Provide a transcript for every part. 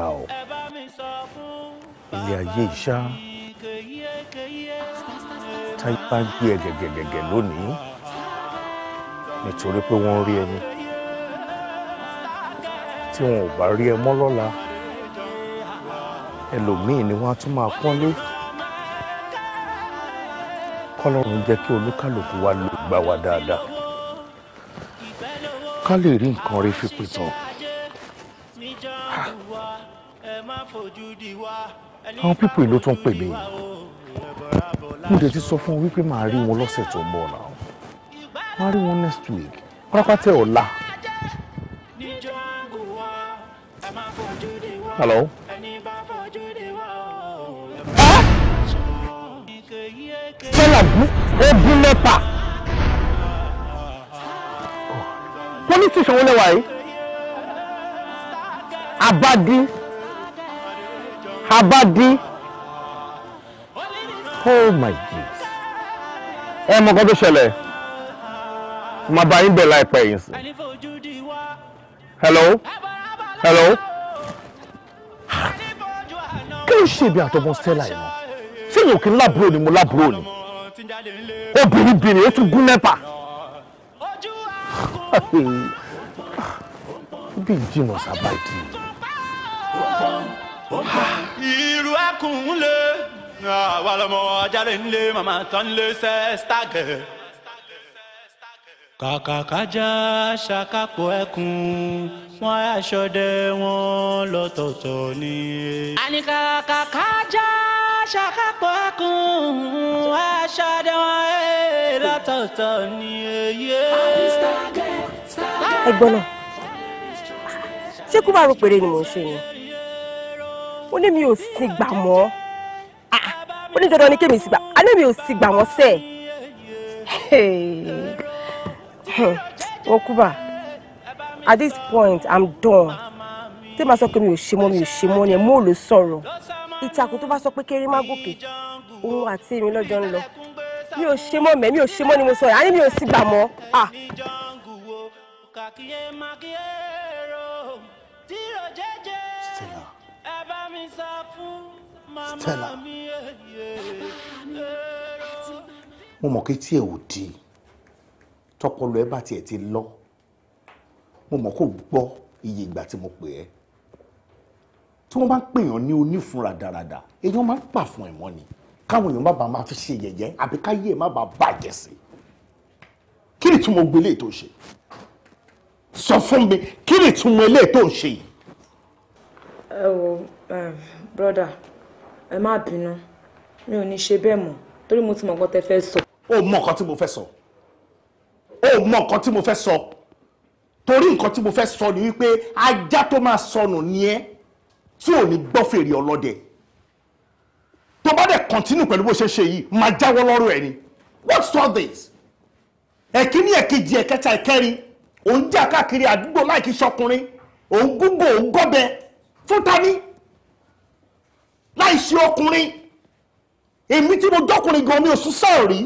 ga o ilé ayé ìṣá táyípá gbé ẹ gẹ̀gẹ̀gẹ̀gẹ̀ lónìí nítorí pé wọ́n rí ẹni tí wọn ò bá rí ẹ mọ́ lọ́la ẹlòmíì ni wọ́n á tún máa pọ́nlé kọ́lọ́run jẹ́ kí olúkàlùkù wa lè gbà wá dáadáa ká lè rí nǹkan rí fi pìtàn. àwọn pípò ìlú tó ń pè mí mo dẹ̀ ti sọ fún wọn wípé màá rí wọn lọ́sẹ̀ tó ń bọ̀ náà màá rí wọn next week pátápátá ọ̀la. hello. Stella bú ebú lẹ́pà. wọ́n ní tíṣan wọlé wáyé abadi Habadi, oh my jesus ẹ mọ nǹkan tó ṣẹlẹ̀ màá bá yín bẹ̀ láìpẹ́ yìí sí hello hello kí ló ṣe ibi àtọmọ stella yìí náà tí mi kí ń lábúrò ni mo lábúrò ni obìnrin bìnrin ó tún gún mẹ́fà bí ìjìnà sábà dì ìlú ẹkùn ń lé àwa lọmọ ajálẹ̀ ń màmá tán lé sẹ́ stagẹ̀. kàkàkájà ṣàkàpọ̀ ẹkùn wọn aṣọdẹ wọn lọ́tọ̀ọ̀tọ̀ ni. àníkà kàkàkájà ṣàkàpọ̀ ẹkùn wọn aṣọdẹ wọn e lọ́tọ̀ọ̀tọ̀ ni. ẹ gbọ́n ṣé kó máa péré ni mò ń ṣe yẹn ó ní mi ò sì gbà mọ́ ah, ó ní dandan ni kémi sì gbà á ní mi ò sì gbà mọ́ sẹ́ ẹ̀ hmm. wọ́n kú bá at this point i'm done tí màá sọ pé mi ò ṣe mọ́ mi ò ṣe mọ́ ni ẹ̀ mọ́ ò ló sọ̀rọ̀ ìtàkùn tó bá sọ pé kéré má gòkè òun àti èmi lọ́jọ́ ń lọ mi ò ṣe mọ́ mẹ́ mi ò ṣe mọ́ ni mo sọ yà á ní mi ò sì gbà mọ́. Stella mo mọ̀ kí tí ẹ ò di tọpọlọ ẹ bá tiẹ̀ ti lọ mo mọ̀ kó gbọ́ iye ìgbà tí mo pè ẹ́ tí wọ́n bá ń pèèyàn ní onífúnra dáradà èèyàn máa ń pà fún ẹ̀ mọ́ ni káwọn èèyàn má bàa máa fi ṣe yẹ̀yẹ́ àbí káyé ẹ̀ má bàa bàjẹ́ sí kí ni tí mo gbé lè tó ṣe sọ fún mi kí ni tí mo lè tó ṣe. ẹ Ehm, broda ẹ má bínú mi ò ní ṣe bẹ́ẹ̀ mọ́ torí mo ti mọ̀ nǹkan tẹ́ fẹ́ sọ. ó mọ nǹkan tí mo fẹ́ sọ ó mọ nǹkan tí mo fẹ́ sọ torí nǹkan tí mo fẹ́ sọ ni wípé ajá tó máa sọnù ni ẹ́ tí ò ní gbọ́ fèrè ọlọ́dẹ tó bá dẹ̀ kọ́ntínú pẹ̀lú bó ṣe ṣe yìí máa jáwọ́ lọ́rọ̀ ẹ̀ ni what's all this ẹ̀kíní ẹ̀kejì ẹ̀kẹta ẹ̀kẹrin òun jà káàkiri àdúgbò láì kí ṣọkùnrin òun gúngbò òun gọ́bẹ fún láì ṣe ọkùnrin èmi tí mo dọ́kùnrin gan mi ò sún sẹ́ẹ̀ rí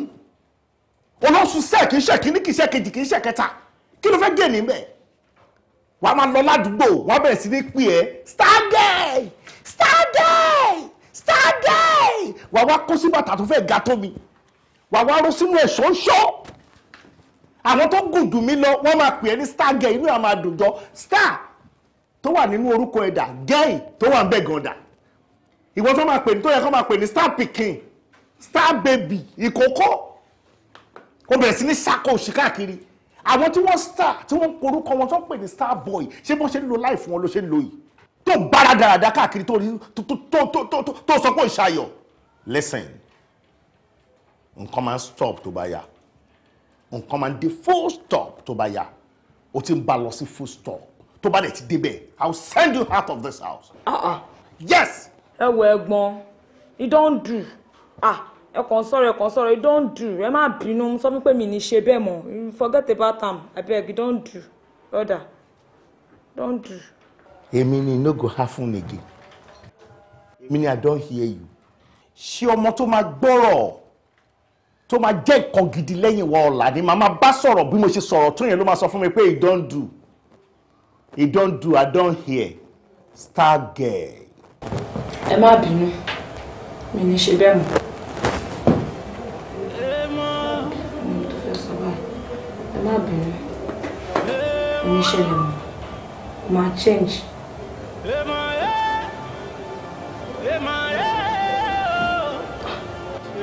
olóṣù sẹ́ẹ̀ kì í ṣe kíní kì í ṣe kejì kì í ṣe kẹta kí ló fẹ́ gé níbẹ̀ wà á máa lọ ládùúgbò wà á bẹ̀rẹ̀ sí ní pè ẹ́ starday starday starday wà á wá kó sí bàtà tó fẹ́ ga tó mi wà á wá ró sínú ẹ̀ ṣóńṣó àwọn tó gùn dùn mí lọ wọ́n máa pè ẹ́ ní stargay inú ẹ̀ máa dùn jọ star tó wà nínú orúkọ ẹ̀dà gẹ́ì tó wà ń bẹ̀ gàndà ìwọ tó máa pè ní tó yẹ kó máa pè ní star pikin star baby ìkókó ó bẹ̀rẹ̀ sí ní ṣakọ òṣì káàkiri àwọn tí wọ́n star tí wọ́n korúkọ wọn tó ń pè ní star boy ṣé bọ́n ṣe ń lo láì fún wọn ló ṣe ń lo yìí tó bára dáradá káàkiri tó tó sọ pé ìṣayọ̀ listen nǹkan máa ń stop tó bá yá nǹkan máa ń dé full stop tó bá yá o ti ń ba lọ sí full stop tó bá dẹ̀ ti débẹ̀ i will send you out of this house. Uh -uh. yes ẹ wọ ẹ̀gbọ́n e don do ah ẹ kàn sọ̀rọ̀ ẹ kàn sọ̀rọ̀ e don do ẹ má bínú sọ fún pé mi ní ṣe bẹ́ẹ̀ mọ́ forget about am abeg e don do brother don do. èmi ni no go happen again èmi ni i don hear you ṣé ọmọ tó máa gbọ́rọ̀ tó máa jẹ́ nǹkan gidi lẹ́yìn wa ọ̀la ni màmá bá sọ̀rọ̀ bí mo ṣe sọ̀rọ̀ tó yẹn ló máa sọ fún mi pé e don do e don do i don hear star girl ẹ má bínú mi ní ṣe bẹ́ẹ̀ mọ́. mo tó fẹ́ sọ báyìí ẹ má bínú mi ní ṣẹlẹ̀ mọ́ máa change.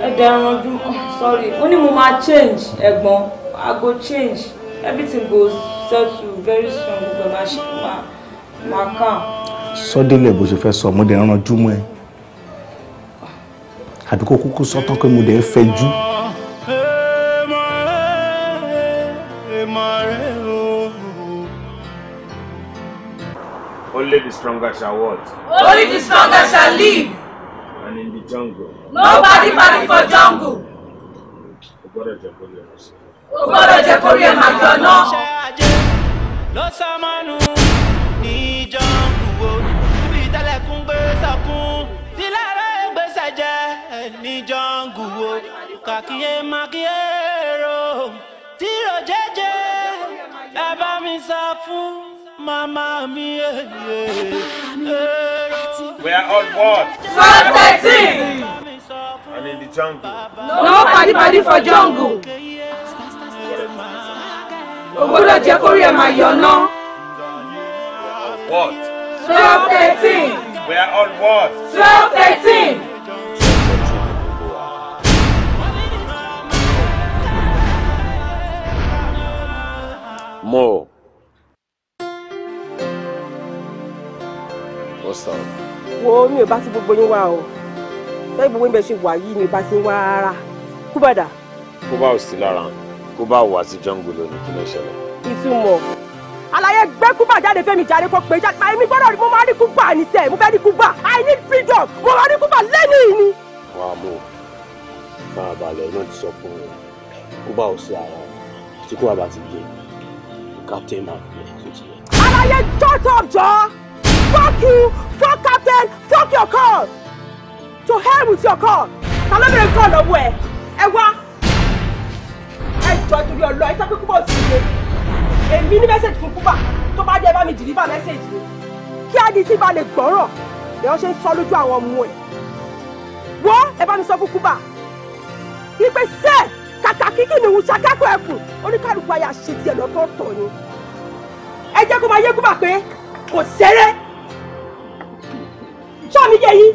ẹ̀dẹ̀ ẹranjú oh, sorry ó ní mo máa change ẹ̀gbọ́n I go change everything go settle very soon gbogbo ẹ̀ máa ṣe máa calm sọdélẹ̀ bó ṣe fẹ́ sọ mo dẹ̀ ń ẹ àbí kúkú sọ́tàn pé mo dẹ̀ ń fẹjú. Only the stronger shall what? Only the stronger shall live. And in the jungle. Nobody fighting for jungle. O gbọ́dọ̀ jẹ kórí ẹ̀ máa ṣe. O gbọ́dọ̀ jẹ kórí ẹ̀ máa jọ náà. Lọ́sàmánú sọkún sílẹ̀ gbèsè jẹ ní jọ́ngù wo kàkíyé màkíyèrò tìrò jẹjẹ ẹ bá mi sọ fún màmá mi èrò. We are on board. Psalm thirteen. And in the jungle. No padi for jungle. Ògbódò jẹ́ kórìí ẹ̀ máa yọ̀ ná. What? Psalm thirteen. We are on what? 12, 13. More. What's up? Wo mi ò bá ti gbogbo yín wá o. Ṣé gbogbo yín bẹ ṣe wà yìí ni bá ti wá rárá? Kúbàdà. Kúbà ò sí lára. Kúbà wà sí jọ́ngùlù ní kí ló ṣẹlẹ̀. Ìtumọ̀ àlàyé gbẹ́kú bà jáde fẹ́mi jàre kó pé jáde àìmí gbọ́dọ̀ mo máa rí kú ní sẹ́ẹ̀ mo fẹ́ rí kú I need freedom mo máa rí kú bà lẹ́nu ìní. wà á mú bàbá balẹ̀ náà ti sọ fún un kó ò sí ara tí kò bàbá ti gbé captain máa gbé tó ti yẹ. àlàyé shut up jọ fuck you fuck captain fuck your call to hell with your call ta ló bẹ̀rẹ̀ call lọ́wọ́ ẹ ẹ wá ẹ jọ torí ọlọ ẹ sọ pé kó ò sí ilé èmi ní mẹ́sẹ̀jì fún kúbà tó bá jẹ́ bá mi dìlíbà mẹ́sẹ̀jì mi kí adi tí ba lè gbọ́rọ̀ ni wọ́n ṣe ń sọ lójú àwọn ọmọ ẹ̀ wọ́n ẹ bá mi sọ fún kúbà ìpè sẹ́ẹ̀ kàkà kíkì ni òun ṣàkẹ́kọ̀ọ́ ẹ̀kùn oníkàlùkù ayé àṣetì ẹ̀ lọ́tọ̀ọ̀tọ̀ ni ẹ jẹ́ kó máa yé kúbà pé kò sẹ́rẹ́ sọ́ọ̀mì yẹ yín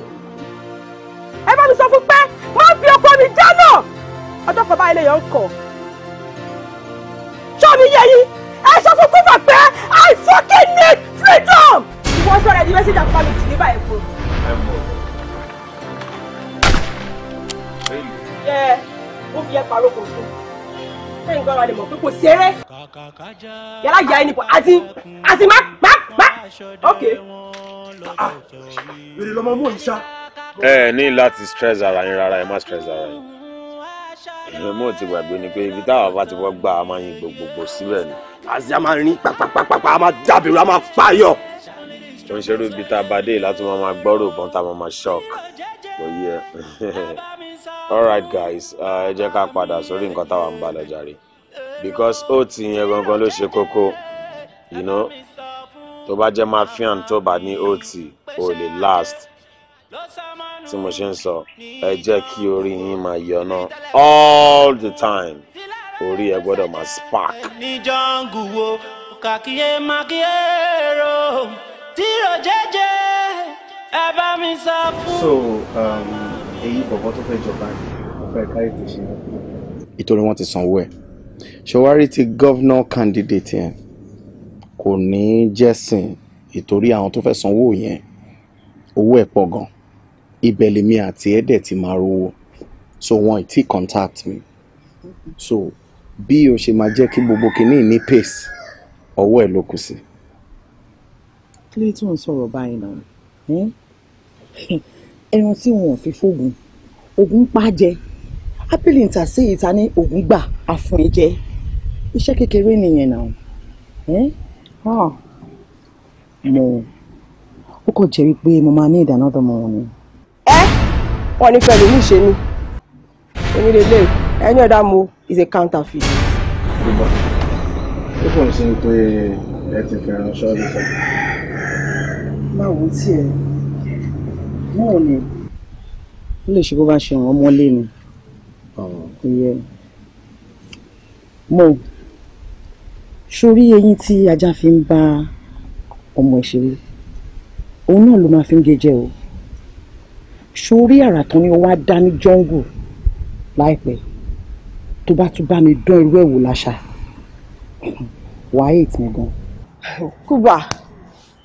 ẹ bá mi sọ fún pé má fi ọkọ mi dáná ọjọ́ kan báyìí lè yàn ń kọ̀ sọ́ọ̀mì yẹ yín. I sọ fún Kúfà pé I fucking need freedom. ìwọ sọ̀rọ̀ ẹni mẹ́sẹ̀jì àpá mi tì ní báyìí fún. ẹ mọ̀ ẹ ó fi ẹ parọ́ kò fún kẹ́yìn gbọ́dọ̀ lè mọ̀ pé kò ṣeré yàrá ìyá ẹni bọ̀ àti àti má má má ok. wèrè ah, lọmọ mú òyìnbá. ẹ ní láti stress ara yín rárá ẹ má stress ara yín èmi mò ti gbàgbé ni pé ibi táwọn bá ti wọ́n gbà á máa yin gbogbogbò síbẹ̀ ni àti a máa rìn pàpàpàpà a máa dábìrì a máa pààyọ. tó ń ṣerú ibi tá a bá dé láti wọn máa gbọ́rò bọ́n tá a máa shock kò yẹ. alright guys ẹ jẹ́ ká padà sórí nǹkan táwa ń balẹ̀ jàre because ó ti yẹn gangan ló ṣe kókó you know tó bá jẹ́ mafian tó bá ní ot ò lè last tí mo ṣe ń sọ ẹ jẹ́ kí orí yín máa yọ náà all the time orí ẹ gbọ́dọ̀ máa spark. ní jọ́ngù wo kàkíyé màkíyèrò tìrò jẹ́jẹ́ ẹ bá mi sọ fún. so um, èyí bọ̀bọ̀ tó fẹ́ jọba ó fẹ́ káyé tó ṣe. ìtorí wọn ti sanwó ẹ ṣọwárí ti gọ́vnà candidate yẹn kò ní jẹ́sìn ìtorí àwọn tó fẹ́ sanwó yẹn owó ẹ̀ pọ̀ gan ibẹ̀ lèmi àti ẹ̀dẹ̀ ti máa rówó so wọn ì tí contact me so bí o ṣe máa jẹ́ kí gbogbo kìíní ní pace ọwọ́ ẹ̀ ló kù sí. clayton sọ̀rọ̀ báyìí náà ẹran tí wọn ò fi fóògùn ogun pa jẹ ápìlì ń ta sí ìta ní ogun gbà àfún ẹ jẹ iṣẹ́ kékeré nìyẹn náà ah. mo ó kàn jẹ́ wípé mo máa ní ìdáná dánmọ́ wọn ni. ẹ wọn ní pẹ̀lú mi ṣe ni èmi lè any other move is a counterfeit. ó kàn sí pé ẹ ti fi ránṣọ́ nípa. máa wo tí ẹ náà ni ó lè ṣe bó bá ṣe wọn mọ́lé ni kò yẹ mo sórí eyín tí ajá fi ń bá ọmọ ìṣeré òun náà ló máa fi ń gé jẹ o sórí àrà tán ni ó wá dá ní jọ́ngù láìpẹ́ tó bá tún bá mi dán irú ẹ̀ wò láṣà wàá èyí tí mo gan. kúbà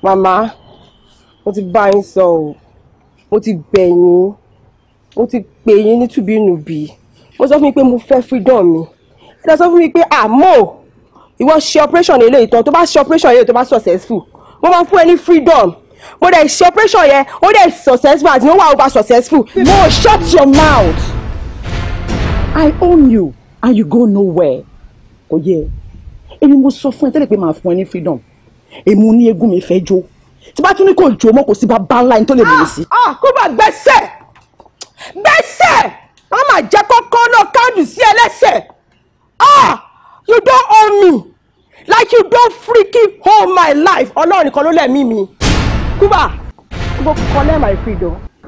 màmá mo ti bá yín sọ o mo ti bẹ̀ yín mo ti pè yín nítùbínùbí mo sọ fún mi pé mo fẹ́ freedom mi ṣe sọ fún mi pé àmọ́ ìwọ ṣe operation eléyìí tán tó bá ṣe operation eléyìí tó bá successful mo máa fún ẹ ní freedom mo dẹ̀ ṣe operation yẹn ó dẹ̀ successful àti no wà over successful. no shut your mouth i own you and you go nowhere kò yẹ èmi mo sọ fún ẹ tẹ́lẹ̀ pé màá fún ẹ ní freedom èmi ní eégún mi fẹ́ jó tí bá tún ní kò jó mọ́ kò sí bá bá ńlá ẹni tó lè mú mi sí. Ah, ah, kó bá gbẹ́sẹ̀ gbẹ́sẹ̀ wọ́n máa jẹ́ kọ́kọ́ náà káàdù sí ẹlẹ́sẹ̀ ah, you don own me like you don freaking own my life ọlọ́run nìkan ló lẹ̀mí mi kúbà kúbọ̀ kọ́lẹ́ my freedom.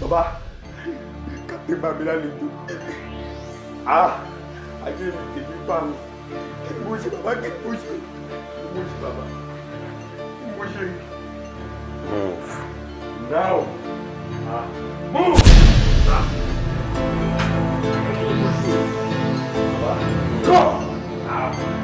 bàbá kàtí bàbí lálejò ah. ayé mi tèmi bá mi kí mo ṣe bàbá kí mo ṣe mo ṣe bàbá mo ṣe. Move. Now. Ah. Move. Ah. Go. Ah.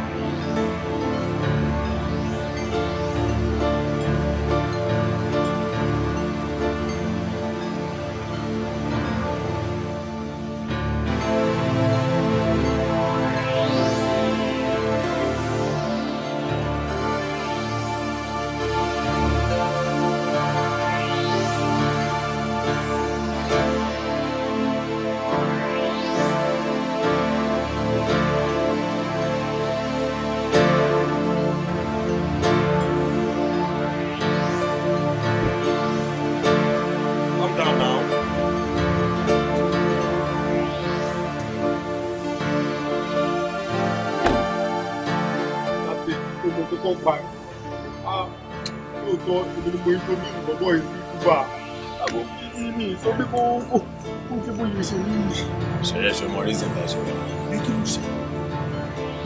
reason náà ṣe wọ́n ní kí ló ṣe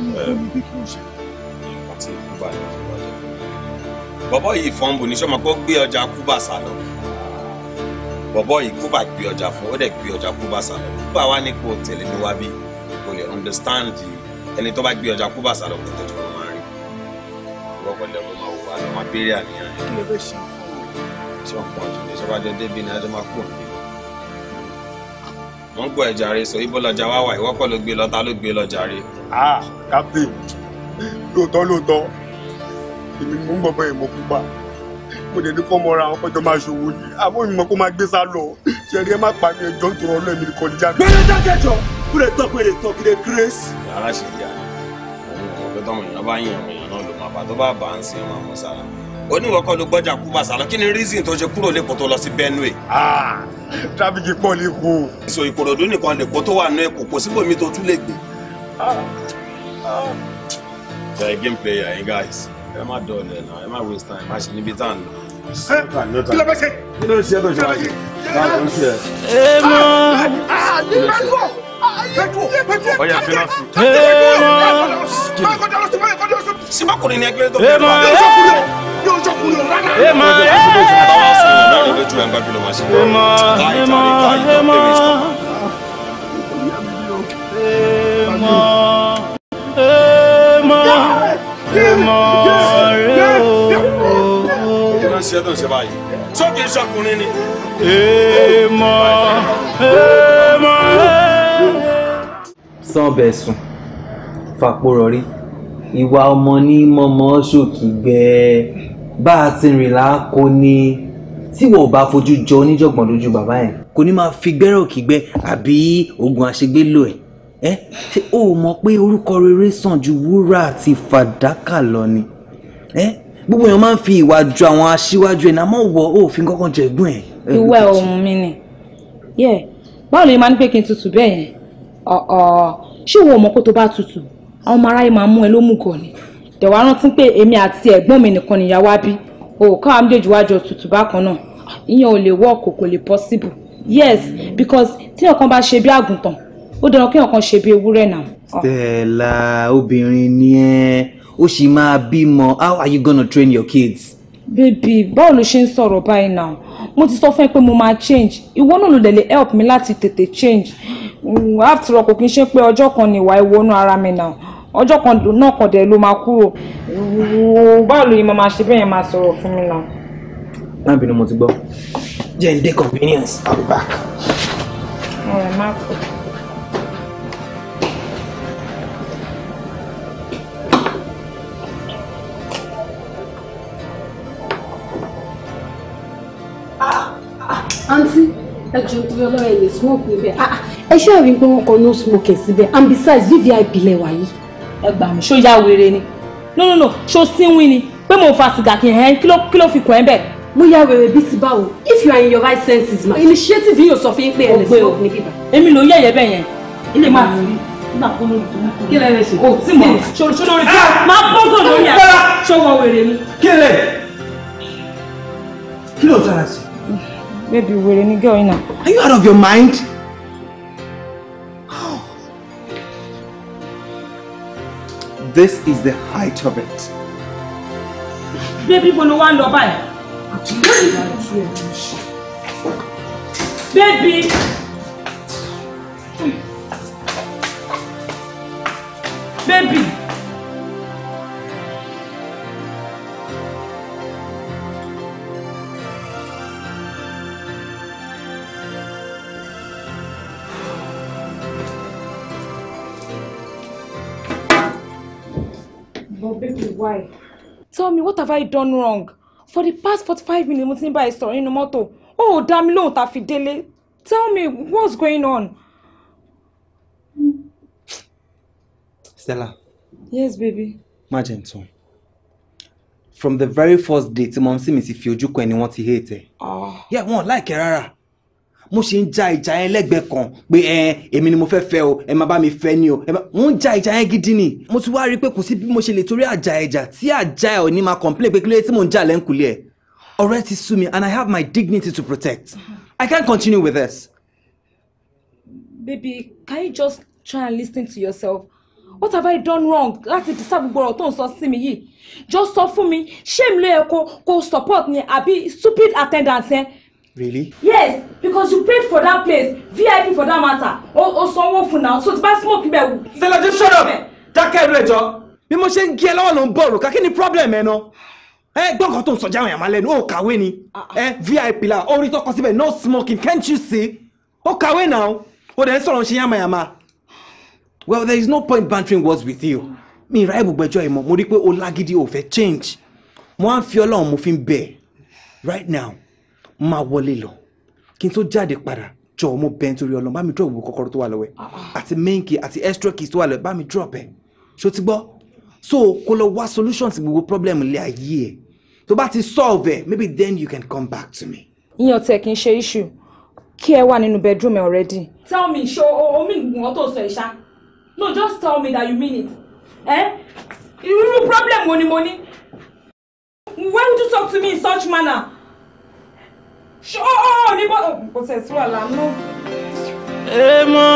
nǹkan tí kúbà ní kúbà jẹ. bọ́bọ́ gbé ọjà kúbà sá lọ bọ́bọ́ yìí kúbà gbé ọjà fún ó dẹ̀ gbé ọjà kúbà sá lọ kúbà wà ní kó tẹ̀lé mi wá bí kò lè understand ẹni tó bá gbé ọjà kúbà sá lọ kò tẹ̀lé mi máa rí ìwọ́pọ̀ lẹ́kọ̀ọ́ máa wò wá lọ́mọ abẹ́rẹ́ àníyàn kí ló fẹ́ ṣe fún ọ ṣé ọkùnrin àti ìṣọ́bàjọ́ débi ní adé máa kú òní wọ́n gbọ́ ẹ̀ jàre sọ ibo lọ́jà wá wà ìwọ́pọ̀ ló gbé lọ́ta ló gbé lọ́jà rè. ah captain lóòótọ́ lóòótọ́ èmi mo ń gbọ́bọ̀ ìmọ̀ pupa mo dẹ̀ ní kọ́ mọ́ra àwọn ọjọ́ máa ṣòwò ni àmọ́ ìmọ̀ kó máa gbé sá lọ ṣẹ̀rí ẹ má pa mi ẹjọ́ nítorí ọlọ́ èmi nìkan níjà. gbẹ̀rẹ̀ dákẹ́jọ́ kúrẹ́ tọ́ kúrẹ́ tọ́ kúrẹ́ grace. yàrá ṣe yà òun ọ̀pẹ tọmọ èèyàn bá yàn ọmọ èèyàn náà ló máa bá tó bá bá ń sin ọmọ àmọ́ sára oníwọ̀kọ́ ló gbọ́jà kú bàṣà lọ kí ni reason tó ṣe kúrò lẹ́kọ̀ọ́ tó lọ sí Benue. tráfíkì pọ̀ ní ikú. so Ìkòròdú nìkan lẹ́kọ́ tó wà ní Èkó kò síbòmí tó tún lè gbé. the game player yín guys ẹ má dọ̀ọ̀lẹ̀ náà ẹ má waste time má ṣe níbi tá à ń lọ. kí ló ṣe kí ló ń ṣe tó ṣe wáyé. ẹ mọ. Oya finasi. Simakunrin ema sanbẹ̀ sùn fàporọ̀rí ìwà ọmọ ní mọ́mọ́ ṣòkì gbẹ́ẹ́ bá a ti rìn láàkó ni tí wọn ò bá fojú jọ oníjọ̀gbọ̀n lójú bàbá yẹn kò ní máa fi gbẹ́rọ̀ kígbẹ́ àbí oògùn àṣegbé lò ẹ̀ ẹ́ ṣé o mọ̀ pé orúkọ rere sàn ju wúrà àti fàdákà lọ ni ẹ́ gbogbo èèyàn máa ń fi ìwà ju àwọn aṣíwájú ẹ̀ nàmọ́ wọ òfin kankan jẹ̀gbọ́n ẹ̀. ìwà ohun mi ni báwo lè máa ní pé kí n tutù bẹ́ẹ̀ yẹn ṣé ìwọ ọmọ kó tó bá tutù àwọn ọmọ aráyé máa mú ẹ ló mú gọ ni dẹ̀wà rántí pé èmi àti ẹ̀gbọ́n mi nìkan nìyàwó àbí òwò káwa méjèèjì wájọ tutù bákan náà ìyẹn ò lè work kò lè possible yes because tí ọ̀kan bá ṣe bí àgùntàn ó dandan kí ọ̀kan ṣe bí ewúrẹ́ náà. Stella obìnrin ni ẹ ó sì máa bímọ how are you gonna train your kids? baby báwo ló ṣe ń sọ̀rọ̀ báyìí now mo ti sọ fún ẹ pé mo máa change ìwọ náà ló dẹ̀ lè help mi láti tètè change mm, after all kò kí n ṣe pé ọjọ́ kan ni ìwà ìwọ́nú ara mi now ọjọ́ kan náà kàn dẹ̀ ló máa kúrò báwo ló yẹ mo máa ṣe bẹ́ẹ̀ yẹn máa sọ̀rọ̀ fún mi now. má bínú mo ti gbọ́ jẹ́ ǹdẹ́ convenience I'll be back. ọ̀rẹ́ má kú. àǹtí ẹjọ ìdílé ọlọ́rọ̀ any smoke níbẹ̀ ah, ah, ẹ ṣe àrí pé wọn kọ no smoke síbẹ̀ and besides vvip lẹwà yìí. ẹ gbà mí ṣó yá wèrè ni no no no Show sínwín Winnie. pé mo fast sìgá kì í hẹ́n kí ló fi you can't. bẹ́ẹ̀. mo yá wèrè bíi ti báwo if you are in your right senses ma initiative yóò sọ fún yín pé ẹ lè smoke ní bíbá. èmi ló yẹ̀yẹ̀ bẹ́ẹ̀ yẹn ilé máa ti rí nígbà tó lórí tó ní. kí lè rẹ ṣe. o tí mo ṣòro lórí ah! tí máa bọ́gàn lórí àṣọ wọ wèrè ni. kí lè kí ló tara sí. Baby, wèrè ni girl iná. Are you out of your mind? This is the height of it. Baby, bolo wa lọ báyìí. Baby. Baby. explain why. tell me what have I done wrong for the past forty-five minutes mo ti ń bá ẹ sọ̀rọ̀ nínú mọ́tò ó ò dá mi lóhùn tell me what's going on. Stella. yes baby. má jẹ́ from the very first date, tí mọ̀mísí mi ti fi you, kan ẹni wọ́n ti hate ẹ̀. yẹ́ wọn ò láìkẹ́ rárá mo ṣe ń ja ìjà yẹn lẹ́gbẹ̀ẹ́ kan pé ẹ èmi ni mo fẹ́ fẹ́ o ẹ máa bá mi fẹ́ ni o mo ń ja ìjà yẹn gidi ni mo ti wá rí i pé kò sí bí mo ṣe lè torí àjà ẹ̀jà tí àjà ẹ̀ ò máa complain pé kílódé tí mò ń jà lẹ́ńkulé ẹ̀ ọ̀rọ̀ ti sú mi and I have my dignity to protect I can't continue with this. Baby, can you just try and listen to yourself? what have I done wrong láti dísà gbogbo ọ̀rọ̀ tó ń sọ sí mi yìí jọ sọ fún mi ṣé mi ló yẹ kó kó support ni àbí stupid attendant yẹn eh? Really? Yes, because you paid for that place, VIP for that matter. O sanwó fún náà, so ti bá smoke bẹ̀ Stella, just shut up! Dákẹ́ ìlú ẹ̀jọ́. Bí mo ṣe ń gé ẹ lọ́wọ́ ló ń bọ̀rù ká kí ni problem ẹ̀ náà? Ẹ gbọ́ nǹkan tó ń sọ jáwé àmà lẹ́nu, ó kàwé ni. Ah, ah. Ẹ VIP la, orí tọkọ síbẹ̀ no smoking, can't you see? Ó kàwé náà, ó dẹ̀ ń sọ̀rọ̀ ṣe yàmàyàmà. Well, there is no point bantering words with you. Mi ìráyè gbogbo ẹjọ́ ìmọ̀, mo rí pé o lágídí ò fẹ́ change. Mo á fi Ọlọ́run mo fi ń bẹ̀ right now máa wọlé lọ kí n tó jáde padà jọ mo bẹ nítorí Ọlọ́run bá mi drop gbogbo kọ́kọ́rọ́ tó wà lọ́wọ́ ẹ ah. àti main key àti extra keys tó wà lọ́wọ́ bá mi drop ẹ ṣó ti gbọ́ so kó lọ wá solution sí gbogbo problem ilé ayé ẹ tó bá ti solve ẹ maybe then you can come back to me. ìyàn tẹ kì í ṣe issue kí ẹ wà nínú bedroom ẹ already. tell me ṣo omi nǹkan tó sọ ìṣá no just tell me that you mean it eh? irú problem wo ni mo ní why would you talk to me in such manner ṣọ́ọ́ nígbà kò tẹ̀sí wà lánàá. èèmọ̀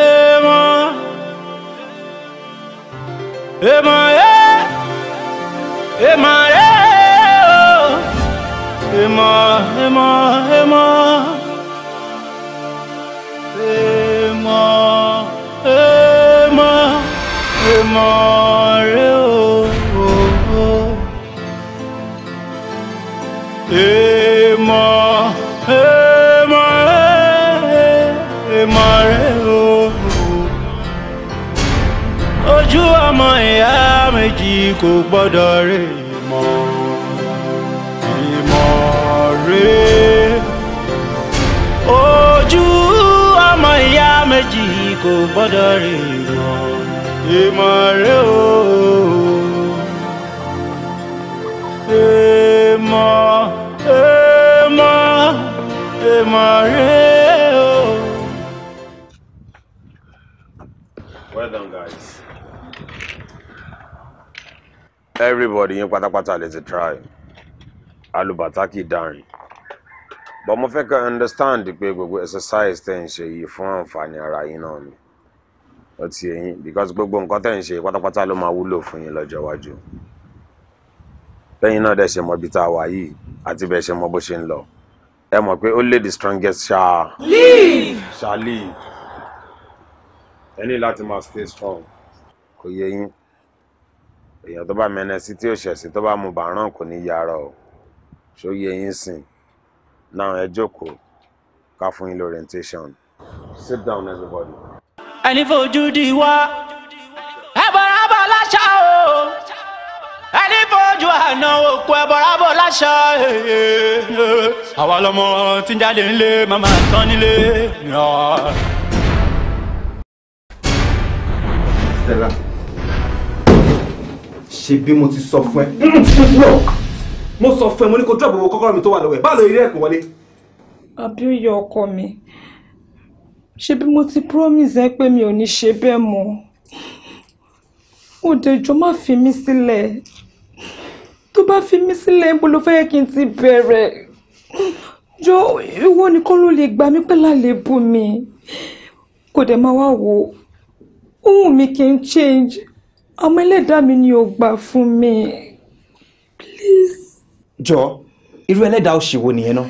èèmọ̀ èèmọ̀ ẹ èèmọ̀ ẹ èèmọ̀ èèmọ̀ èèmọ̀ èèmọ̀ èèmọ̀ èèmọ̀ rẹ. kò gbọ́dọ̀ rè mọ́ ìmọ̀ rè ojú ọmọ ìyá méjì kò gbọ́dọ̀ rè mọ́ ìmọ̀ rè o èèmọ̀ èèmọ̀ èèmọ̀ rè. everybody yín pátápátá lè ti try alùbàtà kì í but mo fẹ́ kẹ́ understand pé gbogbo exercise tẹ̀ ń ṣe yìí fún àǹfààní ara yín náà ni ó ti yín because gbogbo nǹkan tẹ̀ ń ṣe pátápátá ló máa wúlò fún yín lọ́jọ́ iwájú lẹ́yìn náà dẹ̀ ṣe mọ ibi tá a wà yìí àti bẹ́ẹ̀ ṣe mọ bó ṣe ń lọ ẹ mọ̀ pé ó lè the strongest ṣáà leave ṣáà leave ẹ ní láti máa stay strong kò yẹ yín èèyàn tó bá mẹ́nẹ sí tí òṣè sí tó bá mu bàrán kò ní yàrá o ṣó yẹ yín sìn náà ẹ jókòó ká fún yín orientation sit down everybody. ẹni fojú di wá ẹbọra bọ láṣà o ẹni fojú àná òkú ẹbọra bọ láṣà àwa lọmọ tí ń jáde nílé màmá tán nílé. Stella ṣe bí mo ti sọ fún ẹ. Mm, mm, mo sọ fún ẹ mo ní kó drop owó kọ́kọ́rọ́ mi tó wà lọ́wọ́ ẹ̀ báwo lórí ẹ̀kún wọlé. àbí ó yọ ọkọ mi ṣe bí mo ti promise ẹ pé mi ò ní ṣe bẹ́ẹ̀ mọ́ òdèjọ́ má fi mí sílẹ̀ tó bá fi mí sílẹ̀ ń bolo fẹ́ kí n ti bẹ̀rẹ̀ jọ ìwọ nìkan ló lè gbà mí pẹ́lá lè bù mí kò dẹ̀ máa wá wò ó wù mí kí n change ọmọ ẹlẹ́dàá mi ni ò gbà fún mi please. jọ irú ẹlẹ́dàá ò ṣèwọ nìyẹn náà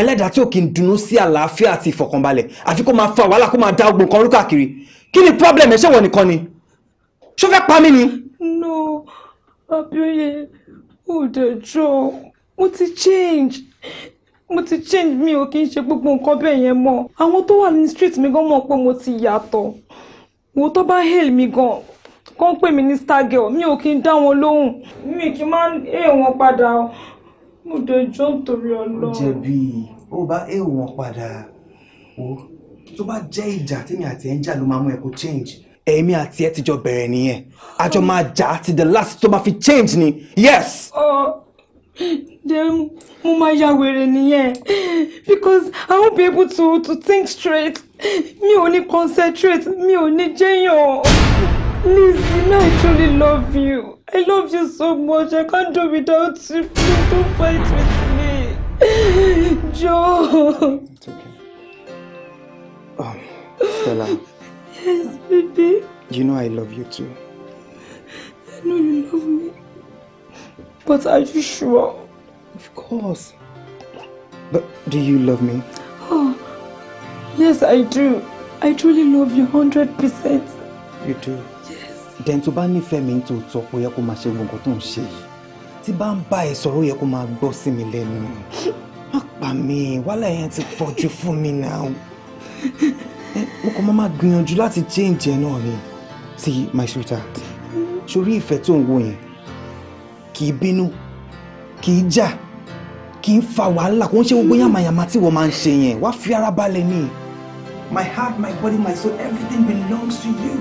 ẹlẹ́dàá tí ò kí ń dunnú sí àlàáfíà àti ìfọ̀kànbalẹ̀ àfi kó máa fa wàhálà kó máa dá ogbò kan orúkọ àkiri kí ni problem ẹ ṣèwọ nìkan ni ṣó fẹ́ pa mí ni. no abioye ò dé jọ mo ti change mo ti change mi ò kí ń ṣe gbogbo nǹkan bẹ́ẹ̀ yẹn mọ́ àwọn tó wà ní street mi gan mọ̀ pé mo ti yàtọ̀ wò tó bá hail mi gan kàn ń pè mí ní stargirl mi ò kí ń dá wọn lóhùn mi kì í máa ń é wọn padà mo dẹjọ́ nítorí ọlọ́run. ó jẹ̀bi ó bá é wọn padà o tó bá jẹ́ ìjà tèmi àti ẹ̀ ń jà ló máa mú ẹ kó change èmi àti ẹ ti jọ bẹ̀rẹ̀ nìyẹn a máa jà á the last tó máa fi change ni yes. Oh then mo máa ya wèrè nìyẹn because i won't be able to to think straight mi ò ní concentrate mi ò ní jẹ́yàn. Please, you know I truly love you. I love you so much. I can't do without you. Please don't fight with me. Joe. It's okay. Um, Stella. Yes, baby. You know I love you too. I know you love me. But are you sure? Of course. But do you love me? Oh, yes, I do. I truly love you 100%. You do. dẹ̀ tó bá nífẹ̀ẹ́ mi tó tọ́ kó yẹ kó máa ṣe gbogbo tó ń ṣe yìí tí bá ń bá ẹ sọ̀rọ̀ yẹ kó máa gbọ́ sí mi lẹ́nu má pa mí wàhálà yẹn ti pọ̀ jù fún mi náà mo kàn máa gbìyànjú láti change ẹ náà ni sí my sweetheart sórí ìfẹ́ tó ń wo yẹn kì í bínú kì í jà kì í fa wàhálà kò ń ṣe gbogbo yàmàyàmà tí wọ́n máa ń ṣe yẹn wá fi ara balẹ̀ ni my heart my body my soul everything belongs to you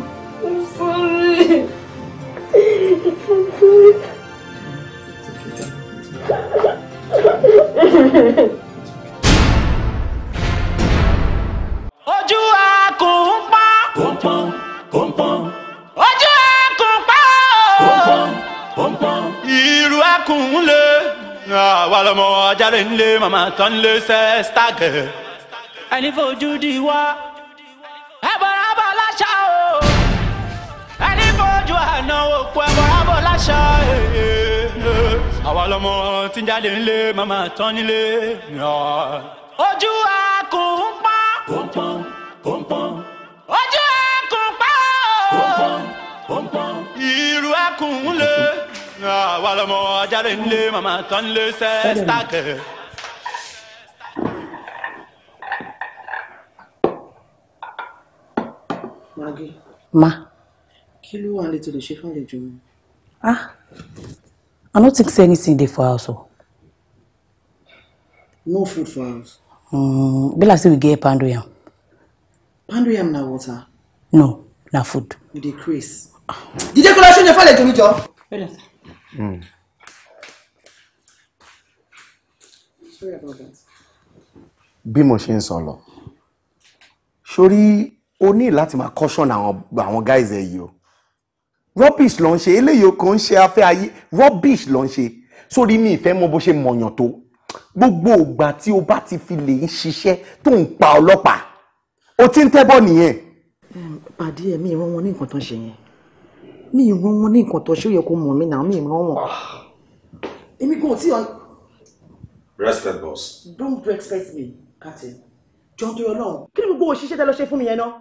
ojú akùn ń pa. kòńpọ̀n kòńpọ̀n. ojú akùn pa. kòńpọ̀n kòńpọ̀n. ìrù akùn ń lé àwa lọmọ ajáde ń lé màmá tán ń lé ànáwó òkú ẹ̀wọ̀ rábọ̀ láṣà eh, eh. àwa lọmọ tí ń jáde nílé màmá tán nílé. ojú ẹkùn ń pọ́n. ó ń ojú ẹkùn ń pọ́n ó ń ìrù ẹkùn ń lé àwa lọmọ ajáde nílé màmá tán nílé sẹ́ stark. Ma kí ló wà létò lè ṣe fàlejò mi. ah i no think say anything dey for house o. no food for house. Um, be like say we get pound yam. pound yam na water. no na food. we dey craze. jíjẹ́ kó lọ ṣe ń yẹ fàlejò mi jọ. sorry about that. bí mo ṣe ń sọ lọ sórí o ní láti máa caution àwọn guys ẹ yìí o rubbish ló ń ṣe eléyìí kan ń ṣe afẹ́ ayé rubbish ló ń ṣe sórí mi ìfẹ́ mọ bó ṣe mọ̀yàn tó gbogbo ìgbà tí o bá ti fi lè ń ṣiṣẹ́ tó ń pa ọlọ́pàá o ti ń tẹ́bọ̀ nìyẹn. pàdé ẹ̀ mi ìran wọn ní nǹkan tó ń ṣe yẹn mi ìran wọn ní nǹkan tó ṣe yẹ kó mọ̀ mí náà mi ìran wọn. Ah. èmi kò tí ò. respect boss. don't respect me captain john toyo lọhùn. kí ni gbogbo òṣìṣẹ́ tẹ lọ ṣe fún mi yẹn náà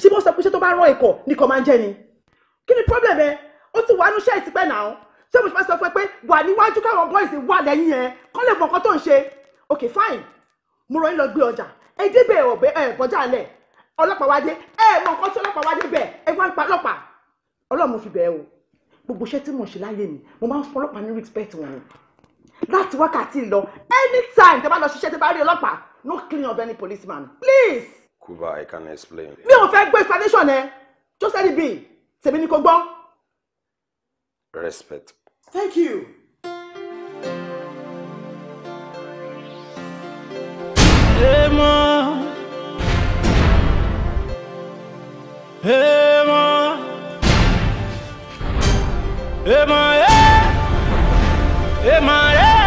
ṣé bó sọ pé ṣé tó bá rán ẹ̀kọ́ ni kò máa ń jẹ́ ni kí ni problem ẹ e? ó ti wà níṣẹ́ ìtìpẹ́ náà tí mo ti fẹ́ sọ fún ẹ pé wà níwájú káwọn boys wà lẹ́yìn ẹ kọ́ lè mọ nǹkan tó ń ṣe ok fine mo rọ yín lọ gbé ọjà ẹ débẹ̀ ọ̀bẹ ẹ kọjá alẹ̀ ọlọ́pàá wá dé ẹ mọ nǹkan tí ọlọ́pàá wá dé bẹ̀ ẹ wá ń pa ọlọ́pàá mo fi bẹ̀ ẹ o gbogbo iṣẹ́ tí mo ṣe láyé mi mo máa ń fún ọlọ́pàá ní respect wọn ni láti wákàtí lọ anytime tẹ bá lọ ṣiṣẹ́ tẹ bá rí ọlọ́pàá no clean up any policeman please. Kuba I can explain. mi ò fẹ́ gbé explanation ẹ just let it be tèmi ni kò gbọ́. respect. thank you. èèmọ̀ èèmọ̀ èèmọ̀ ẹ̀ èèmọ̀ ẹ̀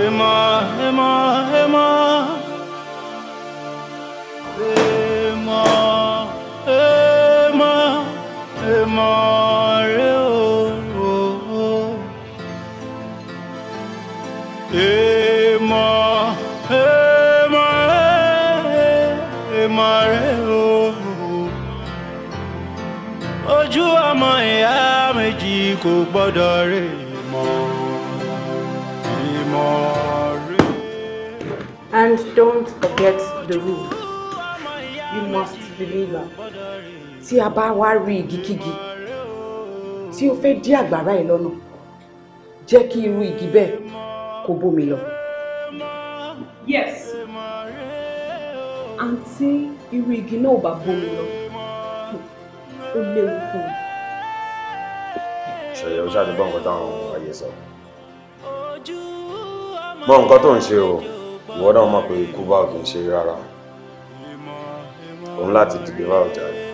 èèmọ̀. kò gbọ́dọ̀ rí ìmọ̀ ìmọ̀ rí. And don't forget the rule you must believe am tí a bá wá rí igikígi tí ó fẹ́ dí àgbàrá ẹ̀ lọ́nà jẹ́ kí irú igi bẹ́ẹ̀ kó bómi lọ. Yes àǹtí irú igi náà ò bá bómi lọ ó léwu fún un ṣòye ó ṣáà ti gbọ́ táwọn ayé sọ gbọ́ nǹkan tó ń ṣe o ìwọ náà mọ̀ pé ikú bá òkè ṣe rárá òun láti dìgbé bá ọjà rẹ̀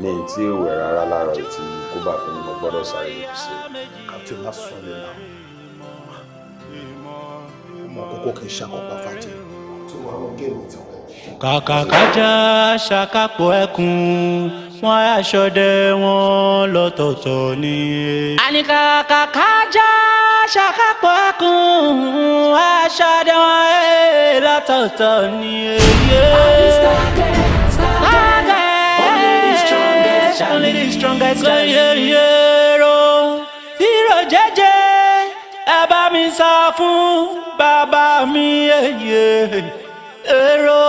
ní tí ìwẹ̀ rárá lára ètí ikú bá fi ní mo sáré lòdì sí kàtí má sùn lè nà ọmọ kókó kì í ṣàkópa fàjẹ tó wà lọ géèmù tí wọn. kàkàkàjà ṣàkàpọ̀ ẹkùn wọ́n aṣọdẹ wọn lọ́tọ̀ọ̀tọ̀ ni. àníkàkà kájà ṣàkàpọ̀ ẹkùn aṣọdẹ wọn eh, lọ́tọ̀ọ̀tọ̀ ni. Only the strongest can hear. Tiro jẹ́jẹ́ ẹ bá mi sá fún bàbá mi èyí eh, eh, èrò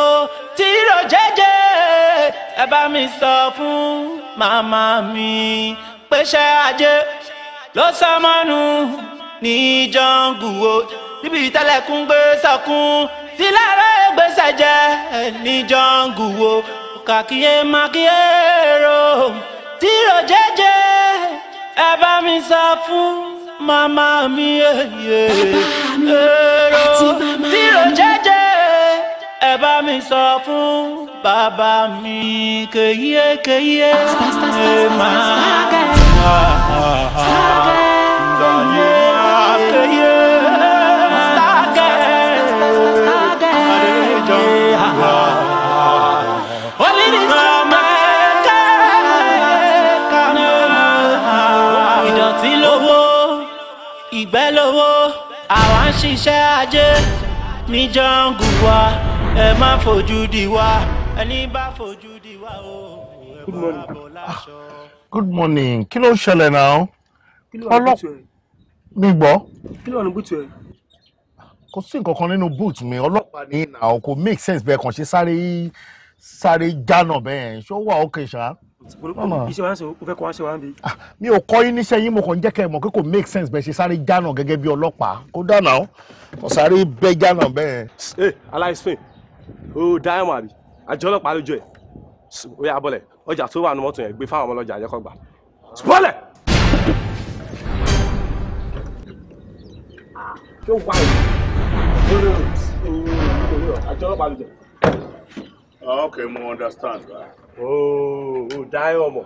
tìrò jẹ́jẹ́ ẹ bá mi sọ fún màmá mi péṣẹ́ ajé ló sọ mọ́nu ní jọ́ngù o níbi tẹ́lẹ̀kùn gbé sọkún tí lára gbèsè jẹ́ ní jọ́ngù o kàkíyé màkíyèrò tìrò jẹ́jẹ́ ẹ bá mi sọ fún màmá mi èrò tìrò jẹ́jẹ́ ẹ bá mi sọ fún bàbá mi kèyíé kèyíé ẹ máa gbàyè kèyíé sàgẹ̀ àdéjọ́ wà. ìgbẹ́ lówó àwa ń ṣiṣẹ́ ajé ní jọ́ngù wa ẹ má fojú di wá ẹni bá fojú di wá o ẹ bọ́ra bọ́ ah, láṣọ. good morning kí ló ń ṣẹlẹ̀ náà ọlọ́ mi gbọ́. kí ló wà ní bùtù ẹ̀. kò sí nǹkan kan nínú boot mi ọlọ́pàá ní ìnà kò make sense bẹ́ẹ̀ kàn ṣe sáré sáré jánà bẹ́ẹ̀ ṣó wà ó kèṣà. iṣẹ́ wa ṣe o fẹ́ kọ́ wa ṣe wa ń bi. Ah, mi ò kọ́ yín níṣẹ́ yín mo kàn ń jẹ́ kẹ́ ẹ mọ̀ pé kò make sense bẹ́ẹ̀ ṣe sáré jánà gẹ́gẹ́ bí ọlọ́pàá kó dànà ó kò sáré bẹ́ jánà bẹ́ẹ̀. ẹ eh, aláìsàn ó dáhùn àbí àjọ ọlọ́pàá lójú ẹ̀ ó yà bọ́lẹ̀ ọjà tó wà ní mọ́tò yẹn gbé fáwọn ọmọ ọlọ́jà àjẹkọ̀ bọ́lẹ̀. tó mo understand. ooo dáhùn ọmọ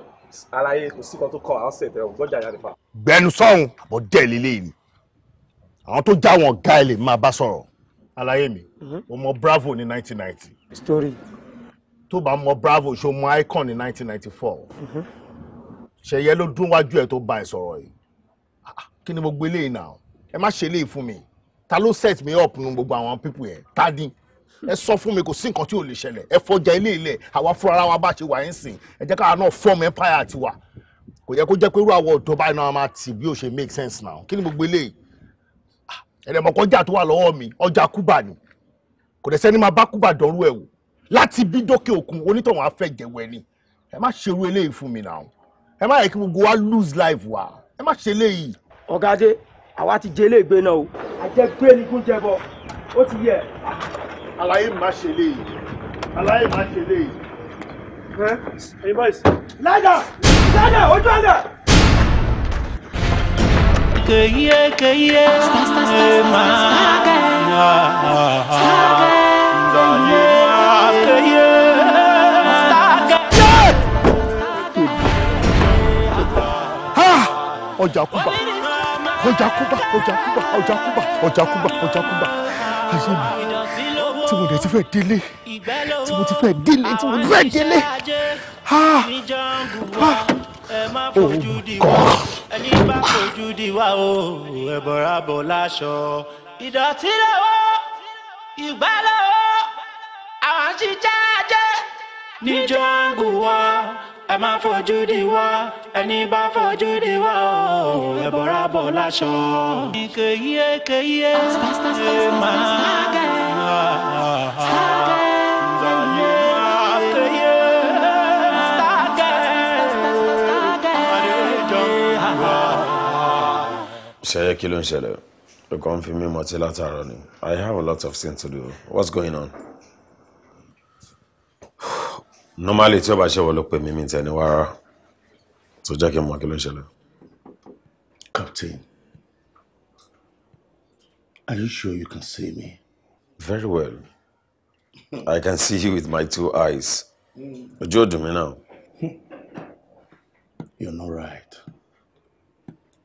àlàyé kò sí kan tó kọ àwọn ṣètẹ ọgbọ jàjà nípa. gbẹnusọhún àbọ̀dẹ́ lélẹ́yìn àwọn tó já wọn ọ̀gá ẹ̀ lè máa bá sọ̀rọ̀ aláyé mi mhm. o mọ bravo ní nineteen ninety. story. tó bá mọ bravo ṣo mọ icon ní nineteen ninety four. Mhm. ṣẹyẹ ló dún wájú ẹ tó bá ẹ sọ̀rọ̀ yìí ah, kí ni mo gbé léyìn náà ẹ má ṣe léyìí fún mi ta ló set me up nu gbogbo àwọn people yẹn ta dín ẹ sọ fún mi kò sí nǹkan tí ò lè ṣẹlẹ̀ ẹ fọjá ilé ilẹ̀ àwa fúnra wa bá ṣe wà ń sìn ẹ jẹ́ káwa náà fọ́ọ̀mù empire tiwa kò yẹ kó jẹ́ pé irú àwọn ọ̀dọ́ báyìí náà máa tì bí ó ṣe make sense now kí ni mo gbé léyìí ẹ̀rẹ̀mọ̀kọ́jà tó wà lọ́wọ́ mi ọjà kúbà ni kò dẹ̀ sẹ́ni máa bá kúbà dọ́rú ẹ̀ wò láti bí dókè òkun onítọ̀hún afẹ́ jẹ̀wẹ̀ ni ẹ má ṣerú eléyìí fún mi náà ẹ má yẹ kí gbogbo wa lose life wa ẹ má ṣe eléyìí. ọ̀gá dé àwa ti jẹ ilé ìgbé náà o àjẹ gbé ni kún jẹbọ ó ti yẹ. àlàyé má ṣe eléyìí àlàyé má ṣe eléyìí. ẹ ẹ báyìí. lájà lájà ojú àjà cueille, cueille, ah, ah, ah. ọjà kúbà ọjà kúbà ọjà kúbà ọjà kúbà ọjà kúbà ọjà kúbà ayé mi tí mo dẹ̀ ti fẹ́ délé tí mo ti fẹ́ délé tí mo ti fẹ́ délé ẹ má fojú di wá ẹni bá fojú di wá o ẹ bọ̀rọ̀ bọ̀ láṣọ. ìdọ̀tí lọ́wọ́ ìgbà lọ́wọ́ àwọn jíjẹ́ ajé ní jọ́ngù wa ẹ má fojú di wá ẹni bá fojú di wá o ẹ bọ̀rọ̀ bọ̀ láṣọ. kèyíé kèyíé máa. ṣẹyẹ kí ló You come ọkọ me, fi mí mọtí látàárọ̀ ni i have a lot of things to do what's going on. normally tí o bá ṣe wọ́n ló pè mí mi tẹ̀ ní wàrà tó jẹ́ kí n mọ kí ló ń ṣẹlẹ̀. captain are you sure you can see me. very well i can see you with my two eyes ojú ò dùn mí náà. you're not right.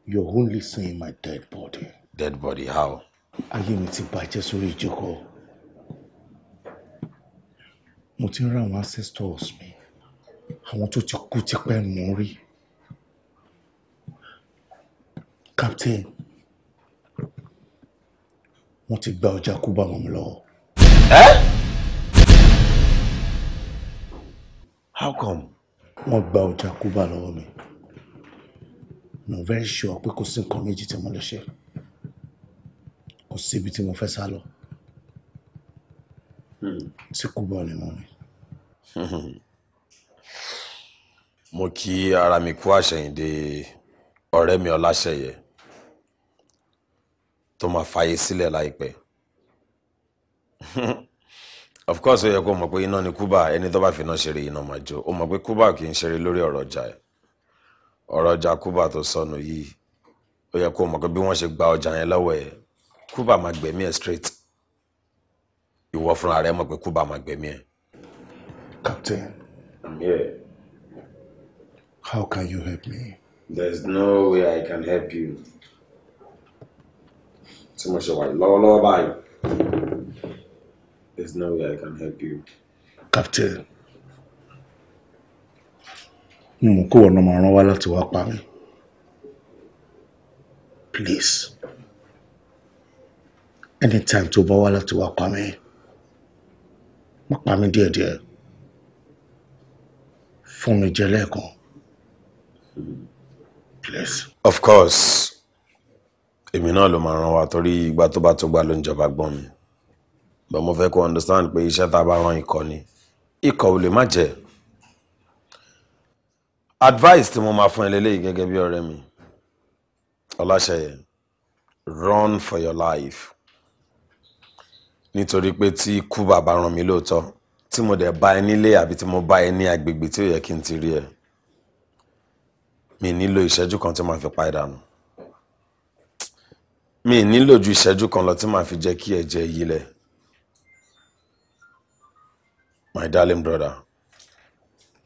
You're only seeing my dead body. Dead body, how? Ayé mi ti bàjẹ́ sórí ìjókòó. Mo ti ń rá àwọn ancestors mi. Àwọn tó ti kú tipẹ́ mò rí. Captain, wọ́n ti gba ọjà kú bá wọn lọ. Ẹ́ How come? Wọ́n gba ọjà kú bá lọ́wọ́ mi mo very sure pé kò sí nǹkan méjì tí mo lè ṣe kò síbi tí mo fẹ́ sá lọ hmm. tí kú bọ̀ ni mo ní. mo kí ara mi kú àṣẹyìndé ọ̀rẹ́ mi ọláṣẹyẹ tó máa fàyè sílẹ̀ láìpẹ́ of course ó yẹ kó mọ̀ pé iná ni kúbà ẹni tó bá fi iná ṣeré iná máa jó ó mọ̀ pé kúbà kì í ṣeré lórí ọ̀rọ̀ ọjà ẹ̀ ọ̀rọ̀ ọjà kúbà tó sọnù yìí ó yẹ kó mọ̀ pé bí wọ́n ṣe gba ọjà yẹn lọ́wọ́ ẹ̀ kúbà máa gbẹ̀mí ẹ̀ straight ìwọ fúnra rẹ mọ̀ pé kúbà máa gbẹ̀mí ẹ̀. Captain. I'm here. How can you help me? There's no way I can help you. Tí mo ṣe wà lọ́wọ́lọ́wọ́ báyìí. There's no way I can help you. Captain mi mọ̀ kó ọ̀nà máa rán wá láti wá pa mí please anytime tó bá wá láti wá pa mí má pa mí díẹ̀díẹ̀ fún mi jẹ lẹ́ẹ̀kan please. of course èmi náà ló máa ràn wá torí ìgbà tó bá tó gbà ló ń jọba gbọ́n mi but mo fẹ́ kó understand pé iṣẹ́ tá a bá rán ikọ̀ ni ikọ̀ ò lè má jẹ́ advice tí mo máa fún ẹ lélẹ́yìí gẹ́gẹ́ bí ọ̀rẹ́ mi ọláṣẹ́yẹ run for your life nítorí pé tí ikú bàbá ràn mí lóòótọ́ tí mo dẹ̀ bá ẹ nílé àbí tí mo bá ẹ ní agbègbè tí ó yẹ kí n ti rí ẹ mi nílò ìṣẹ́jú kan tí màá fi pa ẹ dànù mi nílò ju ìṣẹ́jú kan lọ tí màá fi jẹ́ kí ẹ jẹ èyí my darling brother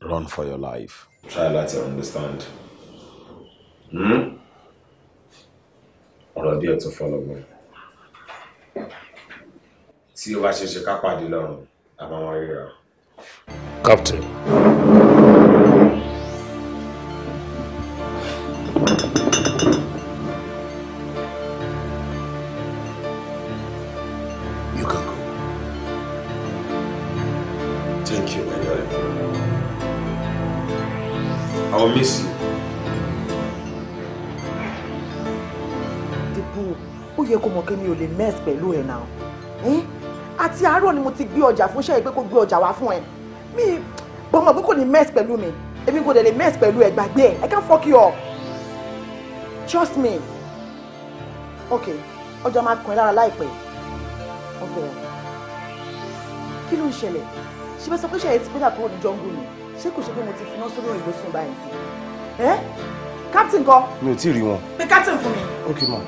run for your life try láti understand Hmm? ọ̀rọ̀ díẹ̀ tó fọlọ́gbọ́n tí ó bá ṣe ṣe ká pàdé lọ́rùn àbámọ́ ríra. Captain. kan mèsì. dìbò ó yẹ kó mọ̀ kí mi ò lè mess pẹ̀lú ẹ̀ náà eh? àti àárọ̀ ni mo ti gbé ọjà fún ṣẹ́yìn pé kó gbé ọjà wá fún ẹ mi bọ́mọ̀ pé kò ní mess pẹ̀lú mi èmi kò dẹ̀ lè mess pẹ̀lú ẹ gbàgbé ẹ I can't fuck you up trust me Okay, ọjà máa kàn ẹ́ lára láìpẹ́ ok kí ló ń so ṣe fẹ́ sọ pé ṣe é ti pé dàpọ̀ ọdún jọ́ngùn ni ṣé kò ṣe pé mo ti finá sórí òyìnbó sùn báyìí sí ẹ captain kan. mi ò tí ì rí wọn. pé captain fún mi. ok ma.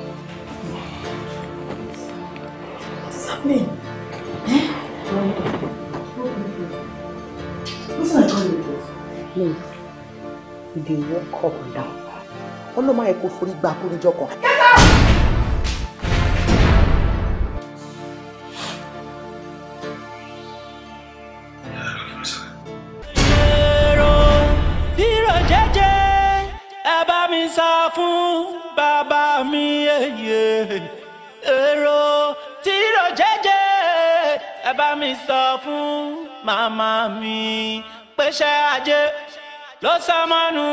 sani what's my problem hmm. with this. no you dey walk up and down ọlọ́mọ ẹ̀kọ́ forí gbà kúrú jọ kan. kẹ́sà èrò tìrò jẹjẹ ẹ bá mi sọ fún màmá mi pèsè ajé ló sọmọnù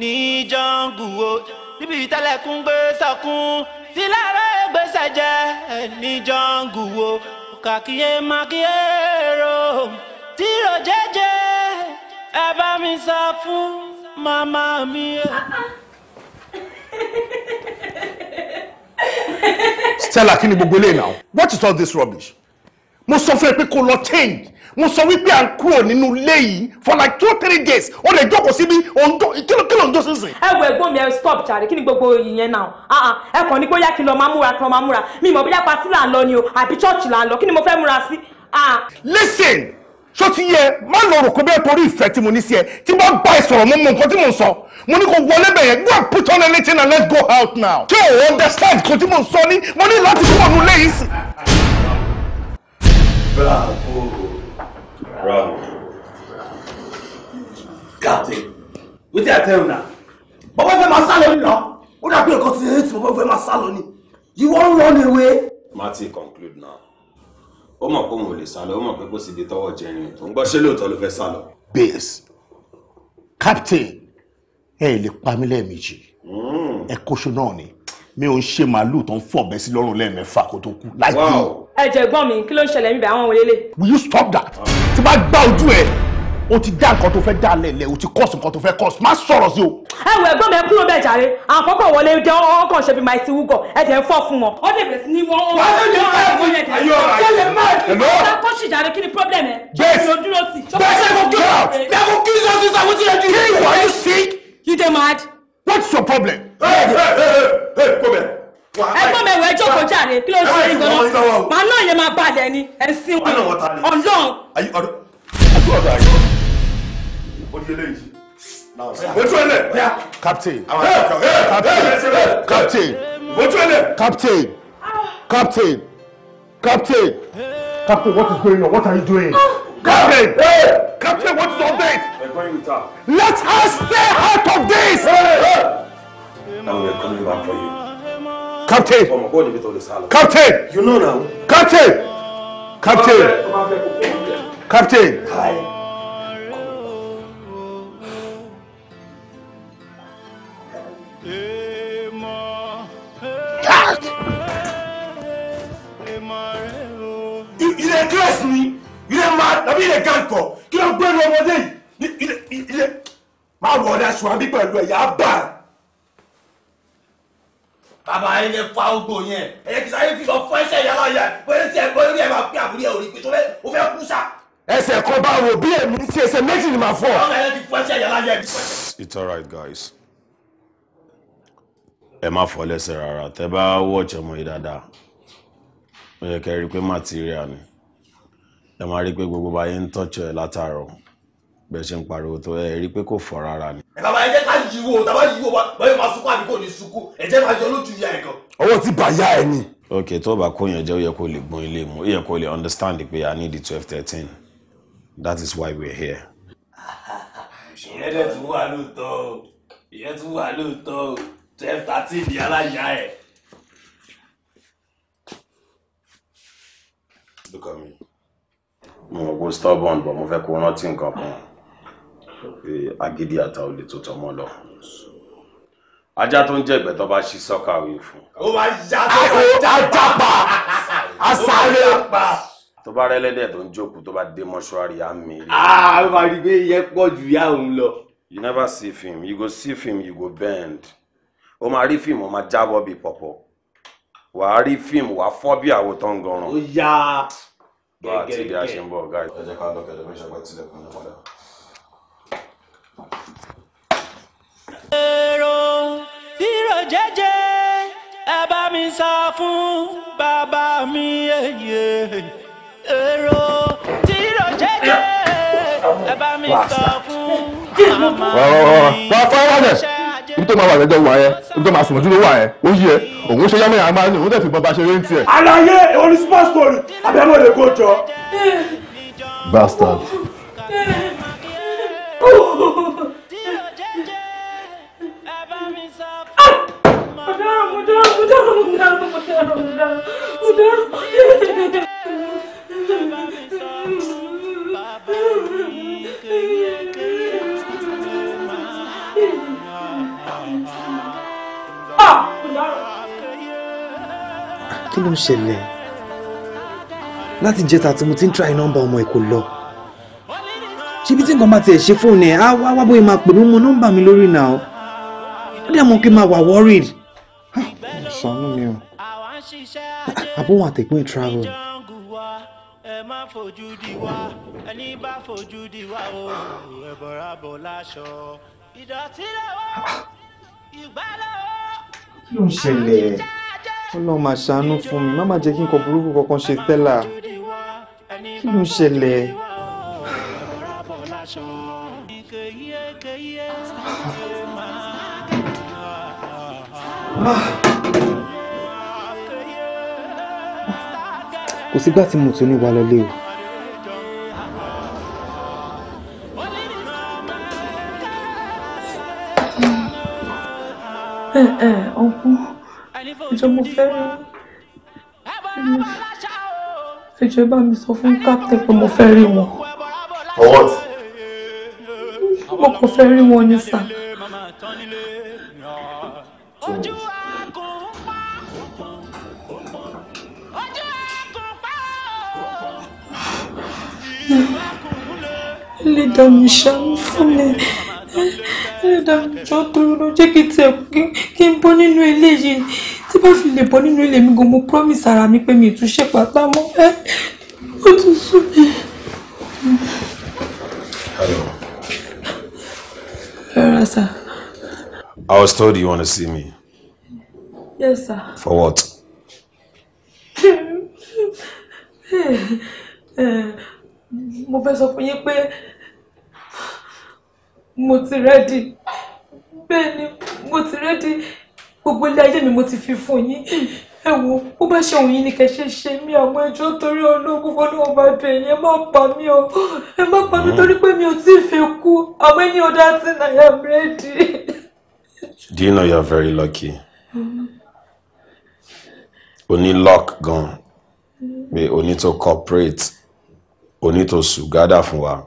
ní jọngù o níbi tẹlẹkùn gbé sọkún sílára gbèsè jẹ ní jọngù o kàkíyè màkíyè èrò tìrò jẹjẹ ẹ bá mi sọ fún màmá mi. Stella kí ni gbogbo eléyìí náà what is all this rubbish mo sọ fún ẹ pé kó lọ change mo sọ wípé à ń kúrò nínú ilé yìí for like two three days ó lè jókòó síbi òǹdó kílò kílò òǹdó sísìn. ẹ wo ẹ̀gbọ́n mi ẹ stop jàre kí ni gbogbo ìyẹn náà ah, ah. ẹ kàn ní pé yá kí n lọ máa múra kí n máa múra mi mọ̀ bóyá patí là ń lọ ni o àbí chọ́ọ̀chì là ń lọ kí ni mo fẹ́ múra sí. Ah. listen ṣó ti yẹ má lọ rò kó bẹ́ẹ̀ torí ìfẹ́ tí mo ní sí ẹ tí bá bá ẹ sọ̀rọ̀ mo mọ nǹkan tí mo sọ mo ní kò wọlé bẹ̀yẹn go and put on anything and let's go out now. ṣé o understand kò tí mo sọ ní mo ní láti kúrò nílé yìí sí. bravo bravo captain wetin i tell you na bàbá fẹ́ máa sá lọ nínú ó dàbí ẹ̀kọ́ ti hate bàbá fẹ́ máa sá lọ ni you wan run away. marty conclude now ó mọ̀ pé òun ò lè sá lọ ó mọ̀ pé kò sí ibi tọ́wọ́ jẹrin tó ń gbọ́ ṣé lóòótọ́ ló fẹ́ sá lọ. base captain ẹ lè pa mí lẹ́ẹ̀mejì mm. ẹ kóṣó náà ni mi ò ń ṣe màálù tó ń fọ̀bẹ sí lọ́rùn lẹ́ẹ̀mẹ́fà kó tó kú láìpẹ́ ẹ jẹ gbọ́n mi kí ló ń ṣẹlẹ̀ níbẹ̀ àwọn òun lélẹ̀. will you stop that ah. tí bá gbá ojú ẹ o ti dá nǹkan tó fẹ́ dá lẹ̀lẹ̀ o ti kọ́ọ̀sì nǹkan tó fẹ́ kọ́ọ̀sì má sọ̀rọ̀ sí o. ẹ wo ẹ̀gbọ́n mi ẹ kúrò bẹ́ẹ̀ jàre àwọn kọ́kọ́ wọlé jẹ́ ọkàn ṣe bí máa ti wúgọ̀ ẹ jẹ́ ń fọ́ fún wọn. ó dẹ̀bẹ̀ sí ni wọ́n. wọ́n á lè máa ń bọ̀ yẹn tẹ̀lé. ayọ̀ ayọ̀ ọ̀la kọ́ṣì jàre kí ni problem ẹ. bẹ́ẹ̀ bẹ́ẹ̀ sẹ́kọ̀ọ́ kí You dey mad? What's your problem? Hey, hey, hey, hey, come here. Ẹ̀gbọ́n mi ẹ̀wẹ̀ jókòó jàre kí ló ṣe é gan-an. Màá náà yẹn máa balẹ̀ ni ẹ̀sìn wọn. Ọlọ́run. Ayé ọdún. Ojú ọ̀dọ̀ ayé. Ojú eléyìí. Ojú ẹlẹ̀. Captain. Captain. Captain. Ojú ẹlẹ̀. Captain. Captain. Captain. Captain, what is going on? What are you doing? Ah. Captain! Hey! Captain, what is all this? We're going with her. Let her stay out of this! Hey! And we're coming back for you. Captain! Captain! You know now. Captain! Captain! Captain! Hi. tàbí ilẹ̀ gàǹkọ̀ kí ló gbẹ́rù ọmọdé yìí ilé máa wọ̀ ọ́dà ṣùgbọ́n bí pẹ̀lú ẹ̀yà bá bàbá yẹn lè fa ogbó yẹn ẹ̀yẹ kìí sáyé fífọ fún ẹsẹ̀ ìyá láyà bóyá tí bóyá orí ẹ máa pín àbúrí ẹ òrí pé tó fẹ́ o fẹ́ kú sá. ẹsẹ̀ kan bá wo bí ẹ̀mí sí ẹsẹ̀ méjì ni màá fọ́. It's all right, guys ẹ má fọ́ lẹ́sẹ̀ rárá tẹ́ bá wọ́ọ̀chẹ́ mọ́ yìí dáadáa ó yẹ kẹ́ rí i pé material ni ẹ máa rí i pé gbogbo bá yẹn ń tọ́jú ẹ látàárọ̀ bẹ́ẹ̀ ṣe ń pariwo tó ẹ rí pé kò fọ́ rárá ni. ẹ bàbá ẹ jẹ́ ká yíwo tàbá yíwo wa báyọ̀ máa sunkún àbí ní sunkún ẹ jẹ́ máa jọ owó ti bà ya ẹ ni. ok tó o bá kó jẹ́ ó yẹ kó lè gbọ́n ilé mu ó yẹ kó lè understand pé i need the twelve thirteen that is why we are here. mo mọ̀ pé stubborn but mo fẹ́ kó rántí nǹkan kan pé agídí àtà olè tó tọ́ mọ́ lọ. ajá tó ń jẹ́ ìgbẹ́ tó bá ṣí sọ́kà òye fún. ó máa yá tó bá jápa àsálẹ̀ àpá. tó bá rẹ́lẹ́dẹ̀ tó ń jókòó tó bá dé mọ́ṣúárì á mi. Ah, a máa rí pọ̀ ju ìyá òun lọ. you never see film you go see film you go bend. o máa rí fíìmù o máa jábọ́ bíi pọ̀pọ̀ wàá rí fíìmù wàá fọ́ bí àwòtán gan-an. ó yá bá a ti di àṣembọ̀ ọ̀gá yìí. ẹ jẹ́ ká lọ kẹ̀lẹ́ bí ìṣàgbá tilẹ̀ kan ló padà. èrò ìrò jẹ́jẹ́ ẹ bá mi sá fún bàbá mi yeye èrò ìrò jẹ́jẹ́ ẹ bá mi sá fún màmá mi. wà á tó máa wà lẹ́jọ́ wà yẹn ibi tó máa sùn lójú wà yẹn ó yí òun ṣe yámẹ́yà á máa ní òun dẹ̀ fi ṣe rí tiẹ̀. àlàyé orí super story abẹ́mọ̀ lè kó jọ. bastard. Thank you. kí ló ń ṣẹlẹ̀ láti jẹta tí mo ti ń try nọ́mbà ọmọ ẹ̀ kò lọ ṣíbi tí nǹkan bá tiẹ̀ ṣe fóònù ẹ̀ á wá wá bóyá máa pè mí mọ nọ́mbà mi lórí náà ó dẹ̀ mọ̀ pé máa wà worried. Ah, ṣàánú mi o ah, àbúrò àtẹ̀gbọ́n ẹ̀ travel ìdọ̀tí lọ́wọ́ ìgbà lọ́wọ́ kí ló ń ṣẹlẹ̀. ọlọ́run máa ṣàánú fún mi má má jẹ́ kí nǹkan burúkú kankan ṣe Stella kí ló ẹ ẹ ọkùn ìjọ mo fẹ́ rí ìjọ bá mi sọ fún captain pé mo fẹ́ ẹlẹ́dàá jọ tóró jẹ́ kí tiẹ̀ kí n bọ́ nínú ilé yìí tí bá fi lè bọ́ nínú ilé mi gan mo promise ara mi pé mi ì tún ṣe pátá mọ́ ẹ́ ó tún sún mi. Hello. Hello, sir. I was told you want to see me. Yes, sir. For what? Eh, eh, mo fẹ́ sọ fún yín pé mo ti rẹ́dì bẹ́ẹ̀ mo ti rẹ́dì gbogbo ilé ayé mi mo ti fi fún yín ẹ wo bó bá ṣe òun yín ni kẹṣẹ ṣe mí àwọn ẹjọ torí ológun fọlọ́wọ́n bá bẹ̀ yẹn má pa mí o ẹ má pa mí torí pé mi ò tí ì fẹ́ kú àmọ́ ẹni ọ̀dà tí I am Do you know you are very lucky? o ní luck gan-an pé o ní to cooperate o ní to sùgádà fún wa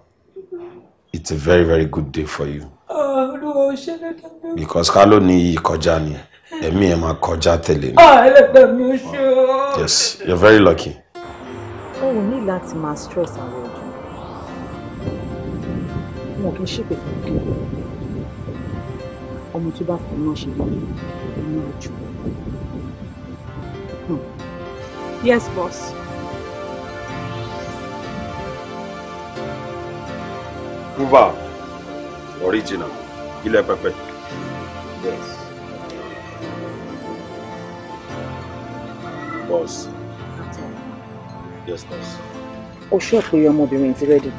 it's a very very good day for you. olúwa ṣe lẹ́dàá mi. because ká ló ní iyì kọjá ni ẹ̀mí ẹ̀ máa kọjá tẹ̀lé ah, mi. yes you're very lucky. òun ní láti máa stress àwọn ọ̀dọ́ wọn kì í ṣèpè fún mi ọmọ tó bá fún náà ṣe lórí inú ojú. yes boss. Hoover original ilẹ̀ pẹpẹ. Yes. Boss. Yes, boss. O ṣe ọ̀pẹ̀ ọmọbìnrin ti rẹ́dì.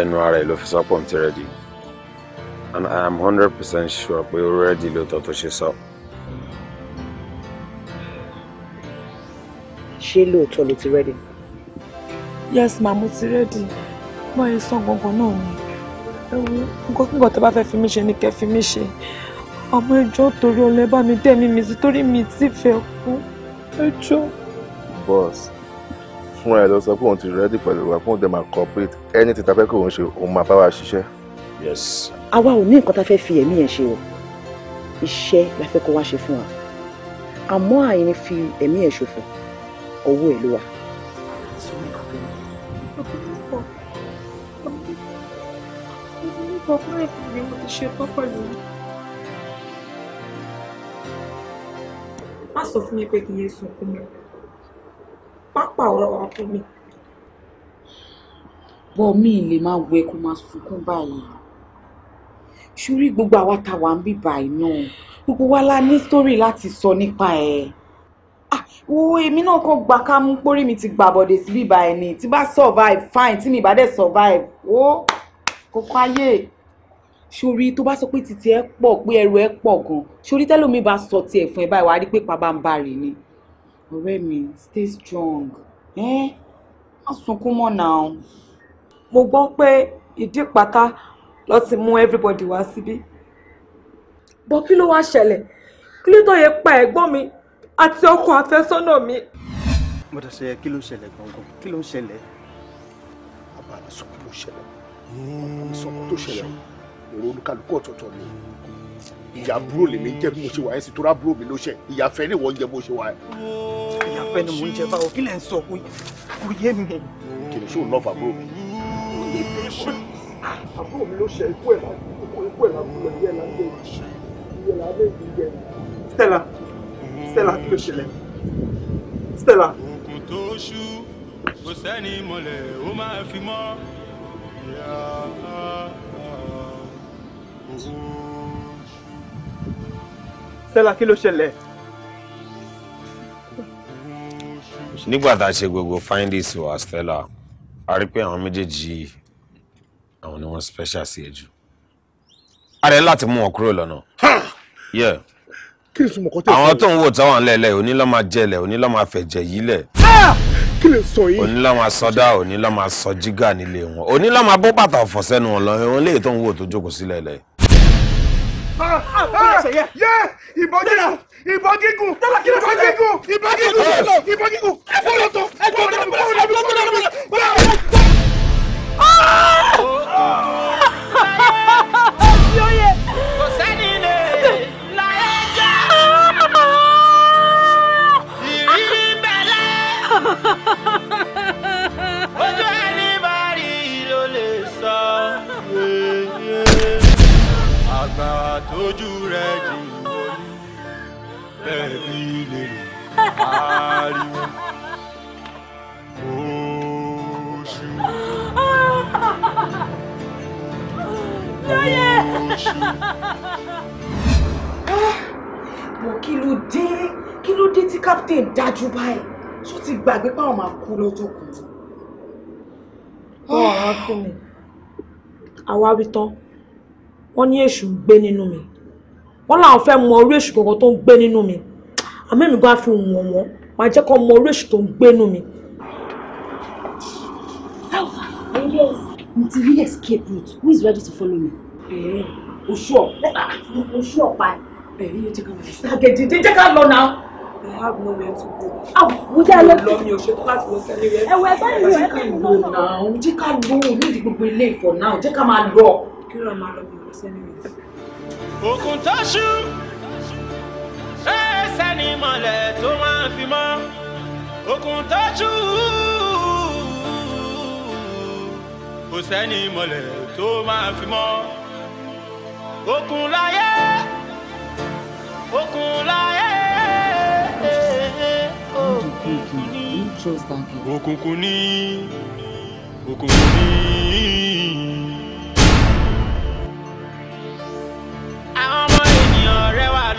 Ẹnu ara ẹ̀ ló fi sọ́pọ̀ ti rẹ́dì. And I am hundred percent sure pé ó rẹ́dì lóòótọ́ tó ṣe sọ. Ṣé lóòótọ́ ló ti rẹ́dì? Yes, màmú ti rẹ́dì. Báyìí sàn gangan náà ni nǹkan tó bá fẹ́ fi mí ṣe ni kẹ́ fi mí ṣe àmọ́ ẹjọ́ torí ọlẹ́ bá mi dẹ́mi mi sí torí mi ti fẹ́ kú ẹjọ́. boss fúnra ẹ lọ sọ pé òun ti rẹ́dí pẹ̀lú wa fún òde máa cooperate ẹni tí tafẹ́ kí òun ṣe òun máa bá wa ṣiṣẹ́. yes. àwa ò ní nǹkan tá a fẹ́ fi ẹ̀mí yẹn ṣe o iṣẹ́ la fẹ́ kó wá ṣe fún wa àmọ́ àìní fi ẹ̀mí yẹn ṣòfò ọwọ́ ẹ̀ ló wà. Procura por mim, mo ti ṣetán pẹ̀lú yín. Má sọ fún mi pé kì í yé sunkún mi. Pápá ọ̀rọ̀ wa fún mi. Bọ́ mi lè máa wẹ kó máa sunkún báyìí. Ṣúrí gbogbo àwa tá wà ń bí báyìí náà. Gbogbo wa la ní sítórì láti sọ nípa ẹ̀. Ah, wo èmi náà kò gbà ká mú pórí mi ti gbàbọ̀dè sí bíbá ẹni tí bá survive fine tí mi bá dẹ̀ survive ó kò káyé sórí tó bá sọ pé títí ẹ pọ̀ pé ẹrù ẹ pọ̀ gan sórí tẹ́lómi bá sọ tiẹ̀ fún ẹ báyìí wàá rí pé pàbá ń bari ni ọ̀rẹ́ mi stay strong ẹ́n má sunkún mọ́ náà. mo gbọ́ pé ìdí pátá ló ti mú everybody wá síbí bọ́ kí ló wá ṣẹlẹ̀ kí ló tó yẹ pa ẹ̀gbọ́n mi àti ọkọ àfẹ́sọ́nà mi. mo dá sẹ́yẹ kí ló ṣẹlẹ̀ gangan kí ló ń ṣẹlẹ̀. àbára sọ kí ló ṣẹlẹ̀ àbára sọ kí ló ṣẹlẹ̀ èrò olúkálùkù ọ̀tọ̀ọ̀tọ̀ ni ìyá àbúrò lèmi jẹ́ bí mo ṣe wà ẹ́ sì tó rábúrò mi ló ṣẹ̀ ìyá fẹ́ ni wọ́n jẹ́ bó ṣe wà ẹ́. ìyá fẹ́ ni mò ń jẹ báwo kí lẹ̀ ń sọ kó yé mi. kìnìún ṣòun lọ́ọ̀fù àbúrò mi. àbúrò mi ló ṣe ikú ẹ̀ ikú ẹ̀ làbúrò ẹ̀ lábẹ́ ìyẹ̀ lábẹ́ ìgbẹ́ Stella Stella kí ló ṣẹlẹ̀ Stella. òkú tó ṣú kò sẹ́ni mọ̀lẹ́ ó máa fi mọ́. Stella kí ló ṣẹlẹ̀? nígbà tá a ṣe gbogbo findings wa Stella a rí pé àwọn méjèèjì àwọn ni wọ́n special sí ẹ jù a rẹ láti mú wọn kúrò lọ́nà àwọn tó ń wò táwọn lẹ́lẹ̀ onílọ́mà jẹlẹ̀ onílọ́mà fẹ̀jẹ̀ yílẹ̀ onílọ́mà sọdá onílọ́mà sọ jígà nílé wọn onílọ́mà bó bàtà ọ̀fọ̀ sẹ́nu wọn lọ́yìn wọn léyìí tó ń wò tó jókòó sílẹ̀ lẹ́yìn. Ah, ah, ah, yé ìbọn gígùn ìbọn gígùn ìbọn gígùn ìbọn gígùn ìbọn gígùn ẹ̀fọ́ lọ́tọ̀ ojú rẹ̀ jì bẹ́ẹ̀ bí lè ariwo oṣù oṣù. mo kí ló dé kí ló dé tí captain dájú báyìí tó ti gbàgbé páwọn máa kú lọ́jọ́ kan. ọ̀rọ̀ á kọ́ mi àwa wí tán wọ́n ní èṣù gbé nínú mi wọ́n làwọn fẹ́ mọ orí èṣù kankan tó ń gbé nínú mi àmẹ́mi bá fi wọ̀n wọ́n máa jẹ́ kó mọ orí èṣù tó ń gbé nínú mi. until we escape route who is ready to follow me. Eh, oṣù ọ̀pá ah, oṣù ọ̀pá ẹ̀ jẹ́ ká lọ náà. I have nowhere to go. Ah, oh, ọjà eh, lọ. Lọ mi ò ṣe tó láti lọ sẹ́ni rẹ̀. Ẹ̀wẹ̀ ẹ̀fẹ́ mi rẹ̀ kàn lọ náà. Jẹ́ ká lọ, ò ní ìdí gbogbo ilé ìfọ̀ náà, òkun tó ṣú ṣẹ́ẹ́sẹ́ ni mọ̀lẹ́ tó máa ń fi mọ́ òkun tó ṣú kò sẹ́ni mọ̀lẹ́ tó máa ń fi mọ́ òkun láyé òkun láyé òkùnkùn ní òkùnkùn ní ní.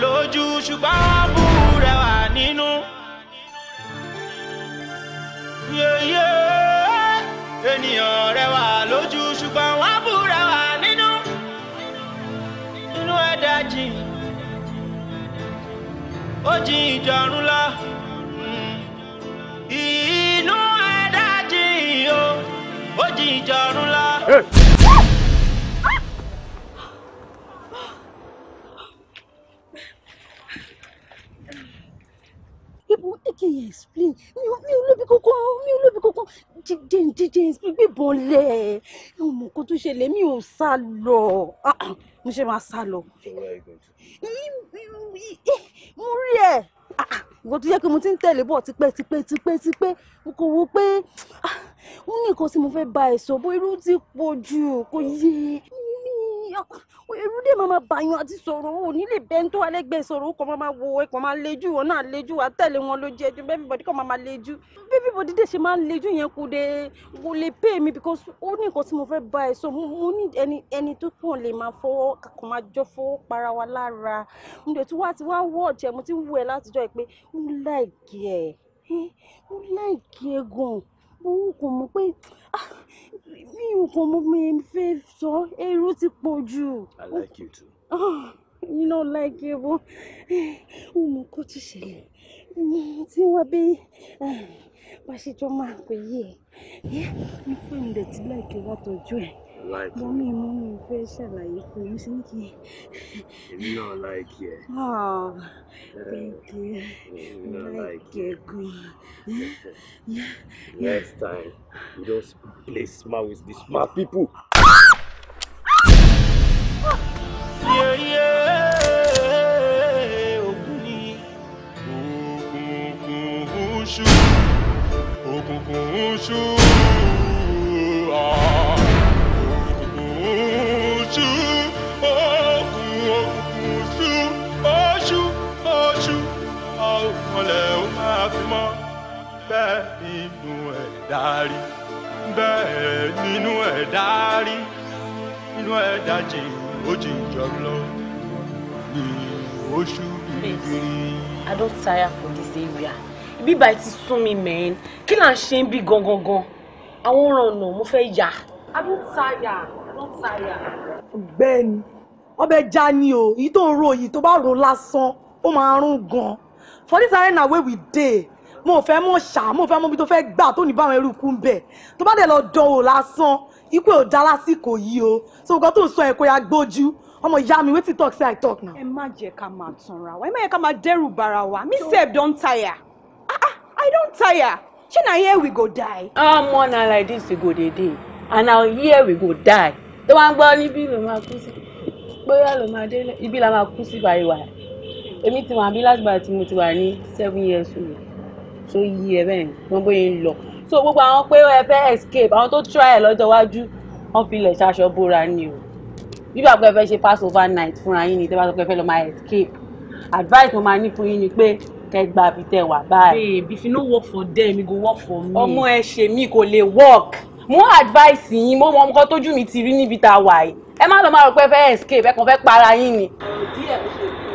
lójú ṣùgbọ́n wọ́n bú rẹwà nínú. yeye ènìyàn rẹwà lójú ṣùgbọ́n wọ́n bú rẹwà nínú. inú ẹ̀dá jìn ó jìn ìjọ̀run lọ. inú ẹ̀dá jìn ó jìn ìjọ̀run lọ. ibo eke yẹn explain mi ò mi ò lóbi mi ò lóbi kankan jíjẹ jíjẹ gbígbé bọ́lẹ̀ ẹ̀ mọ̀ kó tó ṣẹlẹ̀ mi ò sá lọ mo ṣe máa sá lọ. mo rí ẹ nǹkan tó yẹ kí mo ti ń tẹ̀lé bọ̀ tipẹ́ tipẹ́ tipẹ́ tipẹ́ mo kò wò pé ó ní nǹkan tí mo fẹ́ bá ẹ sọ bó irú ti pọ̀ jù kò yé mi ẹrú dé máa bá yan àti sọ̀rọ̀ o nílé bẹ́ẹ̀ tó wà lẹ́gbẹ̀ẹ́ sọ̀rọ̀ o kò máa wo ẹ kò máa lejú wọn náà lejú wa tẹ̀lé wọn lójú ẹjọ́ bẹ́ẹ̀ bọ́dí kò máa máa lejú bẹ́ẹ̀ bọ́dí dé ṣe máa ń lejú yẹn kò dé kò lè pè mí because ó ní nǹkan tí mo fẹ́ bá ẹ sọ mo ní ẹni ẹni tó kàn lè máa fọwọ́ kò máa jọ fọwọ́ para wa lára mo dẹ̀ tún wá ti wá wọ́ ọ̀jẹ̀ mo ti ń wù ẹ látijọ́ ẹ pé mo láìkí ẹ mo hm? láìkí ẹ gan owó kò mọ̀ pé ah, mi ò kò mọ̀ mi fẹ́ sọ èrò ti pọ̀ jù. I like you too. Ah, you know like you but ó mọ kó ṣẹlẹ̀ tí wọ́n bí wàá ṣe jọ máa pè yí ẹ̀ ní fóònù dẹ̀ ti láìpẹ́ wá tọ́jú ẹ̀ like mo mi mo mi fẹ́ ṣàlàyé fún mi sí kí. èmi náà like ẹ. oh thank you èmi like ẹ gan. next time you just play smart with the smart people. òkùnkùn ń ṣú òkùnkùn ń ṣú. ẹ̀dá rí ninu e ẹ̀dá rí e daji jìn ó jìn jọlọ ní oṣù bìbìrì. I don tire for this area ibi báyìí ti sún mi mẹ́rin kí là ń bi ń bí gangan gan àwọn ọ̀ràn ọ̀nà mo fe yà. I don tire I don tire. ọ̀gbẹ́ni ọbẹ̀ já ni o èyí tó ń ro yìí tó bá ro lásán ó máa ń rún gan for this arena wey we dey mo fẹ́ mọ̀ ṣá mo fẹ́ mọ̀ bí tó fẹ́ gbà tó ní báwọn eruku ń bẹ̀ tó bá dẹ̀ lọ dánwò lásán ikú ò dá lásìkò yìí o so nǹkan tó ń sọ ẹ̀kọ́ ya gbójú ọmọ ìyá mi wetin talk say i talk now. ẹ má jẹ́ ká máa tanra wa ẹ má jẹ́ ká máa dẹ́rù bara wa me sef don tire ah, ah i don tire ṣé na here we go die. ọmọ na like this we go dey dey and na here we go die tó máa ń gbọ́ níbí ló máa kú sí bóyá ló máa dé ibi la máa kú sí báyìí wa èmi ti wà bí lágbàá tí mo ti wà ní seven years old tó yí ẹ bẹ́ẹ̀ wọ́n bóyá ń lọ so gbogbo àwọn pé ẹ fẹ́ escape àwọn tó try ẹ lọ́jọ́ iwájú wọ́n fi ilẹ̀ ṣaṣọ bóra ni o bíbá pé ẹ fẹ́ ṣe pass over night fúnra yín ni tẹ́ bá sọ pé ẹ fẹ́ lọ máa escape advice mo máa ní fún yín ni pé kẹ́ gba àbí tẹ́ wà báyìí. babe if you no work for them you e go work for me. ọmọ ẹ ṣe mí kò lè work mo advice yín mo mọ nǹkan tójú mi ti rí níbi tá a wà yìí ẹ má lọ máa rò pé ẹ fẹ́ escape ẹ kàn fẹ́ para yín ni. òdì ẹ̀ bó ṣe rí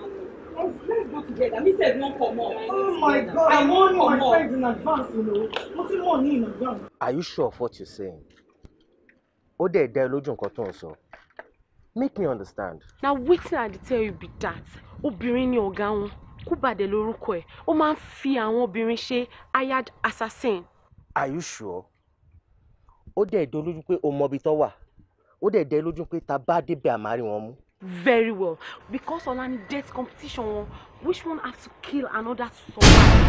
Oh, let's go together. Me said one for more. Oh my God! I want my more. friends in advance, you know. What's money in advance? Are you sure of what you're saying? Ó de dá ẹ lójú nǹkan Make me understand. Na wetin I tell you be that. Obìnrin ni ọ̀gá wọn. Kúbàdé lorúkọ ẹ̀. Ó máa ń fi àwọn obìnrin ṣe hired assassin. Are you sure? Ó de dá ẹ lójú pé o mọ ibi tó wà. Ó dẹ̀ dá ẹ lójú pé ta bá débẹ̀ àmárí wọn mú very well because ọ̀la ni death competition which one has to kill another to survive.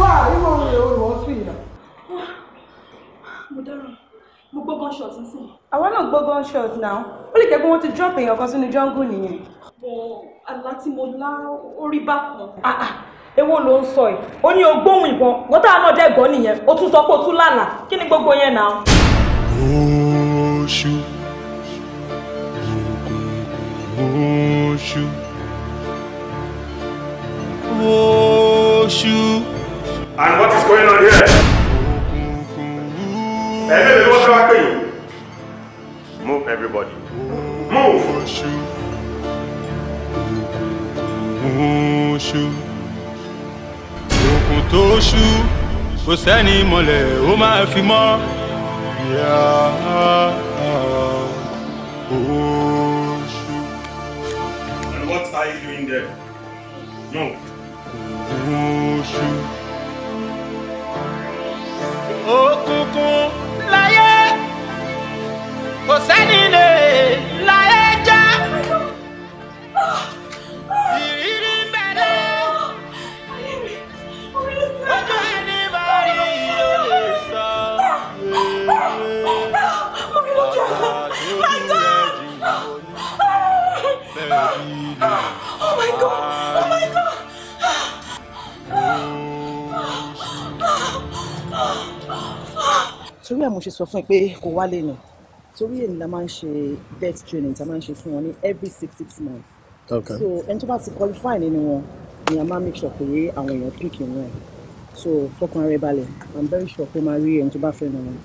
wá ìwọ rẹ orò ọsùn ìyá. mo dáràn mo gbọ́ gunshot nísìnyí. àwa náà gbọ́ gunshot náà ó lè jẹ́ pé wọ́n ti drop èèyàn kan jungle nìyẹn. bọ̀ àlá tí mo lá orí bá kan. Ah, ah èwo ló ń sọ yìí ó ní ogbóhùn ìbọn gọ́tà náà dẹ̀ gbọ́ nìyẹn ó tún sọ pé ó tún lànà kí ni gbogbo yẹn náà. oṣù oṣù oṣù. and what is going on here? ẹ̀ẹ́dẹ̀ ni wọ́n fẹ́ wá pè yín. move everybody move. oṣù òkùnkùn tó ṣú kò sẹ́ni mọ̀lẹ̀ ó máa fi mọ́ ìyá oṣù. And what are you doing there? No. oṣù. òkùnkùn láyé kò sẹ́ni lè. Oh my God! Oh my God! torí ẹ̀ mo ṣe sọ fún ẹ pé kò wálé ni torí èyí la máa ń ṣe vet training tá máa ń ṣe fún wọn ní every six six months. Okay. so ẹni tó bá ti qualify nínú wọn ni a máa make sure pé àwọn èèyàn pick in wọn so fọkàn rẹ balẹ̀ i'm very sure pé máa rí ẹni tó bá fẹ́ nínú wọn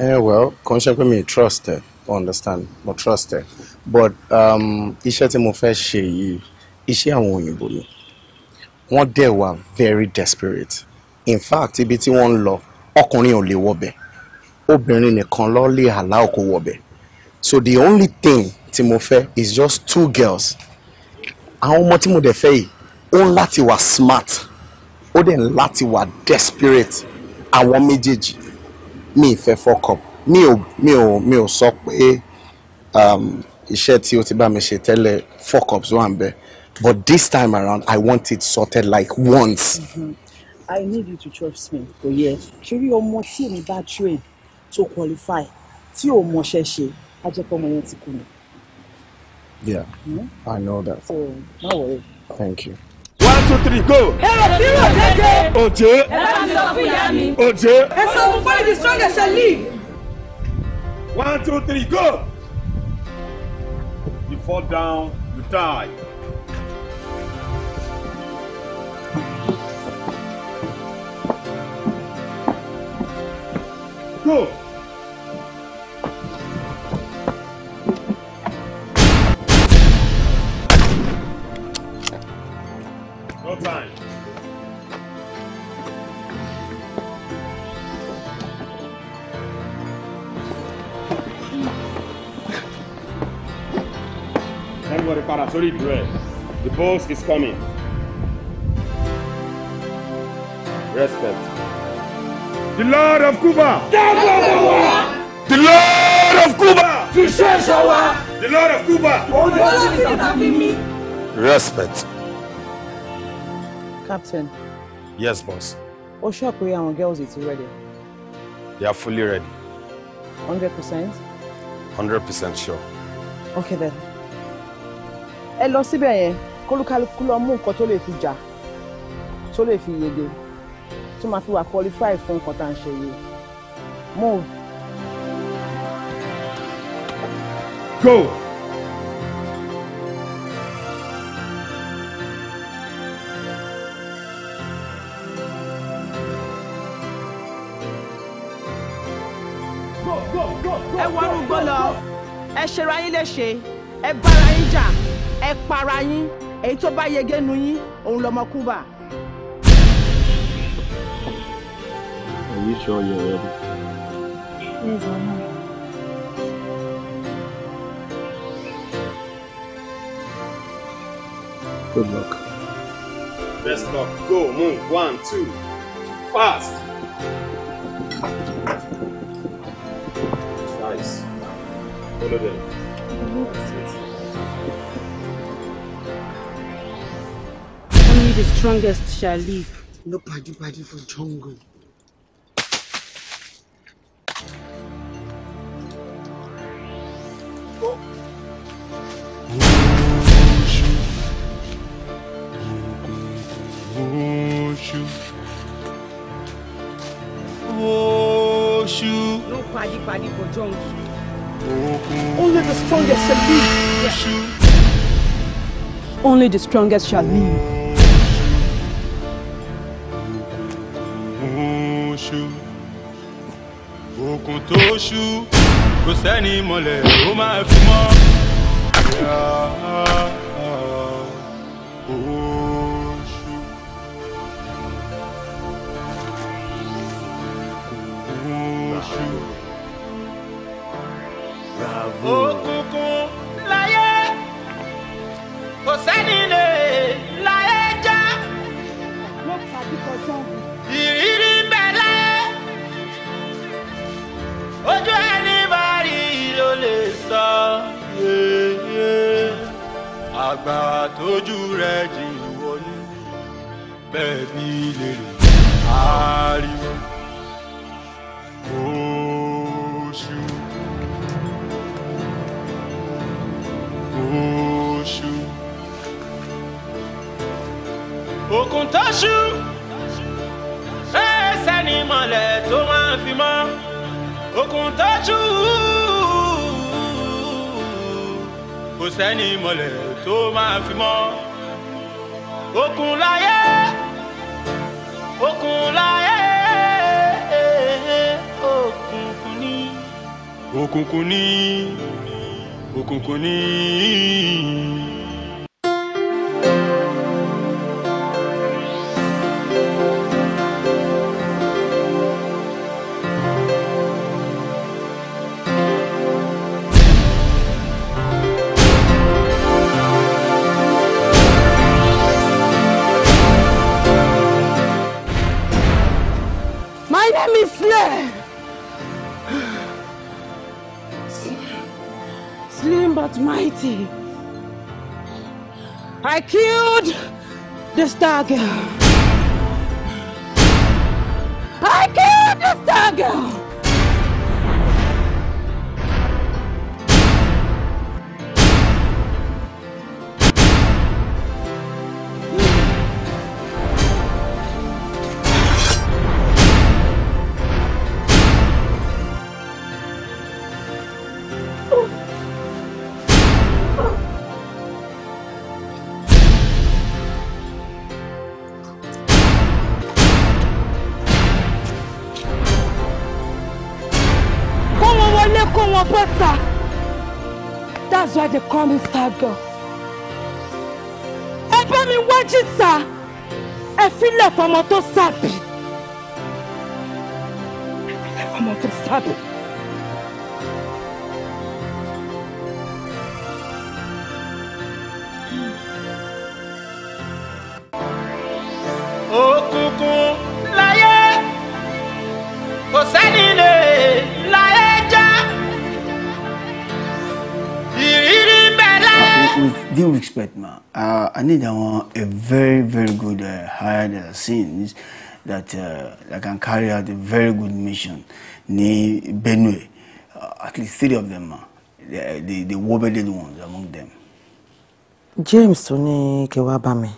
ẹ eh, well conscious ṣe pé mi trust ẹ understand mo trust ẹ but um, iṣẹ́ tí mo fẹ́ ṣe yìí iṣẹ́ àwọn òyìnbó ni wọ́n dẹ̀ wà very desperate in fact ibi tí wọ́n ń lọ ọkùnrin ò lè wọbẹ̀ obìnrin nìkan ló lè àlá òkú wọbẹ̀ so the only thing tí mo fẹ́ is just two girls àwọn ọmọ tí mo dẹ̀ fẹ́ yìí ó ń láti wà smart ó dẹ̀ ń láti wà desperate àwọn méjèèjì mi ìfẹ́ fọkàn mi ò mi ò mi ò sọ pé um, iṣẹ́ tí o ti bá mi ṣe tẹ́lẹ̀ fuck ups wà ń bẹ but this time around I want it sorted like once. Mm-hmm. I need you to trust me kò yẹ ṣé rí ọmọ tí èmi bá train to qualify tí ò mọṣẹ́ ṣe á jẹ́ pé ọmọ yẹn ti kùnà. yeah mm-hmm. I know that. so no worry. thank you one two three go. ẹ ò sí rò déédéé. òjé. ẹ bá mi sọ fún ìyá mi. òjé. ẹ sọ fún fún the strongest shall live. one two three go. you fall down you die. go. more time. Everybody para sórí ìdúró The boss is coming. Respect. The Lord of Cuba. The Lord of Cuba. The Lord of Cuba. Respect. Captain. Yes, boss. Ó sọ pé àwọn girls ti ready. They are fully ready. 100%? 100% sure. Okay then. Ẹ lọ síbẹ̀ yẹn, kólúkálukú lọ mú nǹkan tó lè fi jà, tó lè fi yege, tó máa fi wà qualify fún nǹkan tá à ń ṣe yìí. Move. Go! ẹ ṣera yín léṣe ẹ bára yín jà ẹ para yín èyí tó bá yege nu yín òun lọmọ Cuba. Are you sure you're ready? Yes, I Good luck. Best luck. Go, move. One, two. Fast. olóde. Only the strongest shall live. No party party for jungle. oh, Oṣù. No party party for jungle a big Only the strongest shall live. Òkun tó ṣú, kò sẹ́ni mọ̀lẹ́ ó máa fi mọ́. Yeah. kuni My name is Slay. slim but mighty. I killed the star girl. I killed the star girl. why they call me star girl. ẹ bá mi wá jìtà ẹ filẹ̀ fọmọ tó sábì ẹ filẹ̀ fọmọ tó sábì. expect ma uh, I need uh, a very very good uh, hired uh, that uh, that can carry out a very good mission ní Benue uh, at least three of them ma the uh, the, the warbedded ones among them. James tó ní kí wàá bá mi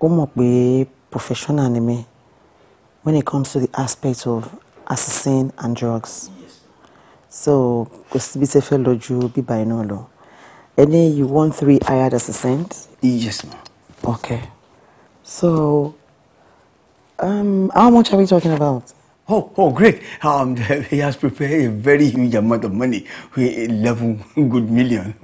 ó mọ̀ pé professional ni mi when it comes to the aspect of assassin and drugs yes. so kò síbi tẹ́ fẹ́ lọ ju bíbá iná lọ. And then you want three I had a assistants? Yes, ma'am. Okay. So, um, how much are we talking about? Oh, oh, great. Um, he has prepared a very huge amount of money. 11 good million.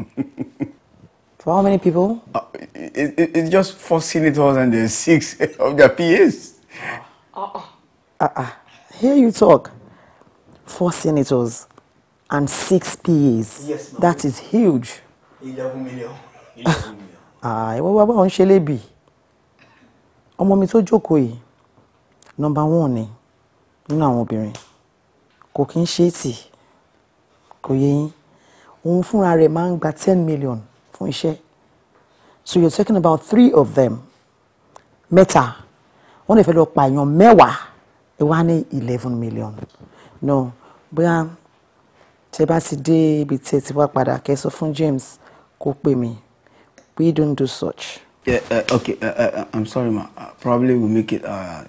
For how many people? Uh, it, it, it's just four senators and uh, six of their PAs. Uh-uh. Uh-uh. Here you talk. Four senators and six PAs. Yes, ma'am. That is huge eleven million. eleven million. Ah, ìwọ bàbá òun ṣe lébi ọmọ mi tó jókòó yìí nọ́mbà one ni nínú àwọn obìnrin kò kí ń ṣe é tì kò yé yín òun fúnra rẹ̀ máa ń gba ten million fún iṣẹ́ so you're talking about three of them mẹ́ta wọ́n lè fẹ́ lọ pààyàn mẹ́wàá ẹ wá ní eleven million no bóyá tẹ bá ti dé ibi tẹ ti wá padà kẹ́ fún James kó pè mí we don't do such. Yeah, uh, okay uh, uh, uh I'm sorry ma uh, probably we'll make it uh,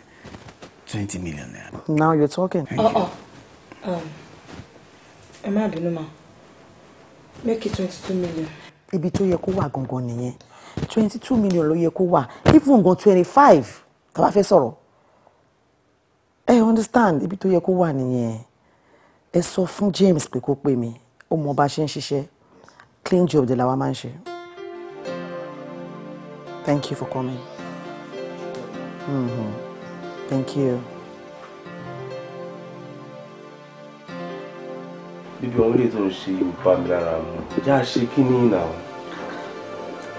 twenty million naira. now you're talking. ọ̀ọ̀ uh, uh, um, ẹ má bínú ma make it twenty two million. ibi tó yẹ kó wà gangan nìyẹn twenty two million ló yẹ kó wà even gan twenty five tá a bá fẹ́ sọ̀rọ̀ ẹ understand ibi tó yẹ kó wà nìyẹn ẹ sọ fún James pé kó pè mí ó mọ bá a ṣe ń ṣiṣẹ́ clean job de làwa máa ń ṣe thank you for coming mm-hmm. thank you. bíbí àwọn ilé tó ń ṣe ìbá mi lára mu já ṣe kí ní ìnà wọn.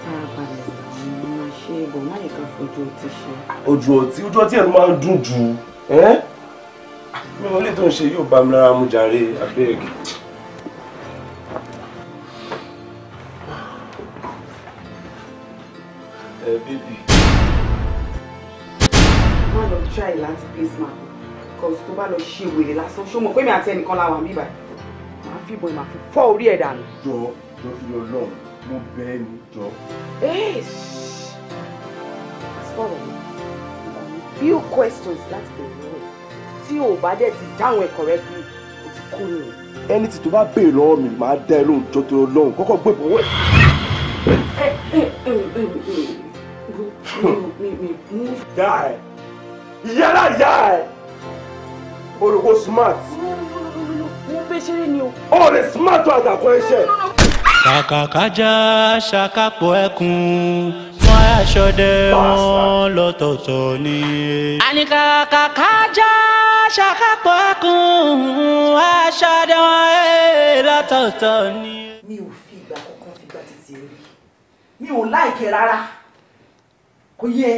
ara balẹ̀ àwọn ọmọ ṣe ibò má lè ká fojú ọtí ṣe. ojú ọtí ojú ọtí ẹ̀ ló máa ń dùn jù ẹ́ mi ò lè tó ń ṣe yóò bá mi lára mu jàre abẹ́ẹ̀gì. lọ ṣe wèrè lásán ṣó mọ̀ pé mi àti ẹnìkan la wà níbà máa fi ìbọn ìmàfi fọ́ orí ẹ̀ dànù. jọ jọ fi Ọlọ́run mo bẹ̀ ẹ́ ní jọ. sọ̀rọ̀ few questions láti bẹ̀rẹ̀ lọ́wọ́ tí o bá dẹ̀ ti dáhùn ẹ̀ correctly o ti kú ni. ẹni tí tó bá béèrè lọ́wọ́ mi máa dá ẹ lóhùn jọ tó lọ́hùn kọ́kọ́ gbé ìbọn wẹ̀. mi mi mi olùkó smart. mo fẹ́ ṣeré ni o. ó lè smart tó àtàkùn ẹṣẹ. kàkàkàjà ṣàkàpọ̀ ẹkùn wọn aṣọdẹ wọn lọ́tọ̀ọ̀tọ̀ ni. àní kàkàkàjà ṣàkàpọ̀ ẹkùn wọn aṣọdẹ wọn eh, lọ́tọ̀ọ̀tọ̀ ni. mi ò fi ìgbà kankan fi gbà rí mi ò láìkẹ́ rárá kò yẹ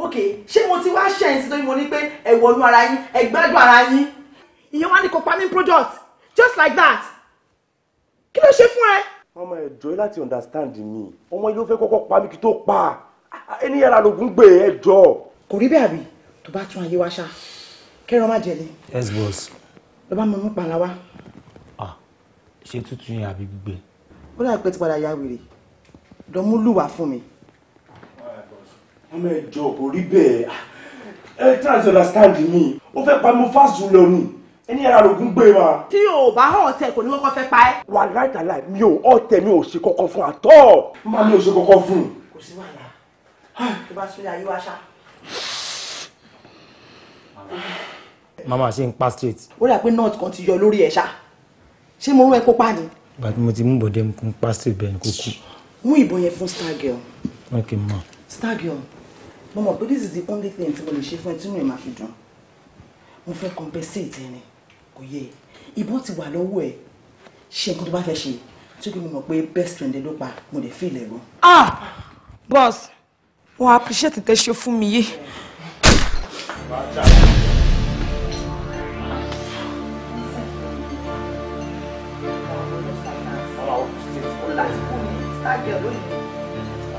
ok ṣé mo ti wá ṣe ẹ̀yìn sí lórí mo ní pé ẹ wọnú ara yín ẹ gbádùn ara yín ìyẹn wá ní kò pa mí product just like that kí ló ṣe fún ẹ. ọmọ ẹjọ láti understand mi ọmọ yìí ló fẹ́ kọ́kọ́ pa mí kí tó pa ẹni yàrá lògùn gbé ẹjọ. kò rí bẹ́ẹ̀ àbí tó bá tún ayé wa ṣá kẹ́rọ má jẹ̀lé. yes boss. ló bá mi mú pàlà wá. ah ṣé tútù yẹn àbí gbígbẹ. ó dàbí pé ti padà ya wèrè dọ́mú lùwà fún mi ọmọ ẹjọ kò rí bẹ́ẹ̀ ah, ẹ try to understand me ó fẹ́ pa mo fásitì lọ ni ẹni ara rògùn gbé wa. tí o bá hàn ọ̀tẹ̀ kò ní kọ́kọ́ fẹ́ pa ẹ́. wà láì tàlà mi ò ọ̀tẹ̀ mi ò ṣe kọ́kọ́ fún àtọ́. má mi ò ṣe kọ́kọ́ fún. kò sí wàhálà tó bá súnlẹ̀ ayé wa ṣá. mama ṣe ń pa straight. ó rà pé north kan ti yọ lórí ẹ̀ ṣá ṣé mo rú ẹ kó pa ni. gbàtí mo ti mú bọ̀dé mu pa straight bẹ́ẹ̀ ni kò kú. mú ìbọn yẹn fún star girl. ok ma. star girl mo mọ̀ this is the only thing tí mo lè ṣe fún ẹ tí mo lè máa fi dùn mo fẹ́ compensate ẹni kò yẹ ìbọn ti wà lọ́wọ́ ẹ ṣe nǹkan tó bá fẹ́ ṣe tí kò best friend ẹ ló pa mo lè fi ah boss wọn appreciate tẹ ṣe fún mi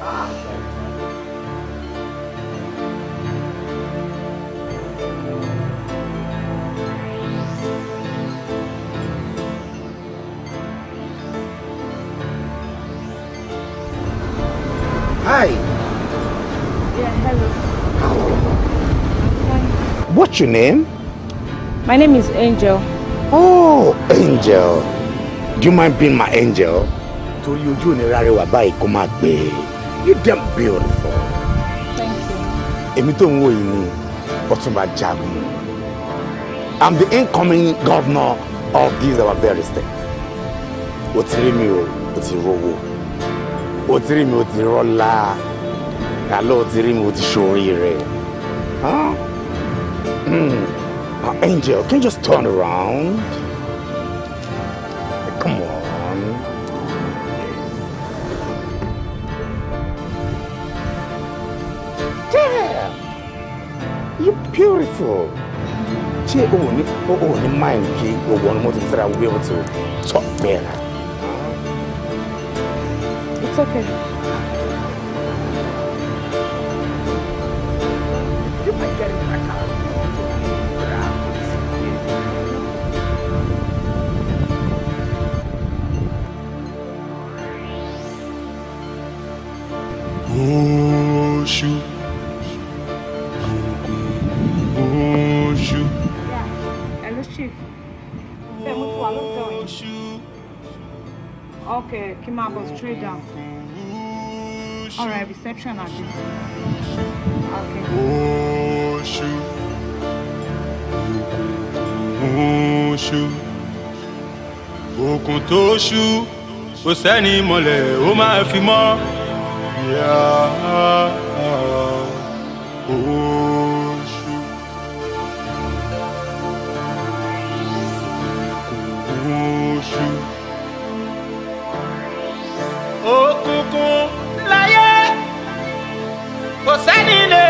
Ah, Hi. Yeah, hello. What's your name? My name is Angel. Oh, Angel. Do you mind being my angel? To you, you ní rárẹwà báyìí kó máa gbé. E. You damn beautiful. Thank you. Èmi tó ń wò yìí I'm the incoming governor of this our very state. Ó ti rí mi o, ó ó ti rí mi ó ti rọ́lá kàlọ́ ó ti rí mi ó ti ṣoríire. Huh? Now, hmm. ah, Angel, can you just turn around? Come on. Damn! You beautiful. Ṣé o ò ní mind kí gbogbo ọ̀nà mọ́tò ìsirà wíwọ́n tó tọ́ bẹ́ẹ̀ náà? It's okay. kí n straight down. all right reception àbí. okay. oṣù oṣù òkun tó ṣú sẹ́ni mọ̀lẹ́ ó máa fi mọ́. oṣù. oṣù. ogun láyé kò sẹ́ni lè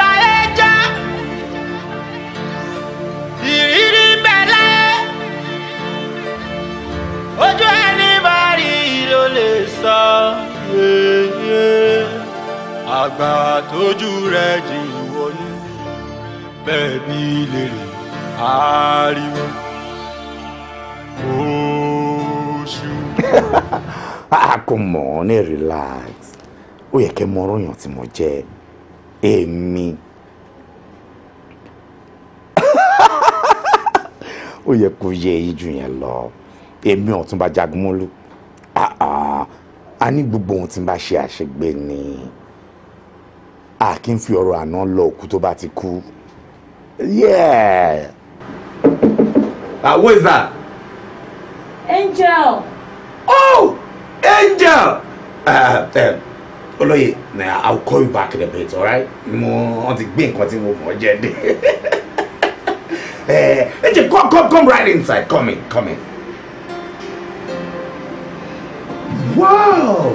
láyé já ìrírí bẹ́ẹ̀ láyé ojú ẹni bá rí ló lè sọ àgbà tójú rẹ̀ jìn wọlé bẹ́ẹ̀ bí lè rí ariwo oṣù. ah come on relax ó yẹ kẹ́ mọ ọ̀rọ̀ yàn tí mo jẹ́ èmi ó yẹ kó yẹ èyí jù yẹn lọ èmi Ọ̀túnba Jagunmólú ah ah a ní gbogbo ohun tí n bá ṣe àṣegbè ni a kì í fi ọ̀rọ̀ àná lọ òkú tó bá ti kú yeah. ah what is that. Angel. oh angel uh, um, olóye na i will call you back in a bit alright mo wọn ti gbé nǹkan tí mo mọ̀ jẹ́ dé eh, angel come come come right inside come in come in wow.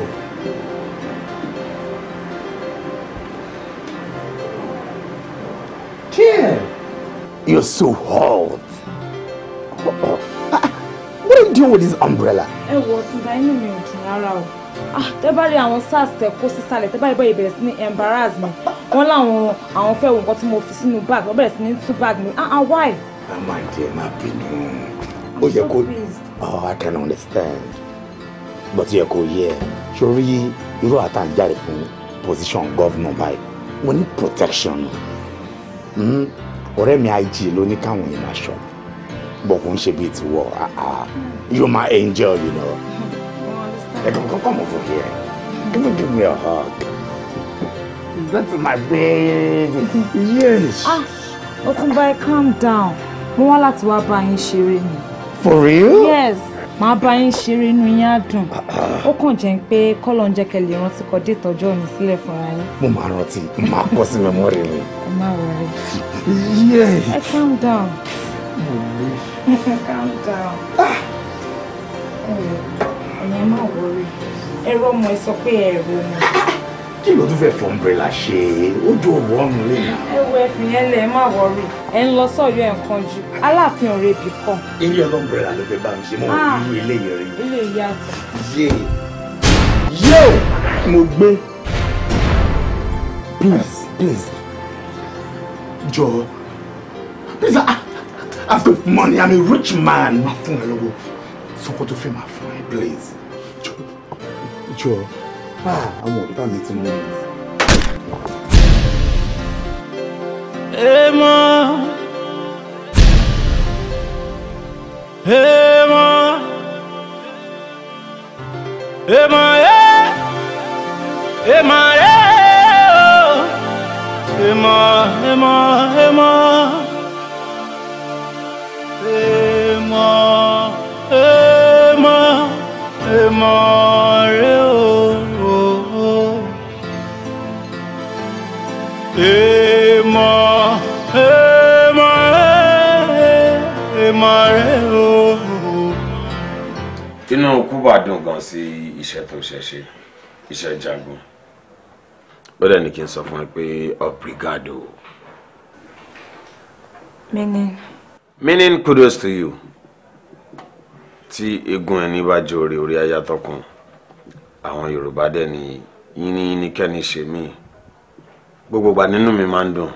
Dear, you're so hot. What are you doing with this umbrella? It what? rárá o ah, tẹ́ bá rí àwọn sars tẹ́ kó sísàlẹ̀ tẹ́ bá rí bọ́yìí bẹ̀rẹ̀ sí ní embarrass mi wọ́n láwọn àwọn fẹ́ wo nǹkan tí mo fi sínú bag wọ́n bẹ̀rẹ̀ sí ní tú bag mi ah ah why. mama dear má bínú ó yẹ kó oh i can understand but yẹ kó yẹ sórí irú àtàǹjáde fún position governor báyìí mo ní protection hmm? ọ̀rẹ́ mi ig ló ní káwọn yìí máa ṣọ́ bọ̀ kò ń ṣe ah, tiwọ́ ah. hmm. you're my angel you know. Come, come, come calm down. Mo wá láti wá bá For real? Yes. Màá bá yín ṣeré inú yín á dùn. Ah, ah. Ó kàn jẹ́ pé kọ́lọ̀ ń jẹ́ kẹ́ lè rántí kọ dé ìtọ́jú ọ̀nì sílẹ̀ fúnra yín. Mo máa rántí, màá kọ́ sí mẹ́mọ́rì mi. Ẹ má wọrí. Yes. Ẹ calm down. calm down. Ah. Oh ẹ̀yẹn má wọrí ẹ̀rọ ọmọ ẹ sọ pé ẹ̀rọ ọmọ. kí ló tún fẹ́ fọ umbrella ṣe ojú ọ̀wọ́ ọ̀nù lè nà. ẹ wo ẹfin yẹn lẹ má wọrí ẹ ń lọ sọ́yọ́ ẹ̀ kan jù aláàfin ọ̀rẹ́ ibì kan. eré ọlọ́mbrella ló fẹ́ bá mi ṣe mọ́ irú ah, ilé yẹn rí. ilé yé yé mo gbé please please jọ̀ọ́ please I, I've money I'm a rich man. máa fún ẹ lọ́wọ́ sọ́kọ́ tó fẹ́ máa fún please. jọ ah, àwọn ọ̀tá mi ti mú mi. èèmọ̀ èèmọ̀ èèmọ̀ ẹ̀ èèmọ̀ ẹ̀ èèmọ̀ èèmọ̀ èèmọ̀. ọmọ rẹ o. Èèmọ̀ èèmọ̀ èèmọ̀ rẹ o. Inú Kúbà dùn gan sí iṣẹ́ tó ṣe ṣe, iṣẹ́ jagun. Ó dẹ̀ ní kí n sọ fún ẹ Meaning? Meaning kudos to you tí eegun ẹni bá jẹ òrè orí aya tọkùn àwọn yorùbá dẹ̀ ni yínníyínní kẹ́ni ṣe mí gbogbo gbà nínú mi máa ń dùn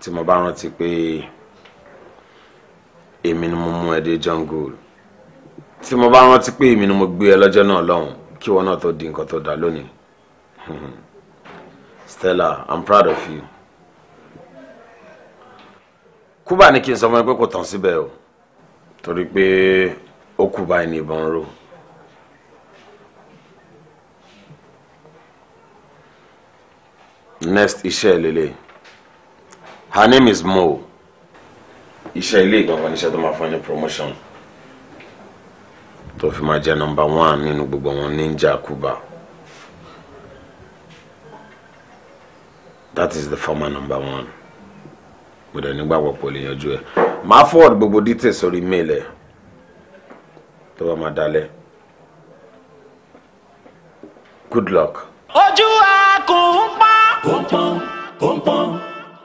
tí mo bá rántí pé èmi ni mo mú ẹ dé jungle tí mo bá rántí pé èmi ni mo gbé ẹ lọ́jọ́ náà lọ́hùn kí wọn náà tó di nǹkan tó dá lónìí Stella I'm proud of you kúbà ní kí n sọ fún ẹ pé kò tán síbẹ̀ o torí pé ó kù báyìí ní ìbọn ró. next iṣẹ́ lele her name is Mo iṣẹ́ ilé ìgbọ̀ngàn níṣẹ́ tó máa fún ní promotion tó fi máa jẹ́ nọ́mbà one nínú gbogbo wọn ninja kuba that is the former number one gbọdọ̀ nígbàgbọ́ pọ̀ lè yanjú ẹ̀ máa forward gbogbo details orí mail ẹ̀ tó bá máa good luck. ojú akùn ń pọ́n. ó ń pọ́n ó ń pọ́n.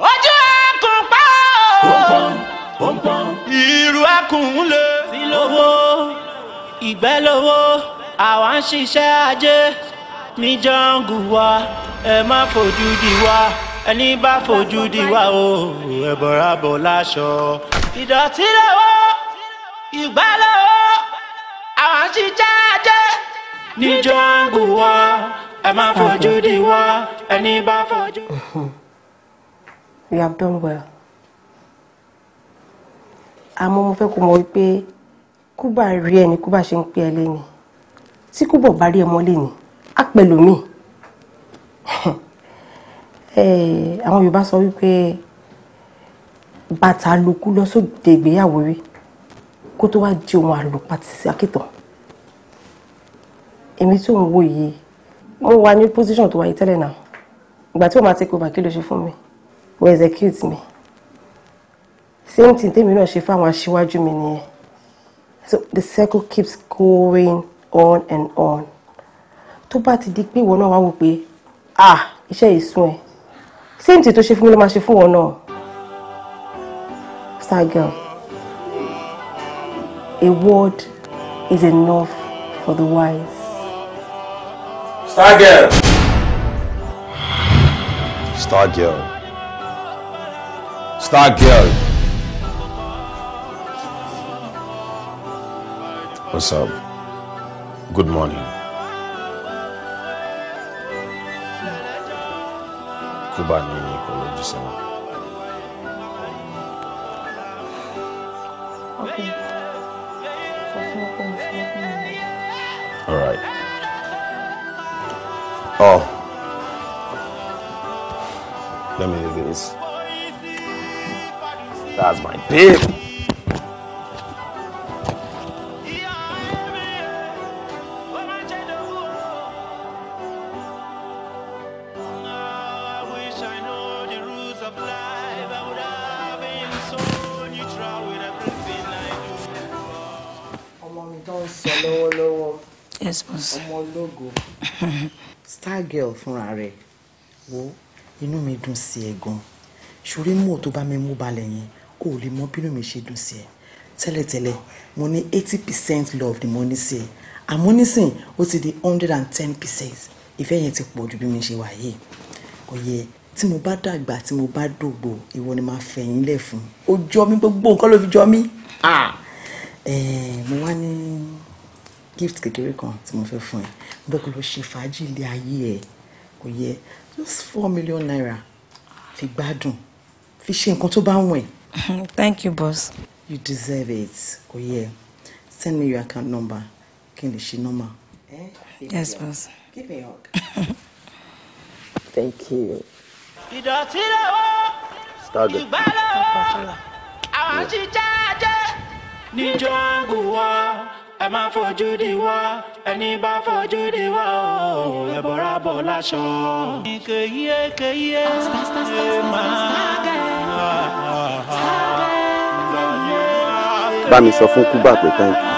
ojú akùn pọ́n. ó ń pọ́n ó ń pọ́n. ìrù akùn lè. sí lówó ìgbẹ́ lówó àwa ń ṣiṣẹ́ ajé ní jọ́ngù wa ẹ má fojú di wa ẹni bá fojú di wa o ẹ bọ̀rá bọ̀ láṣọ. ìdọ̀tí lówó ìgbẹ́ lówó àwọn ṣiṣẹ́ ajé ní jọ́ǹgù wa ẹ má fojú di wa ẹni bá fojú. you have done well àmọ́ mo fẹ́ kó mọ̀ wípé kúbà rí ẹni kúbà ṣe ń pé ẹ lẹ́ni tí kúbọ̀ bá rí ẹ mọ́lẹ̀ ni á pẹ̀lú mi àwọn Yorùbá sọ wípé bàtà lukú lọ sóde ìgbéyàwó rí kó tó wá di ohun àlùpàtì sí àkìtàn èmi tó ń wò yìí mo wà ní position tó wáyé tẹ́lẹ̀ náà ìgbà tí wọ́n máa take over kí ló ṣe fún mi o execute mi same thing tèmi náà ṣe fáwọn aṣíwájú mi nìyẹn so the circle keeps going on and on tó bá ti di pé ìwọ náà wá wò pé ah iṣẹ́ yìí sún ẹ same thing tó ṣe fún mi ló máa ṣe fún wọn náà star girl. A word is enough for the wise. Stargirl! Stargirl. Stargirl! What's up? Good morning. Kubani. Oh. Let me do this. That's my pick. fúnra rẹ̀ wo inú mi dùn sí ẹ gan ṣorí mú tó bá mi mú balẹ̀ yẹn kó o lè mọ bínú mi ṣe dùn sí ẹ tẹ́lẹ̀tẹ́lẹ̀ mo ní eighty percent love ni mo ní sí ẹ àmọ́ nísìn ó ti di hundred and ten percent ìfẹ́ yẹn ti pọ̀ ju bí mi ṣe wà yìí kò yẹ tí mo bá dàgbà tí mo bá dògbò ìwọ ni màá fẹ̀yìn lẹ̀ fún ó jọ mí gbogbo nǹkan ló fi jọ mí mo wá ní gift kékeré kan tí mo fẹ́ fún ẹ bẹ́ẹ̀ kó lọ ṣe fàájì ilé ayé ẹ̀ kò yẹ just four million naira fi gbádùn fi ṣe nǹkan tó bá wọ̀n ẹ́. thank you boss. you deserve it kò yẹ send me your account number kí n lè ṣe nọ́mà. Eh? yes boss. give me a hug. thank you. ìdọ̀tí lọ́wọ́ ìgbà lọ́wọ́ àwọn ti jáde níjọ́ òwò ẹ má fojú di wá ẹni bá fojú di wá o ẹ bọ̀rá bọ̀ láṣọ. kèyíé kèyíé ẹ máa. bá mi sọ fún kúbà pé thank you.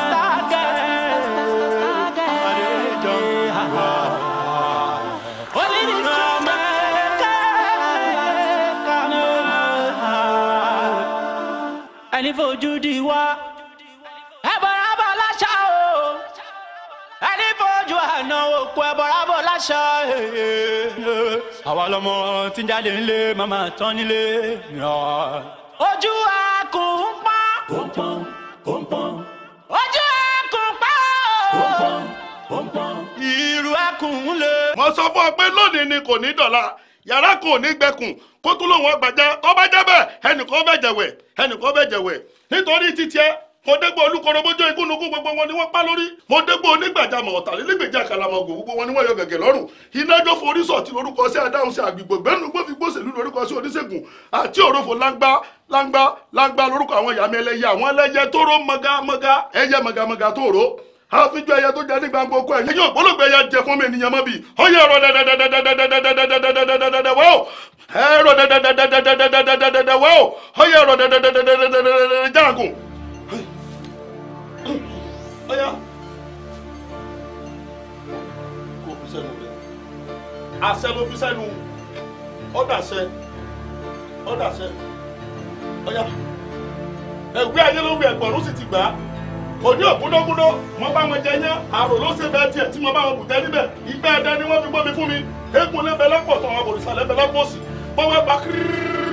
ẹni fojú di wá. lójú àná òkú ẹbọra bò láṣọ. àwa lọmọ tí ń jáde nílé màmá tán nílé. ojú akùn ń pọ́n. kò ń ojú akùn ń pọ́n kò ń ìrù akùn ń lè. mo sọ fún ọ pé lónìí ni kò ní dọ̀la yàrá kò ní gbẹkùn kó tún lòun ọgbà jẹ tó bá jẹ bẹ́ẹ̀ ẹnìkan bẹ jẹwẹ ẹnìkan bẹ jẹwẹ nítorí títí ẹ mo dégbò olúkorobójó ikúnukú gbogbo wọn ni wọ́n pa lórí mo dégbò onígbàjàmọ̀ ọ̀tàlélégbèjà kàlàmọ̀gò gbogbo wọn ni wọ́n yọ gẹ̀gẹ̀ lọ́rùn inájọ́ forísọ̀ ti lórúkọ sí adáhùn sí àgbègbè gbẹ́nu gbófi gbóṣèlú lórúkọ sí oníṣègùn àti òròfò lágbá lágbá lágbá lórúkọ àwọn ìyàmẹ́ ẹlẹ́yẹ àwọn ẹlẹ́yẹ tóró mọ́gámọ́gá ẹyẹ mọ́gámọ́gá tóòró àfijọ́ ẹyẹ tó jẹ ní gbàgbọ́ kọ́ ẹ̀ yíyan gbólógbé ẹyẹ jẹ fún mi ènìyàn mọ́ bi ọyẹ ẹ̀rọ dẹdẹdẹdẹdẹdẹdẹdẹdẹdẹdẹdẹdẹ wọ́ọ̀ ẹ̀rọ dẹdẹdẹdẹdẹdẹdẹdẹdẹdẹ wọ́ọ̀ ọyẹ ẹ̀rọ dẹdẹdẹdẹdẹdẹdẹdẹdẹ jáàgùn ọyá kò fi sẹ́nu rẹ̀ àṣẹ ló fi sẹ́nu ọ̀dàṣẹ ọ̀dàṣẹ ọyá ẹ̀wí ayé ló wí ẹ̀gbọ̀n sì ti gbà á òní ògúndógúndó mo bá wọn jẹ yán àrò ló ṣe bẹ́ẹ̀ tiẹ̀ tí mo bá ni wọ́n fi gbọ́ mi fún mi eégún lẹ́bẹ̀ẹ́ lọ́pọ̀ tó wọn kò sàlẹ̀ bẹ́ẹ̀ sí bọ́wọ́ bá kírírí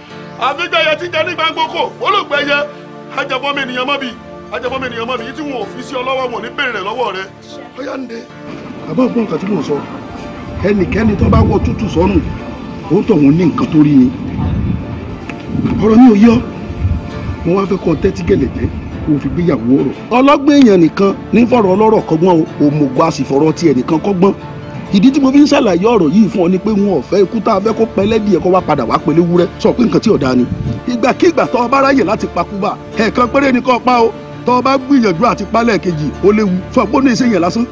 àfigbẹ̀yẹ ti jẹ ní gbangboko olùgbẹ̀yẹ ajabọ́mọ ènìyàn mọ́bi ajabọ́mọ ènìyàn mọ́bi yìí tí wọn ò fi sí ọ lọ́wọ́ wọn ò ní bèrè rẹ lọ́wọ́ rẹ ọyá ń de. àbá gbọ́n nǹkan tí mò ń sọ ẹnikẹ́ni tó bá wọ tútù sọ́nù ó tọ̀ wọ́n ní nǹkan tó rí ni ọ̀rọ̀ ní òye ọ́ mo wá fẹ́ kọ́ tẹ́tí gẹ̀lẹ̀tẹ́ kó o fi gbéyàwó rọ̀ ọlọ́gbẹ́yàn nìkan ní fọ̀rọ̀ ọlọ́rọ̀ kọ́gbọ́n o òmùgbà sì fọ̀rọ̀ tiẹ̀ nìkan kọ́gbọ́n ìdí tí mo fi ń ṣàlàyé ọ̀rọ̀ yìí fún ọ ni pé wọn ò fẹ́ ikú tá a fẹ́ kó pẹ́ lẹ́dìí ẹ̀kọ́ wá padà wá pẹ̀lú wúrẹ́ sọ pé nǹkan tí ò dáa ni. ìgbàkigbà tó o bá ráyè láti pa kúbà ẹ̀ẹ̀kan péré ni kó o pa o tó o bá gbìyànjú àti palẹ̀ kejì ó léwu sọ pé ó ní iṣẹ́ yẹn lásán.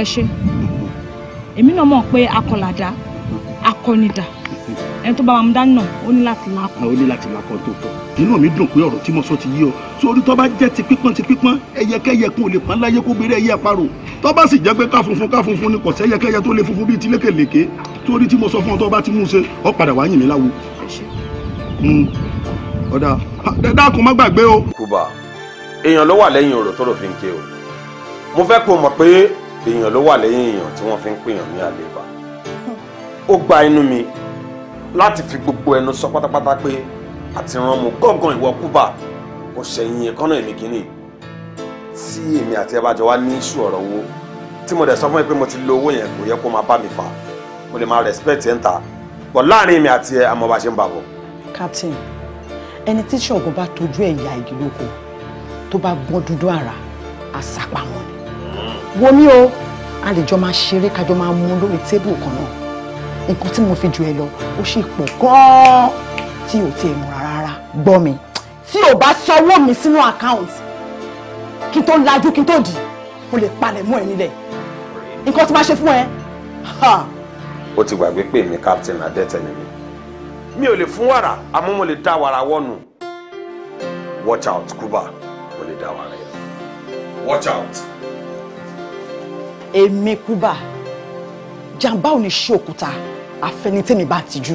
ẹ ṣe èmi náà mọ̀ pé akọ̀làdá akọ̀nìdà ẹni tó bá wa mú dání náà ó ní láti lakọ. ó ní láti lakọ tó tọ nínú mi dùn pé ọ̀rọ̀ tí mo sọ ti yí ọ sórí tó bá jẹ́ ti pípọ́n ti pípọ́n ẹyẹkẹyẹ kò lè pọ́n láyé kó gbére ẹyẹ àparò tó bá sì jẹ́ pé ká funfun ká funfun ni kò sẹ́yẹkẹyẹ tó lè funfun bíi ti lékèlékè sórí tí mo sọ fún ọ tó bá ti mú un ṣe ọ padà wá yìn mí láwo. ọ̀dà dákun má gbàgbé o. kùbà èèyàn ló wà lẹ́yìn ọ̀rọ̀ tó rò fi ń ké o mo fẹ́ kó mọ̀ pé èèyàn ló wà lẹ́yìn èèyàn tí wọ́n fi ń pèèyàn ní àlébà ó gba inú mi láti fi gbogbo ẹnu sọ pátápátá pé àti ràn mú gángan ìwọ kúbà kò ṣẹ̀yìn ẹ̀kọ́nà èmi kìíní tí èmi àti ẹ bá jọ wá ní iṣu ọ̀rọ̀ owó tí mo dẹ̀ sọ fún mi pé mo ti lo owó yẹn kò yẹ kó máa bá mi fà mo lè máa respect ẹ̀ ń ta pọ̀ láàrin èmi àti ẹ àmọ́ bá ṣe ń bà bọ̀. captain ẹni tí ṣọ̀gbọ́n bá tọ́jú ẹ̀ ya igi lóko tó bá gbọ́n dúdú àrà àṣàpamọ́ wo ni o a lè jọ máa ṣeré kájọ máa mú lórí tébù kan náà nǹkan tí mo fi jù ẹ lọ ó ṣe pọ̀ gan-an tí ò tiẹ̀ mọ̀ rárá gbọ́ mi tí ò bá sanwó mi sínú àkáǹtì kí n tó lajú kí n tó dì mo lè palẹ̀ mọ́ ẹ nílẹ̀ nǹkan tí máa ṣe fún ẹ. ó ti gbàgbé pé mi captain adẹ́tẹ̀ ni mi mi ò lè fún wàrà àmọ́ mo lè dá wàrà wọ́nu watch out kuba mo lè dá wàrà yẹn watch out. èmi kuba jàǹbá ò ní ṣe òkúta àfẹnitẹ́mi bá tijú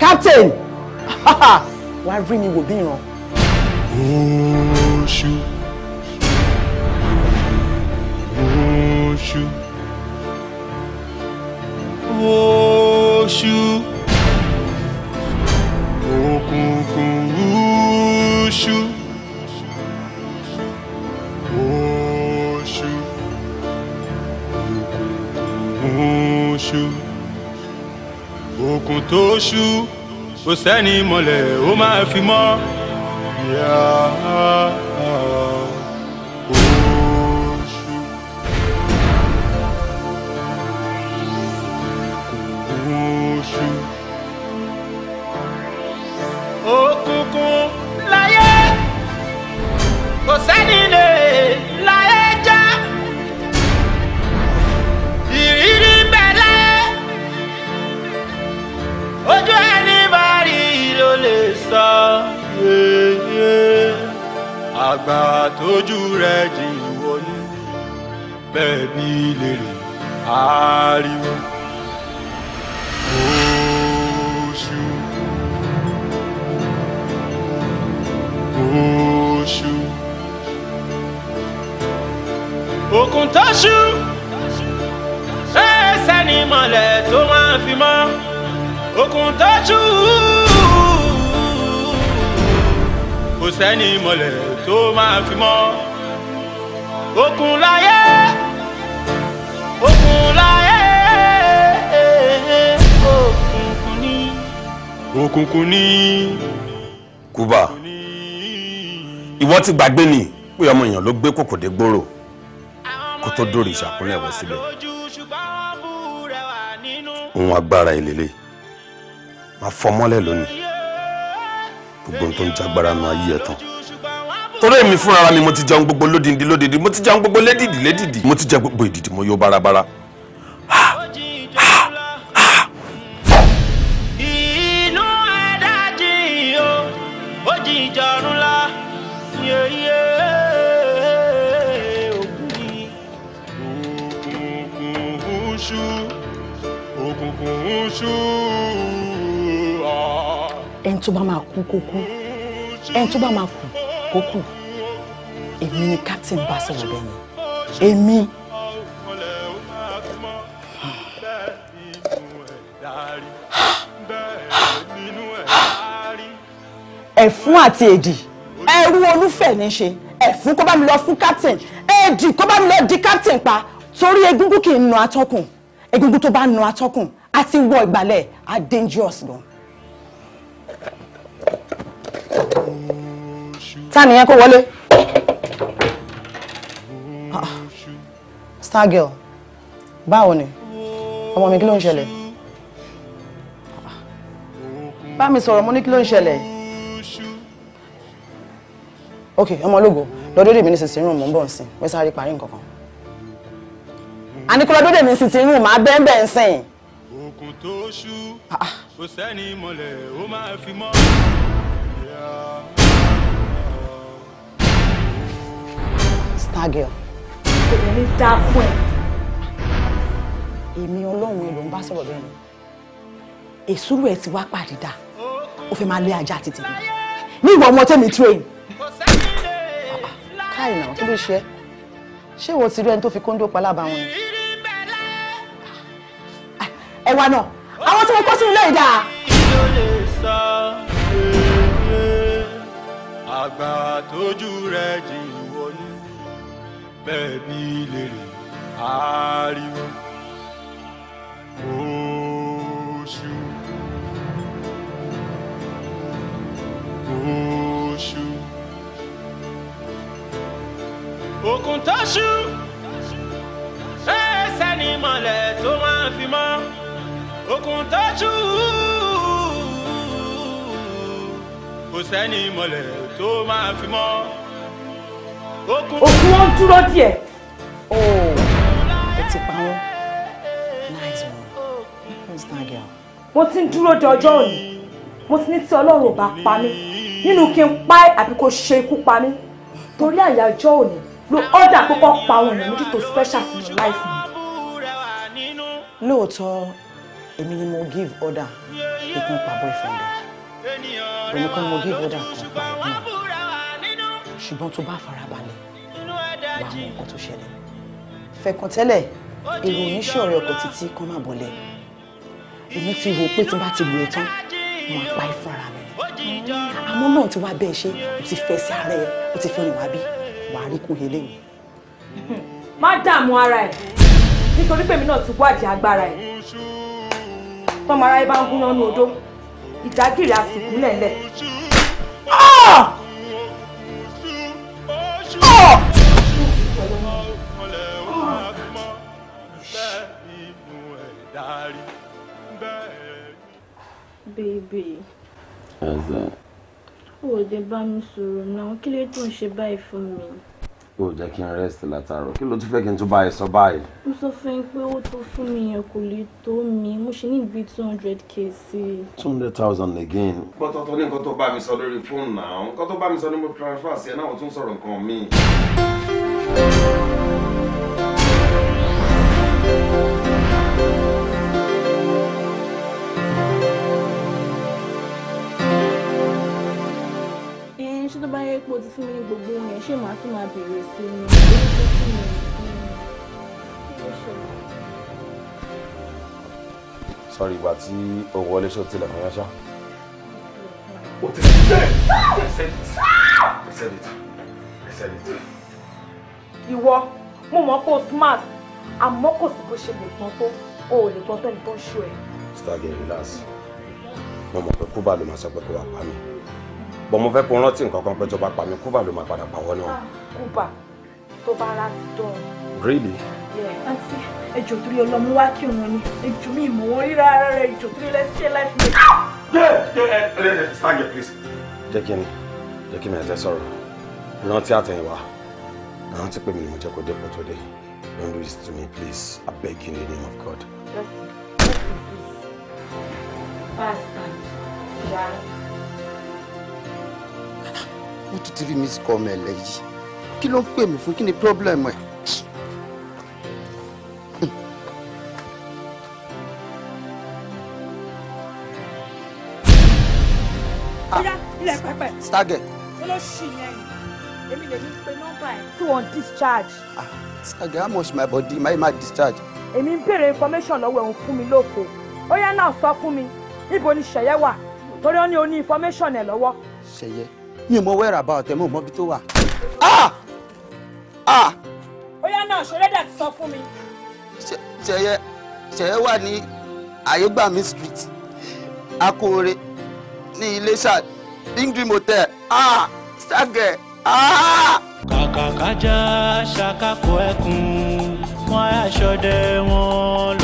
captain wàá rí mi wò bí ìran. oṣù òkùnkùn oṣù oṣù òkùnkùn oṣù òkun tó ṣú kò sẹ́ni mọ̀lẹ́ ó máa fi mọ́. Yeah. bàbá tójú rẹ̀ jì wọlé bẹ́ẹ̀ bí lèrè ariwo oṣù oṣù òkun tó ṣú ṣẹ́ẹ́sẹ́ ni mọ̀lẹ́ tó máa fi mọ́ òkun tó ṣú kò sẹ́ni mọ̀lẹ́ tó máa fi mọ́ okùn láyé okùn láyé òkùnkùn ní. òkùnkùn ní. Kuba ìwọ ti gbàgbé ni pé ọmọ èèyàn ló gbé kòkòdé gbòòrò kó tó dórí ìṣàkúnlẹ̀ wọ síbẹ̀ ohun agbára ìlélẹ̀ máa fọmọ́lẹ̀ lónìí gbogbo ohun tó ń jagbára nu ayé ẹ̀ tán torí èmi fúnra mi mo ti jẹun gbogbo lódìdí lódìdí mo ti jẹun gbogbo lédìdí lédìdí mo ti jẹ gbogbo ìdìdí mo yó bárabára. inú ẹ̀dá jìn o ó jìn ìjọrùn la yeye ògùn ni òkùnkùn ṣú òkùnkùn ṣú. ẹni tó bá máa kú kó kú ẹni tó bá máa kú àkókò èmi ni captain bá sọ̀rọ̀ bẹ́ẹ̀ ni èmi. ẹ̀fún àti èdì ẹrú olúfẹ̀ ní ṣe ẹ̀fún kó bá mi lọ fún captain èdì kó bá mi lọ di captain pa torí egúngún kì í nu atọ́kùn egúngún tó bá nu atọ́kùn àti wọ ìgbàlẹ̀ are dangerous gan. Mm ta nìyẹn kó wọlé. Ah, star girl báwo ni ọmọ mi kí ló ń ṣẹlẹ̀ bá mi sọ̀rọ̀ mo ní kí ló ń ṣẹlẹ̀ ok ọmọlógo lọ́dọ́dẹ̀ mi ní sísìn rúùmù ń bọ̀ nsìn mo sáré parí nǹkan kan àníkú lọ́dọ́dẹ̀ mi sísìn rúùmù máa bẹ́ẹ̀ bẹ́ẹ̀ nsìn. òkun tó ṣú ah, ah. kò sẹ́ni mọ̀lẹ́ ó máa fi mọ́. star girl. kò ní ní dá fún ẹ. èmi ọlọ́run ẹ ló ń bá sọ̀rọ̀ bẹ́ẹ̀ ni èsúrú ẹ ti wá pàdé dà ó fẹ́ máa lé ajá títí mi nígbà ọmọ tẹ́mi train. káì náà kí ló ṣe é ṣé ìwọ ti rí ẹni tó fi kóńdó palábà wọn. ẹ wá náà àwọn tí mo kó sínú lẹ́yìn dáa. àgbà tójú rẹ̀ jìn bẹ́ẹ̀ bí lèrè ariwo oṣù oṣù òkun tó ṣú ṣẹ́ẹ́sẹ́ ni mọ̀lẹ́ tó máa fi mọ́ òkun tó ṣú kò sẹ́ni mọ̀lẹ́ tó máa fi mọ́ òkú wọn dúró díẹ̀ ooo oh, ẹ ti pa wọn nice one who's that girl. mo ti ń dúró de ọjọ́ òní mo ti ní tí ọlọ́run ò bá pa mí nínú kí n pa ẹ́ àbí kó ṣe ikú pa mí torí àyà ọjọ́ òní ló ọ́dà púpọ̀ pa àwọn èèyàn méjì tó special fún mi láì fún mi. lóòótọ́ èmi ni mo give order pé kí n pa boyfriend ẹ̀ èmi kan mo give order kan pa ẹ̀ náà ṣùgbọ́n tó bá farabalẹ̀ wà á mọ nǹkan tó ṣẹlẹ̀ fẹ̀kàntẹ́lẹ̀ èrò oníṣòro ọkọ̀ títí kan máa bọ̀lẹ̀ èmi ti wò pé tí bá ti lù tán wọn pa ẹ́ fúnra mi àmọ́ náà ti wá bẹ́ẹ̀ ṣe o ti fẹ́ sí ara ẹ o ti fẹ́ níwá bí wàá rí kún eléyìí. má dààmú ara ẹ nítorí pèmí náà ti wádìí agbára ẹ tọmọ ara ẹ bá ń gúnyán ní odó ìdágìrì àsìkò lẹ̀lẹ̀. Ah! rí bẹ́ẹ̀. bèbè. azà. ó dé bá mi sọ̀rọ̀ náà kí ló tún ṣe báyìí fún mi. ó jẹ́ kí n rest látàárọ̀ kí ló tún fẹ́ kí n tún báyìí sọ báyìí. mo sọ fún yín pé ó tó fún mi yẹn kò lè tó mi mo ṣe ní ibi two hundred k sí i. two hundred thousand again. pọ́tọ́tọ́ ní nǹkan tó bá mi sọ lórí fóònù náà nǹkan tó bá mi sọ ní mo transfer sí ẹ náà ó tún sọ̀rọ̀ nǹkan míì. thank you ṣé tó bá yẹ pé o ti fún mi ní gbogbo ohun yẹn ṣé màá tún máa bèrè sí i ní ọjọ́ tí mi ò fún mi. sọrí ìgbà tí o wọlé ṣó tilẹ̀ fún yẹn ṣá. o ti sẹ́ ẹ̀ ẹ̀sẹ̀ ẹ̀sẹ̀ ẹ̀sẹ̀ ẹ̀sẹ̀. ìwọ mo mọ̀ pé o smart àmọ́ kò sí bó ṣe lè gbọ́n tó o ò lè gbọ́n tó ẹni tó ń ṣó ẹ. stargate relax mo mọ̀ pé kúbà ló máa sọ pé kó wà pa mí bọ́ mo fẹ́ kó rántí nǹkan kan pé tó bá pa mí kúbà ló máa padà pa wọ́n náà. kúbà ah, tó bá rà dán. really. àǹtí ẹjọ torí ọlọmọ wá kí wọn ni ẹjọ mi ìmọ̀ wọn rí rárá rẹ ẹjọ torí lẹ́sẹ̀ láìpẹ́. jẹ́ jẹ́ ẹ ẹ stand here please. jẹ́ kí ni jẹ́ kí mi ẹ̀sẹ̀ sọ̀rọ̀ rántí àtẹ̀yìnwá rántí pé mi ni mo jẹ́ kó dépò tó dé don't do this to me please I beg you in the name of God. Bastard. Yeah ó tún ti rí miss kọ́ọ̀mù lẹ́yìn kí ló ń pè mí fún kí ni problem ẹ̀. ilẹ̀ pẹ́pẹ́. stargate. olóṣì yẹn èmi lè ní pé nọ́mbà ẹ̀ tó on discharge. ah how much my body my ma discharge. èmi ń béèrè information lọ́wọ́ ẹ̀hún fún mi lóko ó yá náà sọ fún mi níbo ni ṣẹ̀yẹ wà torí ó ní o ní information ẹ̀ lọ́wọ́. ṣẹ̀yẹ mi ò mọ wẹ́rà bá ọ̀tẹ̀ mọ̀ mọ́bi tó wà. Ah! Ah! bóyá náà ṣọlẹ́dà ti sọ fún mi. ṣẹyẹ ṣẹyẹ wà ní àyégbàmí street akóore ní Iléṣà Pink Dream Hotel ah! ṣàgẹ̀. kàkàkájà ṣàkàkọ ẹkùn wọn aṣọdẹ wọn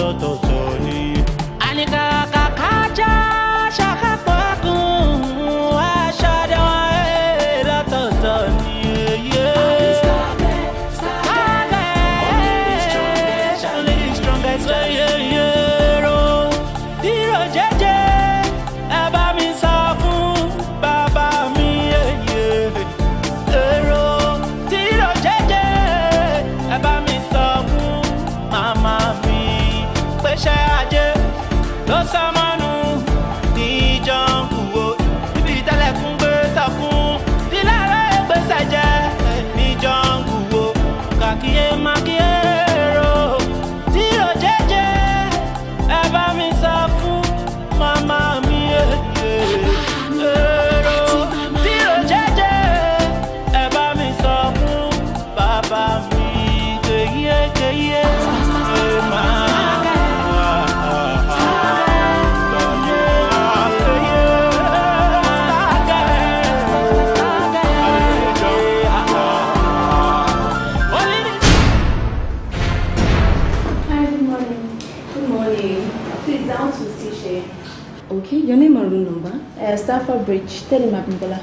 Alpha Bridge. Tell him Abimbola.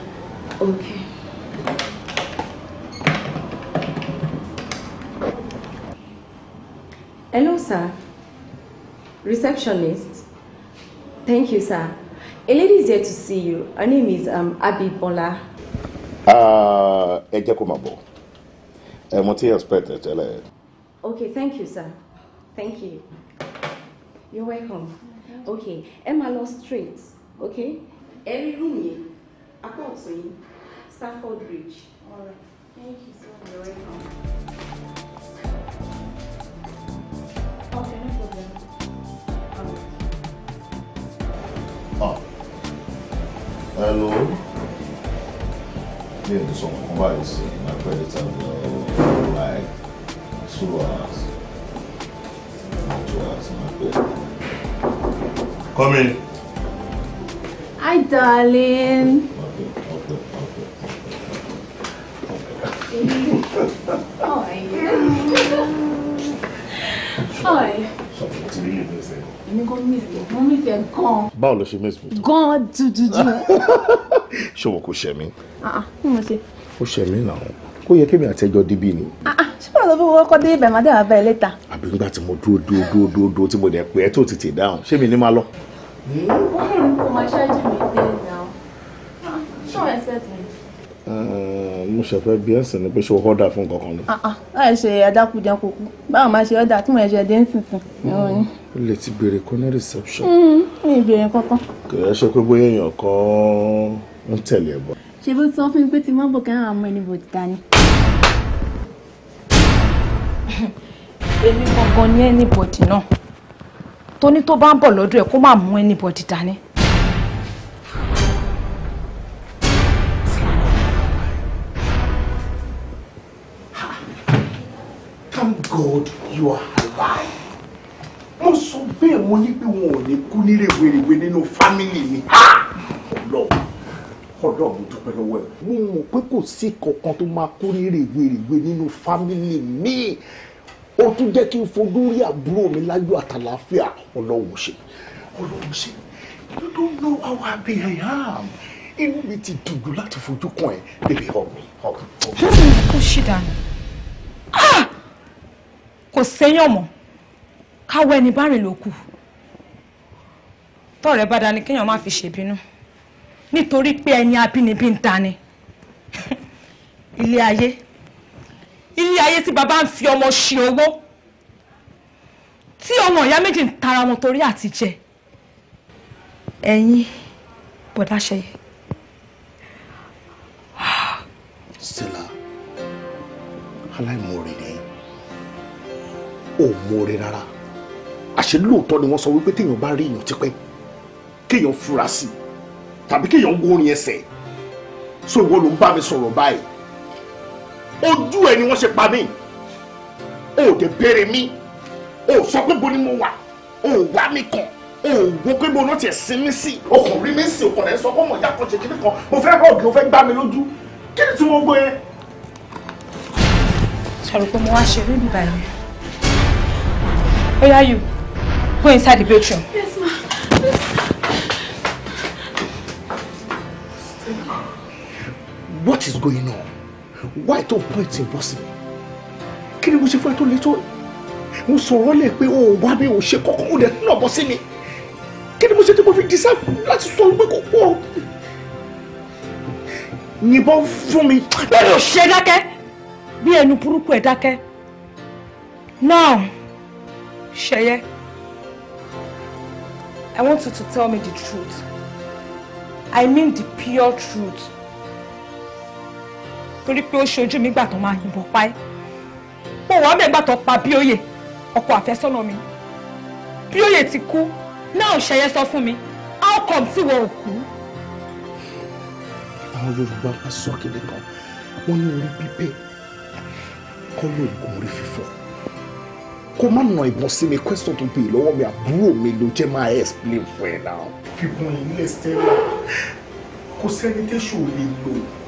Okay. Hello, sir. Receptionist. Thank you, sir. A lady is here to see you. Her name is um, Abimbola. Ah, uh, ẹ jẹ́ kó máa bọ̀. Ẹ mọ̀ tí expect Okay, thank you, sir. Thank you. You're welcome. Okay, Emma máa lọ straight, okay? ẹ̀rí rúùmù yẹn apá ọ̀tún yín Stafford Bridge. All right. Thank you so much. You're welcome. Okay, no problem. All right. Ah. Hello. Me and someone come by this my credit and uh, like two hours. Two hours, my credit. Come in. Hi, darling. Hi. Hi. Èmi kò miss ẹ, mo miss ẹ Báwo ló ṣe miss mi? Gan dududu. Ṣé wọn kò ṣẹ̀ mí? Kí mo ṣe? Ó ṣẹ̀ mí náà. Ó yẹ kémi àtẹ́jọ́ débí ni. Ah, ah, ṣé báwo ló fi wọ́n kọ́ dé ibẹ̀ máa dé àwọn abẹ́ ẹ̀ lẹ́ta? Àbí nígbà tí mo dúró dúró dúró dúró tí mo dẹ̀ pé ẹ tó tètè dáhùn, ṣé mi ní máa lọ? Why are you my charging me now? Don't expect me. mo ṣẹ̀fẹ̀ bí ẹ̀sìn ni pé ah, ah. ṣe ọ̀dà fún kankan ni. láì ṣe adákujàkùkù báwo máa ṣe ọ̀dà tí mo ṣe dé nísinsìn. o hmm. lè ti béèrè kan ní reception. Hmm, mi béèrè kankan. kì í ṣe pé bóyá èèyàn kan ń tẹ̀lé ẹ̀ bọ̀. ṣé bó ti sọ fún mi pé tí mo bò kẹ́hìn àwọn ọmọ ẹni bò dání. èmi kankan ní ẹni bòdì náà tó ní tó bá ń bọ̀ lọ́dọ̀ ẹ̀ kó má mú anybody dání. Thank God you are alive. mo sọ bẹ́ẹ̀ mo ní pé wọn ò ní kú ní rèwerèwe nínú fámìlì mi. ọlọ́run ọ̀dọ̀ mo dúpẹ́ lọ́wọ́ ẹ̀. mo mọ̀ pé kò sí kankan tó máa kú ní rèwerèwe nínú fámìlì mi ó tún jẹ́ kí n fojú rí àbúrò mi láyọ̀ àtàlàáfíà ọlọ́run ṣe ọlọ́run ṣe you don't know how happy I am inú mi ti dùn jù láti fojú kan ẹ bèbè ọmọ ọmọ. ó ṣì dànù kò séyàn mọ́ káwọ́ ẹni bá rìn ló kù tọ́ọ̀rẹ́ bá dání kéèyàn má fi ṣèbínú nítorí pé ẹni abínibí ń ta ni ilé ayé ilé ayé tí bàbá ń fi ọmọ ṣe owó tí ọmọ ìyá méjì ń tara wọn torí àti jẹ ẹ̀yin bọ̀dá ṣẹyẹ. Stella aláìmoore ni ò moore rárá àṣé lóòótọ́ ni wọ́n sọ wípé téèyàn bá rí èèyàn tipẹ́ kéèyàn fura sí i tàbí kéèyàn gbórin ẹsẹ̀ so ìwọ ló ń bá mi sọ̀rọ̀ báyìí ojú ẹ ni wọ́n ṣe pa mí o ò dé béèrè mi o sọ pé bo ni mo wà o wá mi kàn o wo pé bo náà tiẹ̀ sin mi sí o kàn rí mi sí o kàn lẹ́ sọ pé ọmọ ìyá kan ṣe kíní kan mo fẹ́ hàn kí o fẹ́ gbá mi lójú kí ni tí mo gbé. sọ̀rọ̀ pé mo wá ṣe rí bíbá yẹn oya you go inside the bedroom. Yes, ma. What is going on? why tó point ń bọ́ sí mi kí ni mo ṣe fún ẹ tó le tó mo sọ̀rọ̀ lẹ̀ pé o wá mi ò ṣe kọ́kọ́ ó dẹ̀ náà bọ́ sí mi kí ni mo ṣe tí mo fi deserve láti sọ pé kò kú o yìnbọn fún mi. lórí òṣìṣẹ́ dákẹ́ bí ẹnu burúkú ẹ̀ dákẹ́ now ṣẹyẹ I want you to tell me the truth I mean the pure truth torí pé ó ṣojú mi gbà tó máa yìnbọn pa ẹ́ mo wà mẹ́gbà tó pa bíóyè ọkọ àfẹ́sọ́nà mi bíóyè ti kú náà ṣẹyẹ sọ fún mi how come tí wọn ò kú. àwọn Yorùbá bá sọ kiri kan wọn ní orí pípé kọ́ ló ń gun orí fífọ́ kó má nà ìbọn sí mi question tó bèè lọ́wọ́ mi àbúrò mi ló jẹ́ máa explain fún ẹ náà. fífún ilé stella kò sẹ́ni tẹ́sù ò lè lò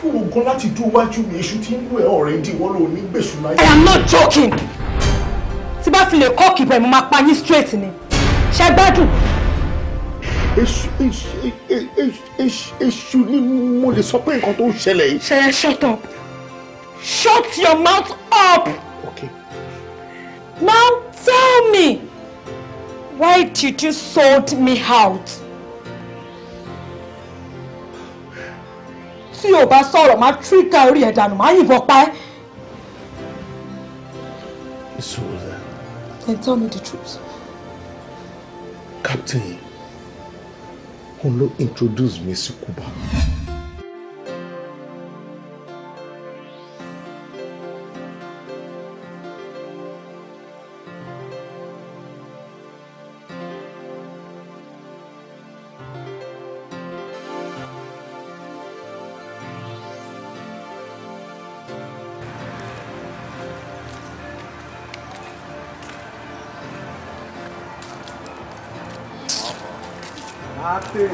ṣòro gan láti dún iwájú èṣù tí ń lù ẹ́ ọ̀rẹ́ dì lò ní gbèsù láyé. I am not joking tí bá fi lè kọ́ kìbẹ̀ mo máa pa yín straight ni ṣe gbádùn. èṣù ni mo lè sọ pé nǹkan tó ń ṣẹlẹ̀ yìí. ṣe shut up shut your mouth up. Okay. Now tell me why did you sold me out? tí o bá sọ̀rọ̀ máa tíríkà orí ẹ̀ dànù máa yìnbọn pa ẹ́. Then tell me the truth. Captain, òun ló introduce mi sí Cuba. Atem.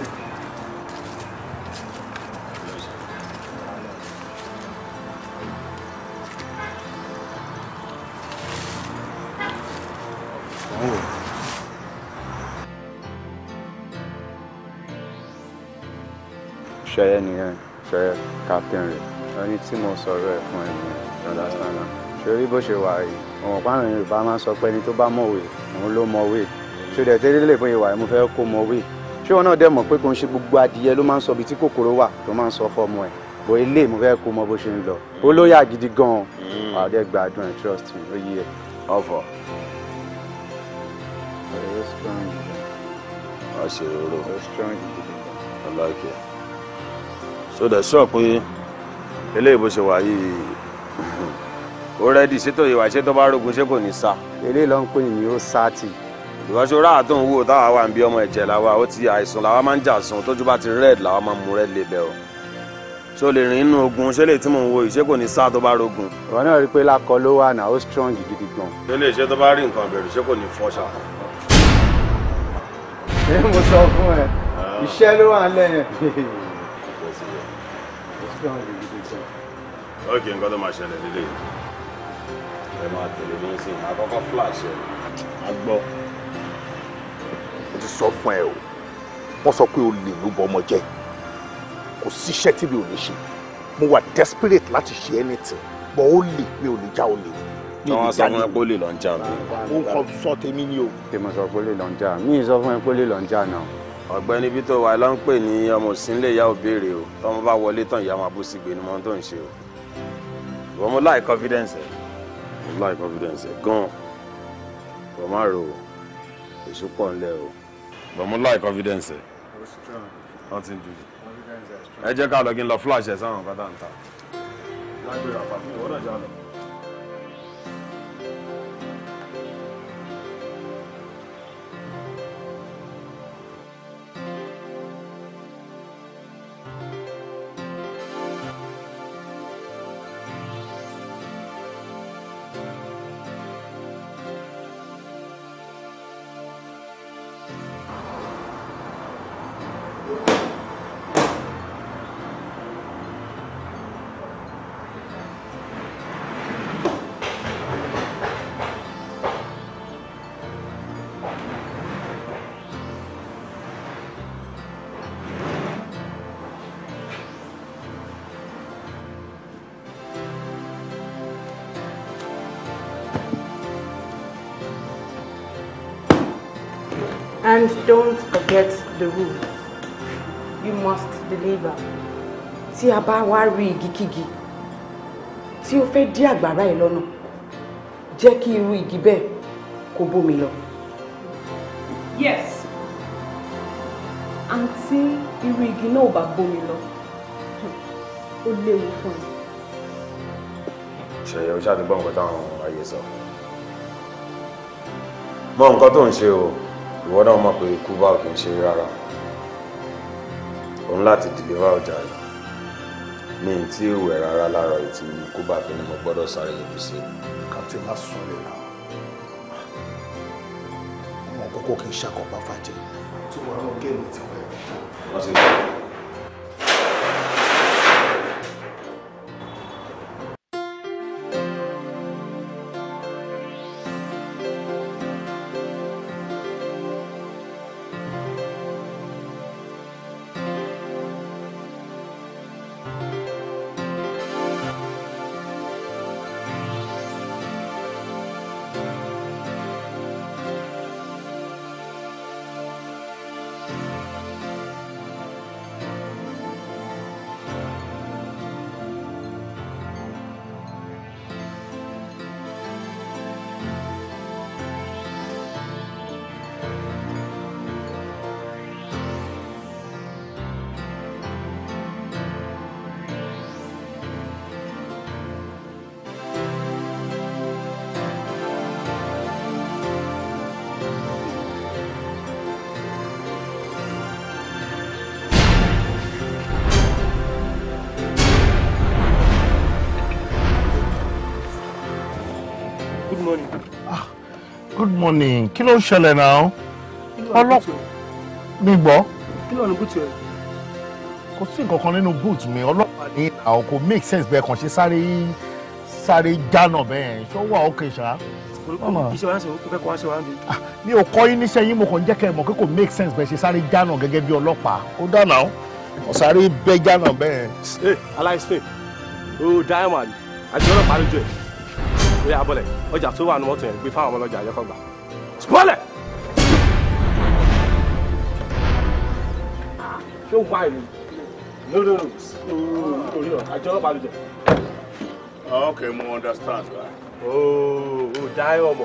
ṣẹyẹ nìyẹn fẹ captain rẹ ẹni tí mo sọ̀rọ̀ ẹ fún ẹ nìyẹn understand am ṣorí bó ṣe wà yìí ọmọ pààrọ̀ yorùbá máa ń sọ pé ẹni tó bá mọ̀wé òun ló mọ̀wé ṣó dẹ̀ tẹ́lẹ̀ lè fún ìwà ẹ̀ mo fẹ́ kó mọ̀wé ṣé wọn náà dẹ̀ mọ̀ pé kò ń ṣe gbogbo adìyẹ ló máa ń sọ ibi tí kòkòrò wà tó máa ń sọ fọmọ ẹ̀ bó ilé mo fẹ́ kó mọ bó ṣe ń lọ ó lóyà gidi gan-an ọ̀dẹ̀ mm. gbádùn ẹ̀ trust me ó yí ẹ̀ ọ̀fọ̀. àṣeròrò ọ̀làkẹ́ sódà sọ pé eléyìí bó ṣe wà yìí ó rẹ́dì ṣètò ìwà ṣètò bá rógun ṣé kò ní sá. eléyìí ló ń pè ní ó sá tì ìwọ́sọ ra àtọ̀ ń táwa wà ń bí ọmọ ẹ̀jẹ̀ làwa ó ti àìsàn làwa máa ń jà sùn tójú bá ti red làwa máa ń mu red label o ṣó lè rìn inú ogun ṣé lè tí mò ń wo ìṣe kò ní sá tó bá rogun. ìwọ náà rí i pé lákọ ló wà náà ó strong gidi gan. ṣé lè ṣe tó bá rí nǹkan bẹ̀rù ṣé kò ní fọ́ ṣá. ṣé mo sọ fún ẹ ah. iṣẹ́ ló wà lẹ́yìn. ok nǹkan tó máa ṣẹlẹ̀ nílé ẹ máa tẹ̀lé ní sìn àkọ́kọ́ flash ẹ̀ á gbọ́ mo ti sọ fún ẹ o wọ́n sọ pé o lè ló bọ ọmọ jẹ kò síṣẹ́ tí mi ò lè ṣe mo wà desperate láti ṣe anything but ó lè mi ò lè já o lè mi ò lè já ní. àwọn sọ fún ẹ pé ó lè lọ ń jà mí. ó ń kọ sọ tèmi ni o. tèmi sọ pé ó lè lọ ń jà mí sọ fún ẹ pé ó lè lọ ń jà náà. ọ̀gbẹ́ni bí tó wà ló ń pè ní ọmọ òsínlẹ̀ ìyá òbéèrè o tọ́mọ bá wọlé tán ìyá máa bó sí ni mo tó ń ṣe o. ìwọ mo láì confidence ẹ mo láì confidence ẹ gan-an ìwọ má ro èṣù pọ̀ ńlẹ̀ o but mo like confidence ẹ nothing do ẹ jẹ́ ká lọ kí n lọ flash ẹ̀ sáwọn nǹkan tá n ta lágbèrè àpapọ̀ ìwọ́n náà já lọ. And don't forget the rules. You must deliver. Tí a bá wá rí igikígi tí ó fẹ́ dí àgbàrá ẹ̀ lọ́nà, jẹ́ kí irú igi bẹ́ẹ̀ kó bómi lọ. Yes. Àǹtí irú igi náà ò bá bómi lọ, ó léwu fún mi. Ṣèyẹ o ṣáà ti gbọ́ nǹkan táwọn ayé sọ. Mọ nǹkan tó ń ṣe o ìwọ náà mọ̀ pé ikú bá òkè ń ṣe rárá òun láti dìlíwá ọjà rẹ̀ mi ì tí ì wẹ̀ rárá lára ètò ikú bá fi ni mo gbọ́dọ̀ sáré yẹ̀dù sí. kàtí má sùn lè nà ọmọ kókó kì í ṣàkóbá fàjẹ. tí wàá lọ géèmù ti pẹ́. wọ́n good morning kí ló ń ṣẹlẹ̀ náà ọlọ́pàá mi gbọ́. kí ló ń bùtù ẹ̀. kò sí nǹkan kan nínú boot mi ọlọ́pàá ní àwọn kò make sense bẹ́ẹ̀ kàn ṣe sáré sáré jánà bẹ́ẹ̀ ṣó wà ókè ṣá. Ah, mi ò kọ́ yín níṣẹ́ yín mo kàn ń jẹ́ kẹ́ ẹ mọ̀ pé kò make sense bẹ́ẹ̀ ṣe sáré jánà gẹ́gẹ́ bí ọlọ́pàá ó dáná ó sáré bẹ́ jánà bẹ́ẹ̀. aláìsí O oh, diamond àti ọlọ́pàá lójú ẹ̀ bóyá no no no understand. ooo o dá ẹ ọmọ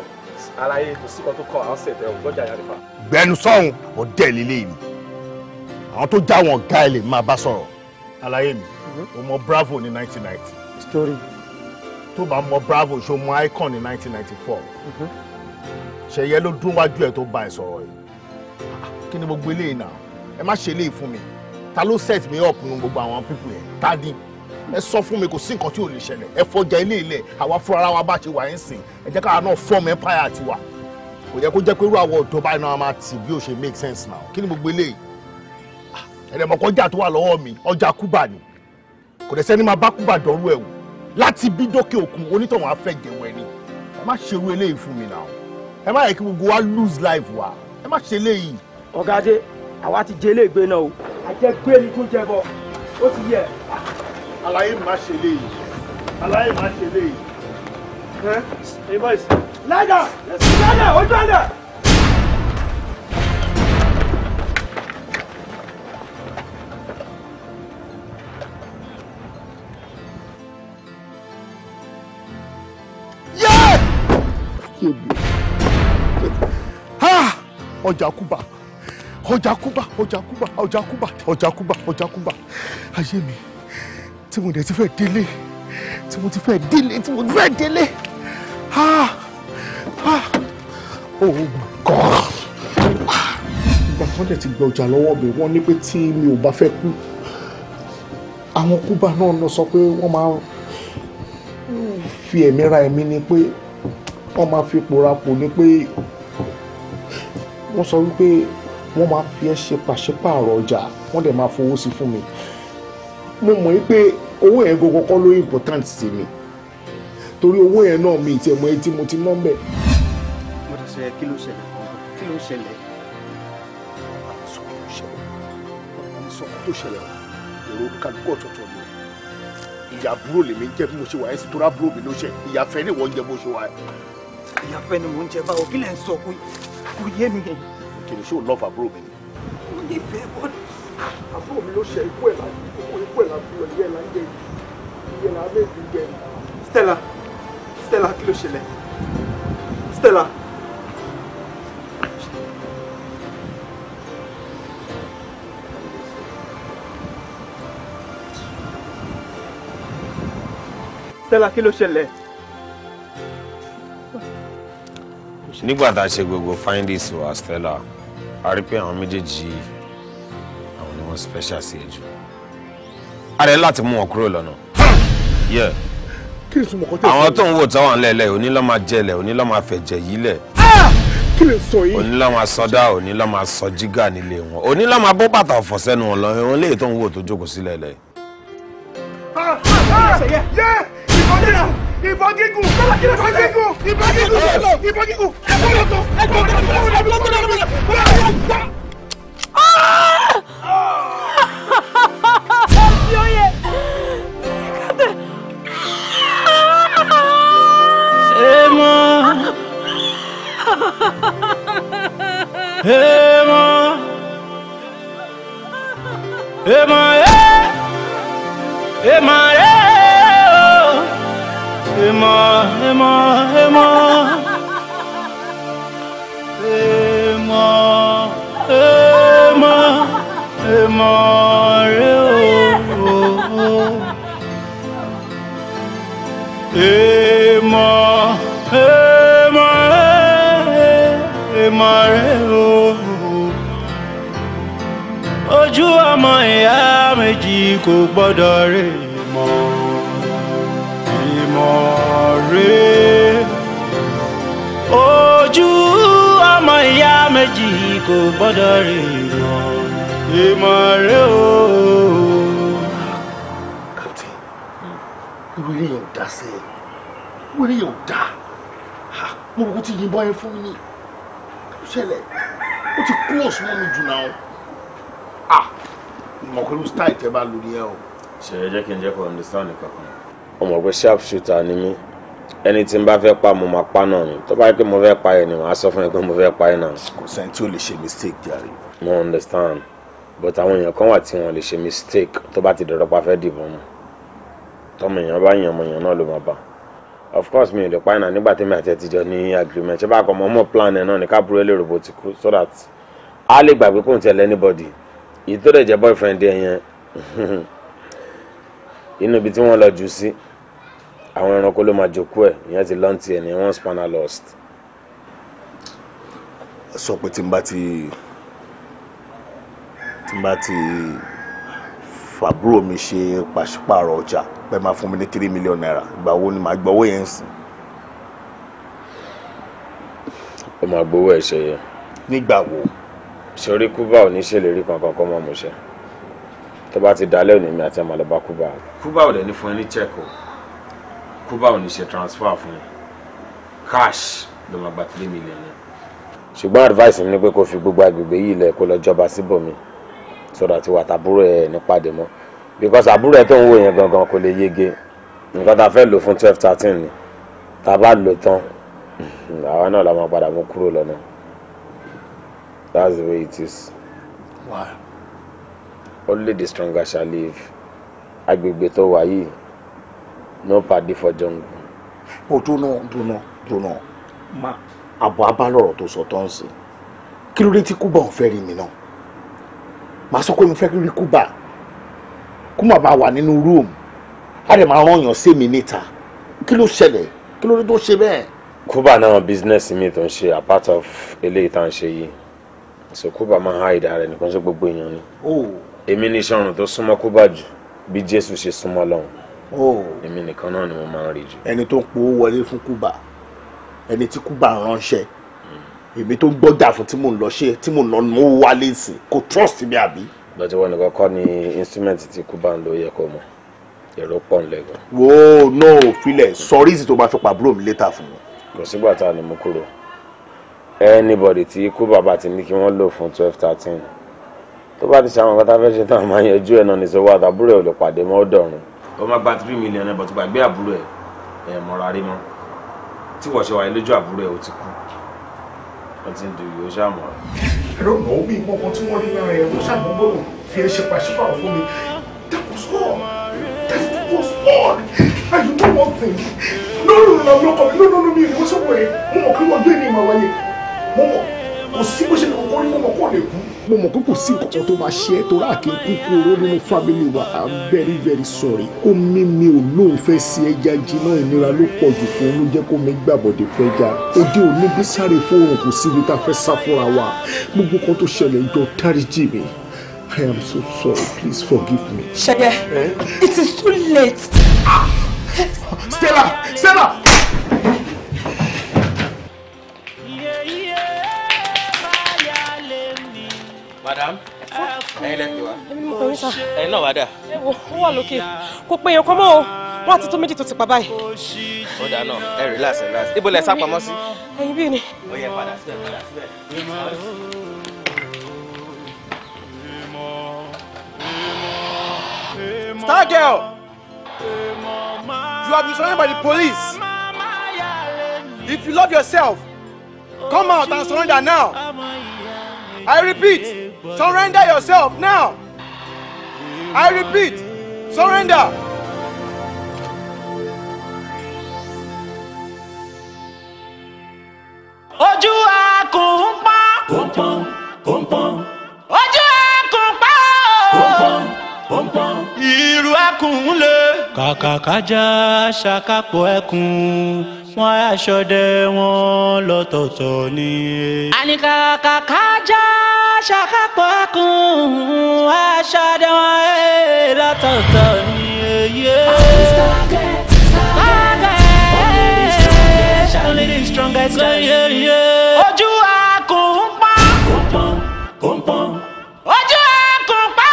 aláyé kò sí kan tó kọ àwọn ṣẹ̀tẹ̀ ọ̀hún lọ́jà yàrá ìfà. gbẹnu sọhùn ọdẹ lílé yìí àwọn tó já wọn ọgá ẹ lè máa bá mhm. bravo ní nineteen ninety. story tó bá mọ bravo ṣó mọ icon ní 1994 mhm. ṣẹyẹ ló dún wájú ẹ tó bá ẹ sọ̀rọ̀ yìí kí ni gbogbo eléyìí náà ẹ má ṣe eléyìí fún mi ta ló set me up nu gbogbo àwọn people yẹn ta ni ẹ sọ fún mi kò sí nǹkan tí ò lè ṣẹlẹ̀ ẹ fọjà ilé ilẹ̀ àwa fúnra wa bá ṣe wà ẹ́ ń sìn ẹ jẹ́ káwa náà form empire tiwa kò yẹ kó jẹ́ pé irú àwọn ọ̀dọ́ báyìí náà máa tì bí ó ṣe make sense now kí ni gbogbo eléyìí ah, ẹ̀rẹ̀mọ̀kọ́jà tó wà lọ́wọ́ mi ọjà kúbà ni kò dẹ̀ sẹ́ni máa bá kúbà dọ́rú ẹ̀ wò láti bí dókè òkun onítọ̀hún afẹ́ jẹun ẹni ẹ má ṣerú eléyìí fún mi náà ẹ má yẹ kí gbogbo wa lose life wa ẹ má ṣe eléyìí. ọ̀gá adé àwa ti jẹ eléègbé náà o àjẹ gbé ni tó jẹ bọ ó ti yẹ. àlàyé má ṣe eléyìí àlàyé má ṣe eléyìí. ẹ ẹ báyìí. lẹ́dà lẹ́dà ojú ẹ̀dà. kí èmi o ọjà kúbà ọjà kúbà ọjà kúbà ọjà kúbà ọjà kúbà ọjà kúbà ayé mi tí mo dẹ̀ ti fẹ́ délé tí mo ti fẹ́ délé tí mo ti fẹ́ délé oh god ìgbà kan dẹ̀ ti gba ọjà lọ́wọ́ mi wọ́n ní pé tí mi ò bá fẹ́ kú àwọn kúbà náà sọ pé wọ́n máa fi ẹ̀mí ra ẹ̀mí ni pé wọ́n máa fi porapò ni pé wọ́n sọ wípé wọ́n máa fi ẹ́ ṣe pàṣípààrọ̀ ọjà wọ́n dẹ̀ máa fowó sí fún mi mo mọ̀ pé owó yẹn gbogbo kọ́ ló important sí mi torí owó yẹn náà mi ìtì ẹ̀mọ́ etí mo ti ná mbẹ̀. mo ti sọ kí ló ṣẹlẹ̀ kí ló ṣẹlẹ̀. sọkún tó ṣẹlẹ̀ èrò kálukú ọ̀tọ̀ọ̀tọ̀ ni ìyá àbúrò lèmi jẹ́ bí mo ṣe wà ẹ́ sì tó rábúrò mi ló ṣe ìyá fẹ́ ni wọ́n jẹ́ bó ṣe wà ẹ́ ìyàfẹ́ ni mò ń jẹ báwo kí lẹ̀ ń sọ kó kó yé mi. kìnìún ṣó lọ́ọ̀fù àbúrò mi ni. ó ní ìfẹ́ bọ́ ni. àbúrò mi ló ṣe ikú ẹ̀ la ikú ẹ̀ la wọ̀ ìyẹ́ la jẹ ìyẹ́ la lè fi jẹ. Stella Stella kí ló ṣẹlẹ̀ Stella. Stella kí ló ṣẹlẹ̀. nígbà tá a ṣe gbogbo findings wa Stella a rí pé àwọn méjèèjì àwọn ni wọ́n special sí ẹjọ́ a rẹ̀ láti mú wọn kúrò lọ́nà àwọn tó ń wò táwọn lẹ́lẹ̀ onílọ́mà jẹlẹ̀ onílọ́mà fẹ̀jẹ̀ ah! yìí lẹ̀ onílọ́mà sọdá onílọ́mà sọ jígà nílé wọn onílọ́mà bó bàtà ọ̀fọ̀ sẹ́nu wọn lọ́yìn wọn léyìí tó ń wò tó jókòó sílẹ̀ lẹ̀. Ah! Ah! ìbọn gígùn ìbọn gígùn ìbọn gígùn ìbọn gígùn ẹgbọn lọtọ ẹgbọn lọtọ ẹgbọn lọtọ ẹgbọn lọtọ. Ema Ema Ema Ema Ema Ema, Ema, Ema. Ema, Ema, Ema, Ema, Ema, Ema, Ojú ọmọ ìyá méjì kò gbọ́dọ̀ rè rèé ojú ọmọ ìyá méjì kò gbọ́dọ̀ rí mọ́ ìmọ̀ rèé o. captain irú ilé yẹn ò dá sí ẹ irú ilé yẹn ò dá mo kò ti yìnbọn yẹn fún mi ní kí ló ó ti close mọ́ mi jù náà ah mọ̀kúrú style tẹ́ bá lórí ẹ o. ṣe é jẹ́ kí n jẹ́ kó understand nìkan kan ọmọ pé sharp shooter ni mí ẹni tí n bá fẹ́ pa mo máa pa náà ni tó bá yẹ pé mo fẹ́ pa ẹ̀ ni màá sọ fún ẹ pé mo fẹ́ pa ẹ̀ náà. kò sẹ́ni tí ò lè ṣe mistake jàre. mo understand but àwọn èèyàn kan wà tí wọ́n lè ṣe mistake tó bá ti dọ̀dọ̀ pa fẹ́ dìbò mu tọmọ èèyàn bá yan ọmọ èèyàn náà ló máa bá of course mi ò lè pa iná nígbà tí mi àti ẹ ti jọ ní agreement ṣé bá a kọ mọ mọ plan ẹ náà ní káàbùrú ẹ lè rògbò ti kú so that a lè gbàgbé kóun ti ẹ lẹ́nibọ̀dì ìtòdè jẹ́ boyfriend ẹ yẹn inú ibi tí wọ́n lọ jù sí. Si àwọn ẹranko ló máa jòkó ẹ̀ ìyẹn ti lọ́ntì ẹ̀ ní one spanner lost. sọ pé tí n bá ti tí n bá ti fàbúrò mi ṣe pàṣípààrọ̀ ọjà pé máa fún mi ní three million naira ìgbà wo ni màá gbọ́ owó yẹn ń sìn. ó máa gbowó ẹ̀ ṣe yẹn. nígbà wo. sori kuba ò ní ṣèlérí kankan kó mọ̀ mọ́ ṣe tó bá ti dalẹ́ òní mi àti àmàlẹ́ bá kuba. kuba ò lè ní fún ẹ ní check o kó ni ṣe transfer fún cash ló máa gba three million yẹn. ṣùgbọ́n advice mi ni pé kó fi gbogbo agbègbè yìí lẹ̀ kó lọ jọba síbòmí sọ̀rọ̀ àti wàtà àbúrò ẹ̀ nípàdé mọ́ because àbúrò ẹ̀ tó ń wò yẹn gangan kò lè yege nǹkan tá a fẹ́ lò fún twelve thirteen ni tá a bá lò tán àwa náà la máa padà mú kúrò lọ́nà that's the way it is. Wow. only the stronger shall live agbègbè tó wà yìí no pàdé for jungle. ó dúnà dúnà dúnà má àbọ̀ abálọ̀rọ̀ tó sọ tó ń sìn kí ló dé tí kúbà ń fẹ́ rí mi náà màá sọ pé mo fẹ́ rí kúbà kúmọ̀ bá wà nínú room á dẹ̀ máa rányàn sí mi níta kí ló ṣẹlẹ̀ kí ló dé tó ṣe bẹ́ẹ̀. kúbà náà business mi tó ń ṣe a part of eléyìí tá à ń ṣe yìí so kúbà máa ń hide ara ẹnìkan sí gbogbo èèyàn ni oh. èmi ní sọ̀rùn tó súnmọ́ kúbà jù bí jésù ṣe súnmọ́ lọ́hùn èmi nìkan náà ni mo máa ń rí jù. ẹni tó ń powó wọlé fún Kuba ẹni tí Kuba ránṣẹ́ hmm. èmi tó ń gbọ́jà fún tí mò ń lọ ṣe tí mò ń lọ mú wálé sí kò trust mi àbí. lọ́jọ́ wọn nìkan kọ́ ni instrument tí Kuba ń lo yẹ kó mọ̀ èrò pọ̀ ń lẹ́gàn. wo no filẹ̀ sọrí ìsìn tó máa fi Bro, mi létà fún mi. kò sígbà tá a ní mú kúrò anybody tí Kuba bá ti ní kí wọ́n lò fún twelve thirteen tó bá ti ṣe àwọn nǹkan tá a fẹ́ ṣe náà máa yanjú ẹ̀ náà ní sọ wá àtàbúrò ẹ̀ ò lè pàdé mọ́ ọ̀dọ̀run ó máa gba three million ẹ̀ bọ̀tú gbàgbé àbúrò ẹ̀ ẹ̀ mọ̀ra rí mọ́ tí wọ́n ṣe wà lójú àbúrò ẹ̀ ó ti kú wọ́n ti ń du ìyó ṣàmọ̀ ẹ̀rọ mọ̀ ó bí tí wọ́n rí lára ẹ̀ wọ́n ṣàmọ̀ fi ẹ ṣe pàṣípàrọ̀ fún mi that was wrong that was wrong and you know one thing lórí ìrìnà lọ́kọ̀ mi lónà lómi ìrìnà wọ́n sọ̀rọ̀ ẹ̀ mo mọ̀ pé wọ́n gbé ní ìmọ̀ wáyé mo mọ̀ kò sí bó ṣe lè kókó rí mo mọ̀ mo mọ̀ pé kò sí nǹkan tó máa ṣe é tó ráàkì kúkú oró nínú fámìlì wa i'm very very sorry ó mí mi ò lóun fẹ́ sí ẹja jiná ìnira ló pọ̀ jù fún un ló jẹ́ kó mi gbàbọ̀dé fẹ́ já òde òní bí sáré fóònù kò síbi tá a fẹ́ sá fúnra wa gbogbo kan tó ṣẹlẹ̀ jọ dáríjì mi i am so sorry please forgive me. ṣẹyẹ eh? it is too late. Ah! Stella Stella. madam ah, ẹ̀yin lẹ́pẹ̀ wá ẹ̀yin náà wá dà. ó wà lókè kò pé èèyàn kan mọ́ o wọ́n àti tó méjì tó ti pa báyìí. ó dà náà ẹ relax relax ibo lẹ sá pamọ́ sí. ẹ̀yin bí ni. ó yẹ padà síbẹ̀ padà síbẹ̀. star girl you have been surrounded by the police if you love yourself come out and surrender now. I repeat, surrender yourself now. I repeat, surrender. Ojú àkùnpá. Kùnpọ̀n, kùnpọ̀n. Ojú àkùnpá. Kùnpọ̀n, kùnpọ̀n. Ìrù àkùnlé kàkàkájà ṣàkàpọ ẹkùn wọn aṣọdẹ wọn lọ́tọ̀ọ̀tọ̀ ni. àní kàkàkájà ṣàkàpọ ẹkùn wọn aṣọdẹ wọn lọ́tọ̀ọ̀tọ̀ ni. Only the strongest, yeah, yeah. Ojú akùn pa. Pọ̀npọ̀n, pọ̀npọ̀n. Ojú akùn pa.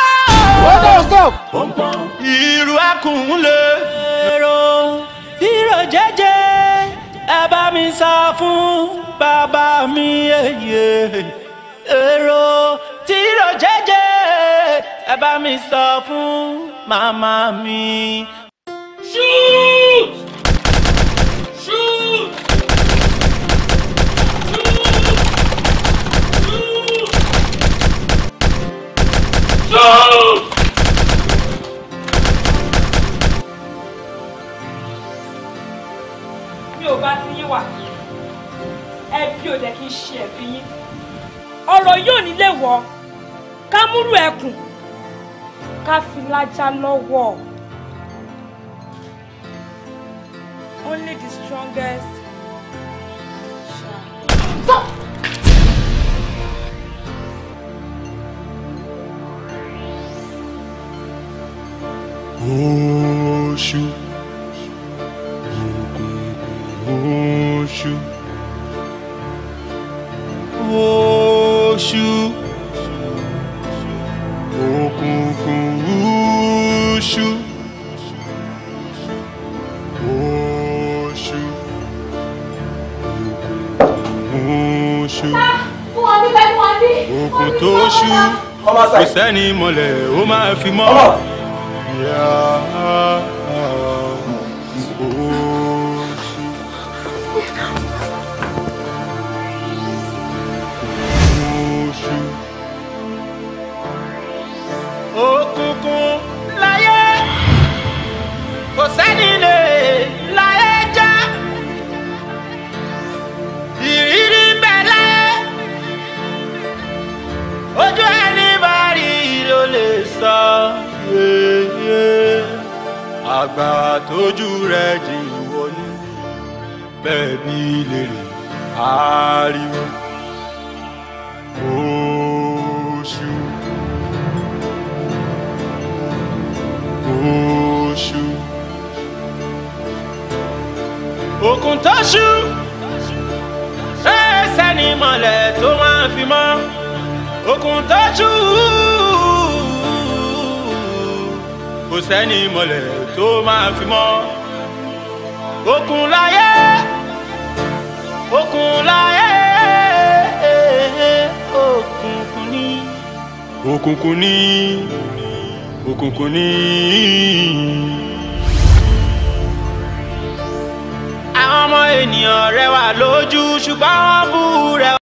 Wọ́n tó stop. Pọ̀npọ̀n dákun lè. èrò fírò jẹ́jẹ́ ẹ bá mi sá fún bàbá mi èyè. èrò fírò jẹ́jẹ́ ẹ bá mi sọ fún màmá mi. shoot shoot. Shoot! Shoot! Shoot! wà ẹbí ò dẹ̀ kí n ṣe ẹ̀bí yín ọ̀rọ̀ yóò nílé wọ̀ ká múrù ẹkùn ká fi lájà lọ́wọ́ only the strongest. Stop! Oṣù. Oshu, oshu, òkùnkùn oshu, oshu, òkùnkùn oṣù ah, òkùn tó ṣú kò sẹ́ni mọ̀lẹ́ ó máa fi mọ́. Yeah. agbára tójú rẹ̀ jìn wọlé bẹ́ẹ̀ bí lèrè ariwo oṣù oṣù òkun tó ṣú ṣẹ́ẹ́sẹ́ ni mọ̀lẹ́ tó máa fi mọ́ òkun tó ṣú kò sẹ́ni mọ̀lẹ̀ tó máa fi mọ́. okùn láyé okun láyé òkùnkùn ní. òkùnkùn ní òkùnkùn ní. àwọn ọmọ ènìyàn rẹwà lójú ṣùgbọ́n wọ́n bú rẹwà.